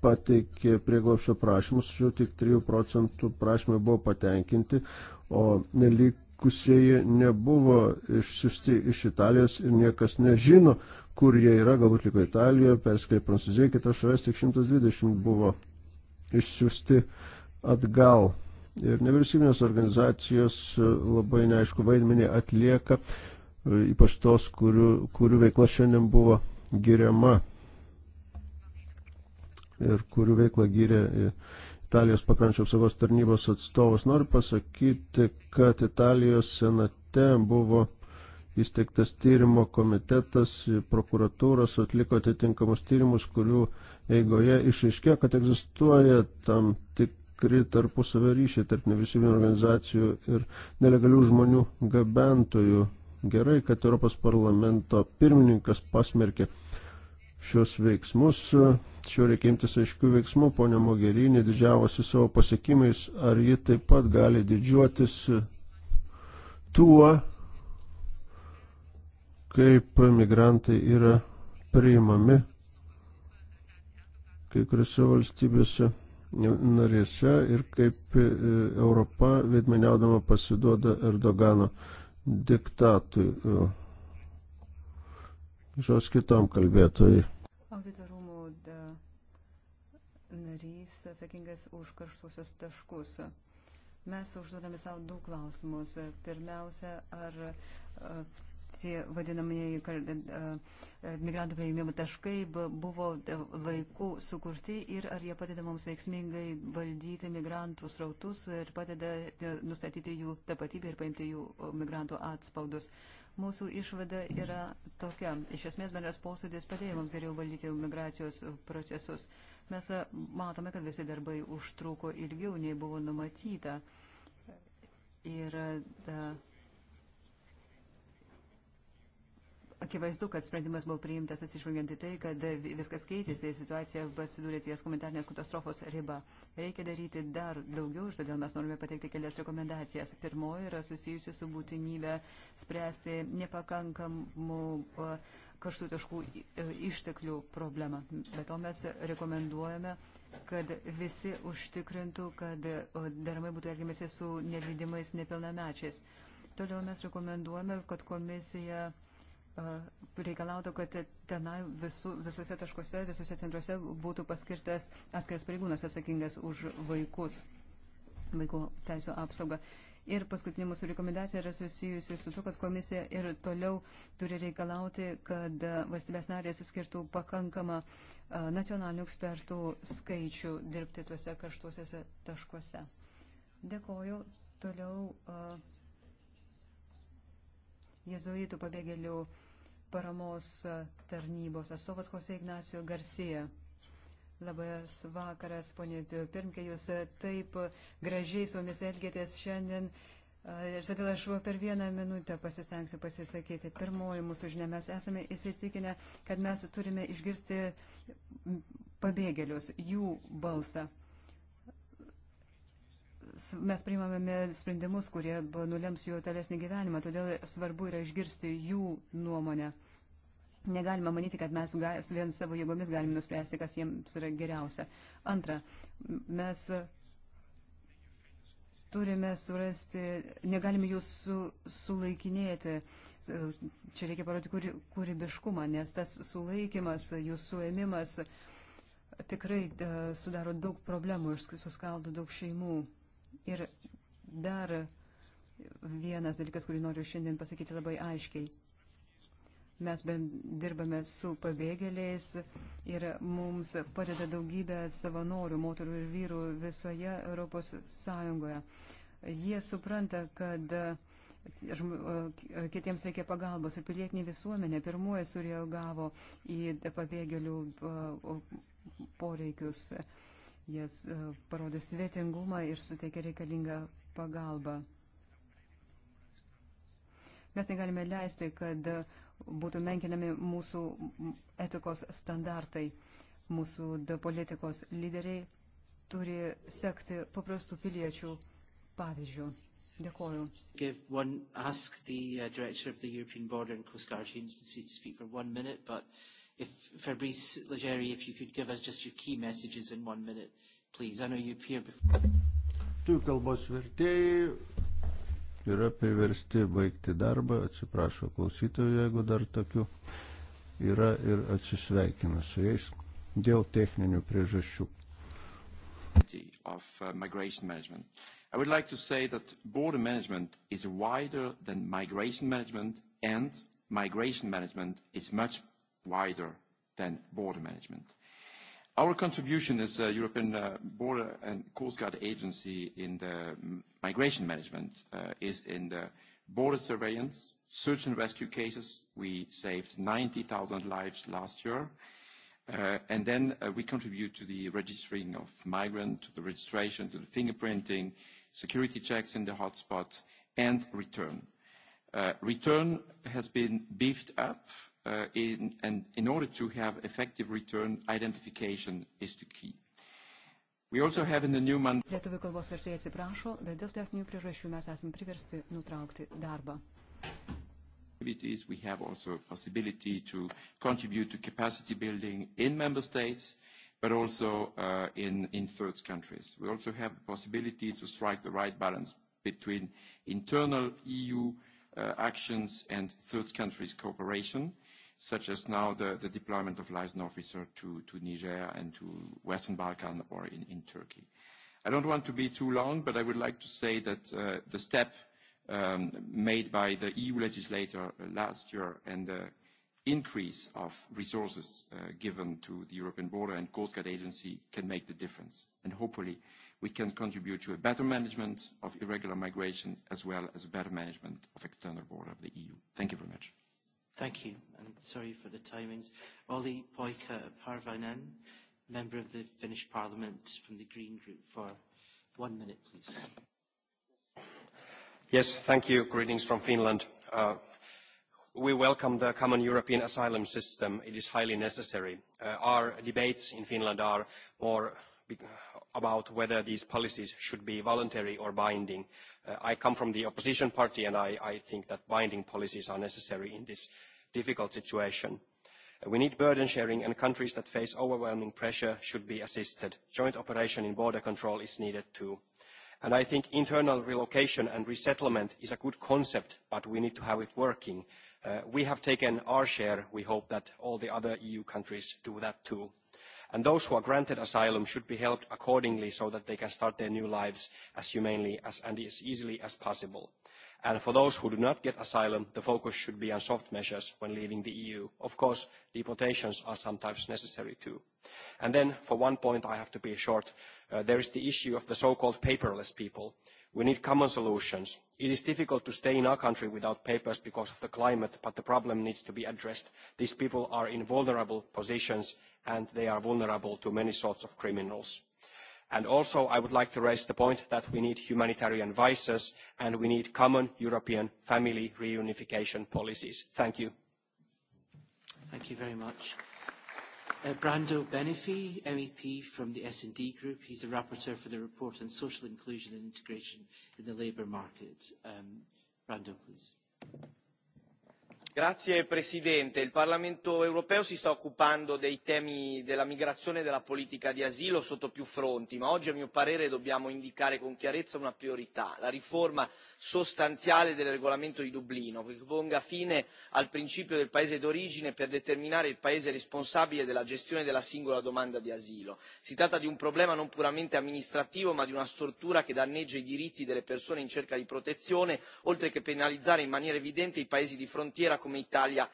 pateikė prieglaušio prašymus, tačiau tik 3 procentų prašymai buvo patenkinti, o nelik likusieji nebuvo išsiusti iš Italijos ir niekas nežino, kur jie yra, galbūt liko Italijoje, perskėlė Prancūzijoje, kitas šalies, tik 120 buvo išsiusti atgal. Ir nevyriausybinės organizacijos labai neaišku vaidmenį atlieka, ypač tos, kurių, kurių veikla šiandien buvo giriama ir kurių veikla gyrė Italijos pakrančio apsaugos tarnybos atstovas. Noriu pasakyti, kad Italijos senate buvo įsteigtas tyrimo komitetas, prokuratūros atliko atitinkamus tyrimus, kurių eigoje išaiškėjo, kad egzistuoja tam tikri tarpusavio ryšiai tarp nevisybinių organizacijų ir nelegalių žmonių gabentojų. Gerai, kad Europos parlamento pirmininkas pasmerkė šios veiksmus. Čia reikia imtis aiškių veiksmų, ponė Mogerinė didžiavosi savo pasiekimais, ar ji taip pat gali didžiuotis tuo, kaip migrantai yra priimami kai kuriuose valstybėse narėse ir kaip e, Europa veidmaniaudama pasiduoda Erdogano diktatui. Žos kitom kalbėtojai. Auditorų narys atsakingas už karštuosius taškus. Mes užduodame savo du klausimus. Pirmiausia, ar tie vadinamieji migrantų prieimimo taškai buvo laiku sukurti ir ar jie padeda mums veiksmingai valdyti migrantų srautus ir padeda e, nustatyti jų tapatybę ir paimti jų migrantų atspaudus. Mūsų išvada yra tokia. Iš esmės bendras posėdis padėjo mums geriau valdyti migracijos procesus. Uh, mes e, matome, kad visi darbai užtruko ilgiau, nei buvo numatyta. Ir e, da, akivaizdu, kad sprendimas buvo priimtas atsižvelgiant į tai, kad viskas keitėsi ir situacija atsidūrė ties komentarnės katastrofos riba. Reikia daryti dar daugiau ir todėl mes norime pateikti kelias rekomendacijas. Pirmoji yra susijusi su būtinybė spręsti nepakankamų uh, karštutiškų e, išteklių problemą. Bet to mes rekomenduojame, kad visi užtikrintų, kad deramai būtų elgiamasi su nelydimais nepilnamečiais. Toliau mes rekomenduojame, kad komisija e, reikalautų, kad tenai visu, visuose taškuose, visuose centruose būtų paskirtas atskiras pareigūnas atsakingas už vaikus, vaikų teisų apsaugą. Ir paskutinė mūsų rekomendacija yra susijusi su to, kad komisija ir toliau turi reikalauti, kad valstybės narės skirtų pakankamą nacionalinių ekspertų skaičių dirbti tuose karštuosiuose taškuose. Dėkoju. Toliau uh, jezuitų pabėgėlių paramos tarnybos atstovas Jose Ignacio Garcia. Labas vakaras, ponė Pirmke, jūs taip gražiai su mumis elgėtės šiandien. E, ir todėl aš per vieną minutę pasistengsiu pasisakyti. Pirmoji mūsų žinia, mes esame įsitikinę, kad mes turime išgirsti pabėgėlius, jų balsą. Mes priimame sprendimus, kurie nulems jų tolesnį gyvenimą, todėl svarbu yra išgirsti jų nuomonę. Negalima manyti, kad mes vien savo jėgomis galime nuspręsti, kas jiems yra geriausia. Antra, mes turime surasti, negalime jų su, sulaikinėti. Čia reikia parodyti kūrybiškumą, nes tas sulaikimas, jų suėmimas tikrai da, e, sudaro daug problemų ir suskaldo daug šeimų. Ir dar vienas dalykas, kurį noriu šiandien pasakyti labai aiškiai Mes dirbame su pabėgėliais ir mums padeda daugybė savanorių, moterų ir vyrų visoje Europos Sąjungoje. Jie supranta, kad e, e, kitiems reikia pagalbos ir pilietinė visuomenė pirmoji sureagavo į pabėgėlių e, poreikius. Jas parodė svetingumą ir suteikė reikalingą pagalbą. Mes negalime leisti, kad uh, būtų menkinami mūsų etikos standartai. Mūsų politikos lyderiai turi sekti paprastų piliečių pavyzdžių. Dėkoju. One, ask the uh, director of the European Border and Coast Guard Agency to speak for one minute, but if Fabrice Legeri, if you could give us just your key messages in one minute, please. I know you appear before. Tu kalbos vertėjai, yra priversti baigti darbą, atsiprašo klausytojų, jeigu dar tokių yra ir atsisveikina su jais dėl techninių priežasčių. Of, uh, migration management. I would like to say that border management is wider than migration management, and migration management is much wider than border management. Our contribution as a uh, European uh, Border and Coast Guard Agency in the migration management uh, is in the border surveillance, search and rescue cases. We saved 90,000 lives last year. Uh, and then uh, we contribute to the registering of migrant, to the registration, to the fingerprinting, security checks in the hotspot, and return. Uh, return has been beefed up uh, in, and in order to have effective return, identification is the key. We also have in the new mandate. Lietuvių kalbos vertėjai atsiprašo, bet dėl techninių priežasčių mes esame priversti nutraukti darbą. We have also a possibility to contribute to capacity building in member states, but also uh, in, in third countries. We also have the possibility to strike the right balance between internal EU uh, actions and third countries cooperation such as now the, the deployment of liaison officer to, to Niger and to Western Balkan or in, in Turkey. I don't want to be too long, but I would like to say that uh, the step um, made by the EU legislator last year and the increase of resources uh, given to the European Border and Coast Guard Agency can make the difference. And hopefully, we can contribute to a better management of irregular migration, as well as a better management of external border of the EU. Thank you very much. Thank you, and sorry for the timings. Olli Poika Parvainen, member of the Finnish Parliament from the Green Group for one minute, please. Yes, thank you. Greetings from Finland. Uh, we welcome the common European asylum system. It is highly necessary. Uh, our debates in Finland are more about whether these policies should be voluntary or binding. Uh, I come from the opposition party and I, I think that binding policies are necessary in this difficult situation. Uh, we need burden sharing and countries that face overwhelming pressure should be assisted. Joint operation in border control is needed too. And I think internal relocation and resettlement is a good concept, but we need to have it working. Uh, we have taken our share. We hope that all the other EU countries do that too. And those who are granted asylum should be helped accordingly so that they can start their new lives as humanely as, and as easily as possible. And for those who do not get asylum, the focus should be on soft measures when leaving the EU. Of course, deportations are sometimes necessary too. And then, for one point I have to be short, uh, there is the issue of the so-called paperless people. We need common solutions. It is difficult to stay in our country without papers because of the climate, but the problem needs to be addressed. These people are in vulnerable positions and they are vulnerable to many sorts of criminals. And also, I would like to raise the point that we need humanitarian visas and we need common European family reunification policies. Thank you. Thank you very much. Uh, Brando Benefi, MEP from the S&D Group. He's the rapporteur for the report on social inclusion and integration in the labour market. Um, Brando, please. Thank you signor presidente il parlamento europeo si sta occupando dei temi della migrazione e della politica di asilo sotto più fronti ma oggi a mio parere dobbiamo indicare con chiarezza una priorità la riforma sostanziale del regolamento di dublino che ponga fine al principio del paese d'origine per determinare il paese responsabile della gestione della singola domanda di asilo. si tratta di un problema non puramente amministrativo ma di una stortura che danneggia i diritti delle persone in cerca di protezione oltre che penalizzare in maniera evidente i paesi di frontiera come italia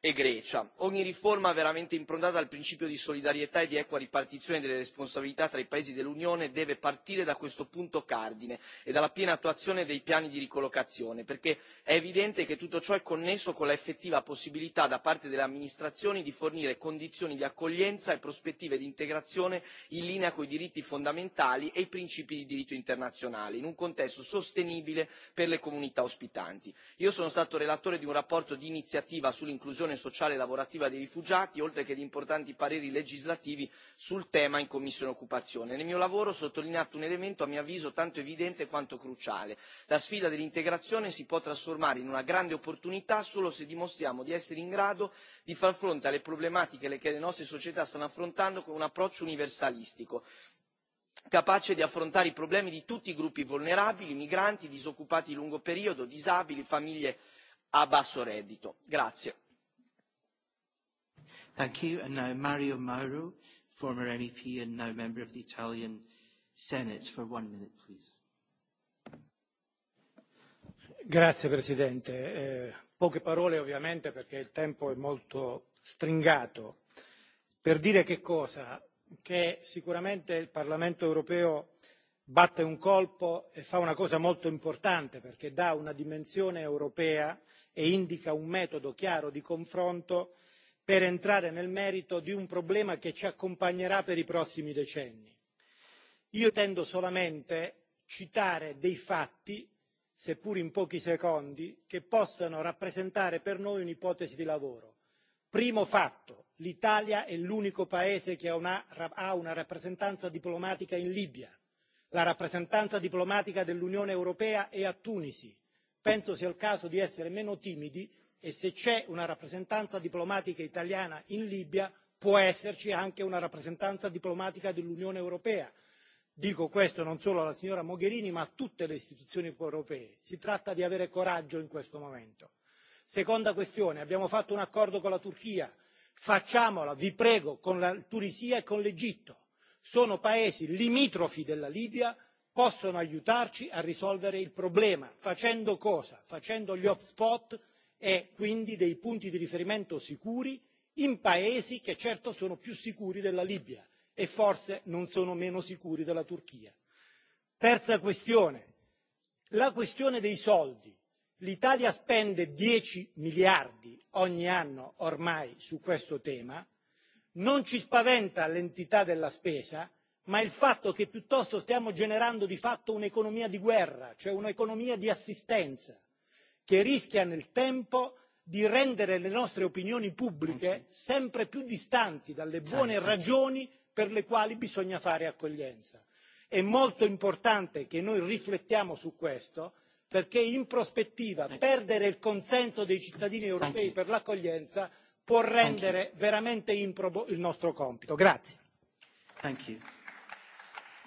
e grecia ogni riforma veramente improntata al principio di solidarietà e di equa ripartizione delle responsabilità tra i paesi dell'unione deve partire da questo punto cardine e dalla piena attuazione dei piani di ricollocazione perché è evidente che tutto ciò è connesso con l'effettiva possibilità da parte delle amministrazioni di fornire condizioni di accoglienza e prospettive di integrazione in linea con i diritti fondamentali e i principi di diritto internazionale in un contesto sostenibile per le comunità ospitanti. io sono stato relatore di una relazione d'iniziativa sull'inclusione protezione sociale e lavorativa dei rifugiati oltre che di importanti pareri legislativi sul tema in commissione occupazione. nel mio lavoro ho sottolineato un elemento a mio avviso tanto evidente quanto cruciale la sfida dell'integrazione si può trasformare in una grande opportunità solo se dimostriamo di essere in grado di far fronte alle problematiche che le nostre società stanno affrontando con un approccio universalistico capace di affrontare i problemi di tutti i gruppi vulnerabili migranti disoccupati di lungo periodo disabili famiglie a basso reddito. Thank you. And now Mario Mauro, former MEP and now member of the Italian Senate, for one minute, please. Grazie Presidente. Eh, poche parole ovviamente perché il tempo è molto stringato. Per dire che cosa? Che sicuramente il Parlamento europeo batte un colpo e fa una cosa molto importante perché dà una dimensione europea e indica un metodo chiaro di confronto per entrare nel merito di un problema che ci accompagnerà per i prossimi decenni. Io tendo solamente citare dei fatti, seppur in pochi secondi, che possano rappresentare per noi un'ipotesi di lavoro. Primo fatto, l'Italia è l'unico paese che ha una, ha una rappresentanza diplomatica in Libia. La rappresentanza diplomatica dell'Unione Europea è a Tunisi. Penso sia il caso di essere meno timidi e se c'è una rappresentanza diplomatica italiana in libia può esserci anche una rappresentanza diplomatica dell'unione europea dico questo non solo alla signora mogherini ma a tutte le istituzioni europee si tratta di avere coraggio in questo momento. seconda questione abbiamo fatto un accordo con la turchia facciamolo vi prego con la tunisia e con l'egitto sono paesi limitrofi della libia possono aiutarci a risolvere il problema facendo cosa? facendo gli hotspot e quindi dei punti di riferimento sicuri in paesi che certo sono più sicuri della libia e forse non sono meno sicuri della turchia. terza questione la questione dei soldi l'italia spende dieci miliardi ogni anno ormai su questo tema non ci spaventa l'entità della spesa ma il fatto che piuttosto stiamo generando di fatto un'economia di guerra cioè un'economia di assistenza che rischia nel tempo di rendere le nostre opinioni pubbliche sempre più distanti dalle buone ragioni per le quali bisogna fare accoglienza. è molto importante che noi riflettiamo su questo perché in prospettiva perdere il consenso dei cittadini europei per l'accoglienza può rendere veramente improbo il nostro compito. Grazie. Thank you.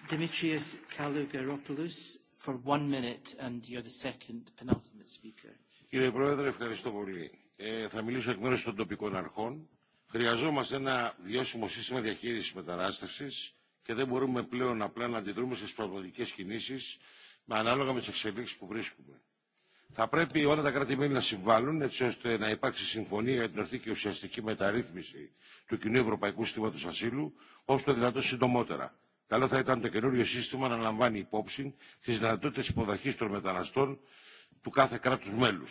Dimitrios Kalogeropoulos for one minute and you're the second penultimate speaker. Κύριε Πρόεδρε, ευχαριστώ πολύ. Ε, θα μιλήσω εκ μέρους των τοπικών αρχών. Χρειαζόμαστε ένα βιώσιμο σύστημα διαχείρισης μετανάστευσης και δεν μπορούμε πλέον απλά να αντιδρούμε στις πραγματικές κινήσεις με ανάλογα με τις εξελίξεις που βρίσκουμε. Θα πρέπει όλα τα κράτη-μέλη να συμβάλλουν έτσι ώστε να υπάρξει συμφωνία για την ορθή και ουσιαστική μεταρρύθμιση του κοινού ευρωπαϊκού συστήματος ασύλου, όσο το δυνατόν συντομότερα. Καλό θα ήταν το καινούριο σύστημα να λαμβάνει υπόψη τι δυνατότητε υποδοχή των μεταναστών του κάθε κράτου μέλου.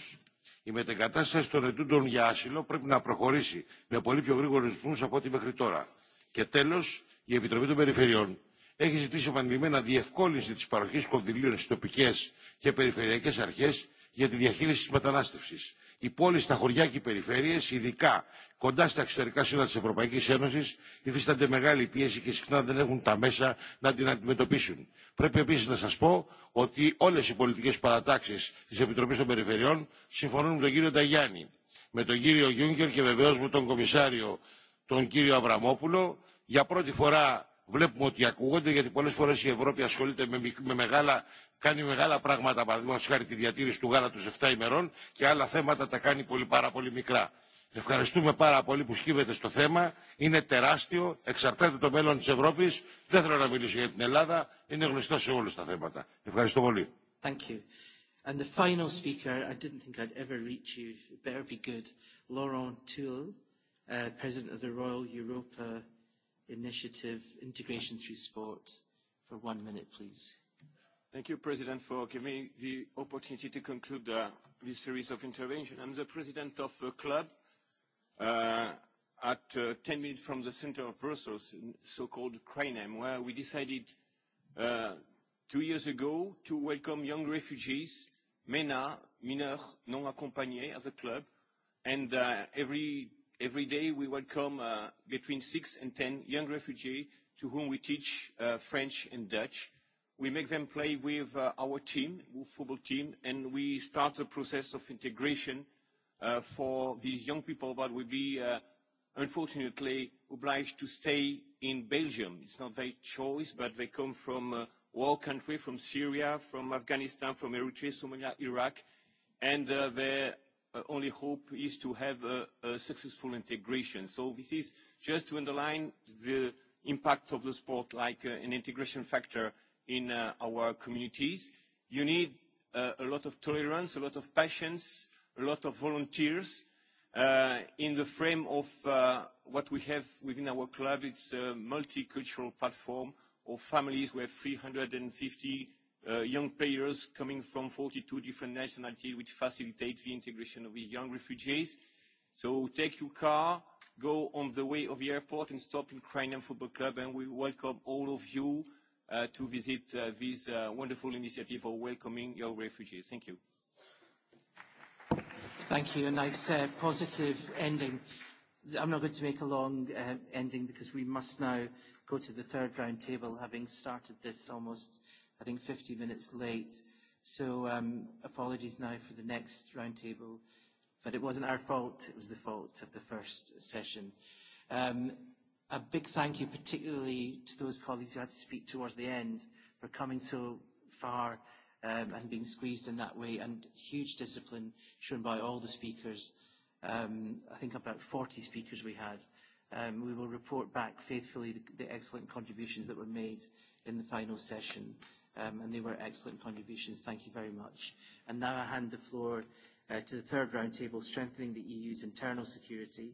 Η μετεγκατάσταση των ετούντων για άσυλο πρέπει να προχωρήσει με πολύ πιο γρήγορου ρυθμού από ό,τι μέχρι τώρα. Και τέλο, η Επιτροπή των Περιφερειών έχει ζητήσει επανειλημμένα διευκόλυνση τη παροχή κονδυλίων στι τοπικέ και περιφερειακέ αρχέ για τη διαχείριση τη μετανάστευση. Οι πόλεις στα χωριά και οι περιφέρειες, ειδικά κοντά στα εξωτερικά σύνορα της Ευρωπαϊκής Ένωσης, υφίστανται μεγάλη πίεση και συχνά δεν έχουν τα μέσα να την αντιμετωπίσουν. Πρέπει επίσης να σας πω ότι όλες οι πολιτικές παρατάξεις της Επιτροπής των Περιφερειών συμφωνούν με τον κύριο Ταγιάννη, με τον κύριο Γιούγκερ και βεβαίως με τον Κομισάριο τον κύριο Αβραμόπουλο. Για πρώτη φορά βλέπουμε ότι ακούγονται, γιατί πολλές φορές η Ευρώπη ασχολείται με, με μεγάλα κάνει μεγάλα πράγματα, παραδείγματο χάρη τη διατήρηση του γάλα τους 7 ημερών και άλλα θέματα τα κάνει πολύ, πάρα πολύ μικρά. Ευχαριστούμε πάρα πολύ που σκύβεται στο θέμα. Είναι τεράστιο, εξαρτάται το μέλλον της Ευρώπης. Δεν θέλω να μιλήσω για την Ελλάδα, είναι γνωστό σε όλους τα θέματα. Ευχαριστώ πολύ. Thank you. And the final speaker, I didn't think I'd ever reach you, it better be good, Laurent Toul, uh, President of the Royal Europa Initiative Integration Through Sport, for one minute, please. Thank you, President, for giving me the opportunity to conclude uh, this series of interventions. I'm the president of a club uh, at uh, 10 minutes from the center of Brussels, so-called CRINAM, where we decided uh, two years ago to welcome young refugees, MENA, mineurs non accompagnés, at the club. And uh, every, every day we welcome uh, between six and 10 young refugees to whom we teach uh, French and Dutch We make them play with uh, our team, football team, and we start the process of integration uh, for these young people that will be, uh, unfortunately, obliged to stay in Belgium. It's not their choice, but they come from uh, war country, from Syria, from Afghanistan, from Eritrea, Somalia, Iraq, and uh, their uh, only hope is to have a, a successful integration. So this is just to underline the impact of the sport like uh, an integration factor in uh, our communities. You need uh, a lot of tolerance, a lot of patience, a lot of volunteers. Uh, in the frame of uh, what we have within our club, it's a multicultural platform of families with 350 uh, young players coming from 42 different nationalities, which facilitates the integration of these young refugees. So take your car, go on the way of the airport and stop in Ukrainian Football Club, and we welcome all of you uh, to visit uh, this uh, wonderful initiative of welcoming your refugees. Thank you. Thank you. A nice uh, positive ending. I'm not going to make a long uh, ending because we must now go to the third round table, having started this almost, I think, 50 minutes late. So um, apologies now for the next round table, but it wasn't our fault. It was the fault of the first session. Um, a big thank you particularly to those colleagues who had to speak towards the end for coming so far um, and being squeezed in that way and huge discipline shown by all the speakers. Um, I think about 40 speakers we had. Um, we will report back faithfully the, the excellent contributions that were made in the final session um, and they were excellent contributions. Thank you very much. And now I hand the floor uh, to the third roundtable, strengthening the EU's internal security,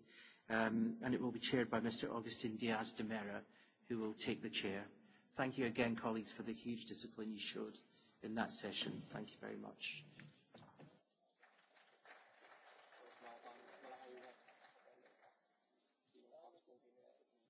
um, and it will be chaired by Mr. Augustin Diaz de Mera, who will take the chair. Thank you again, colleagues, for the huge discipline you showed in that session. Thank you very much.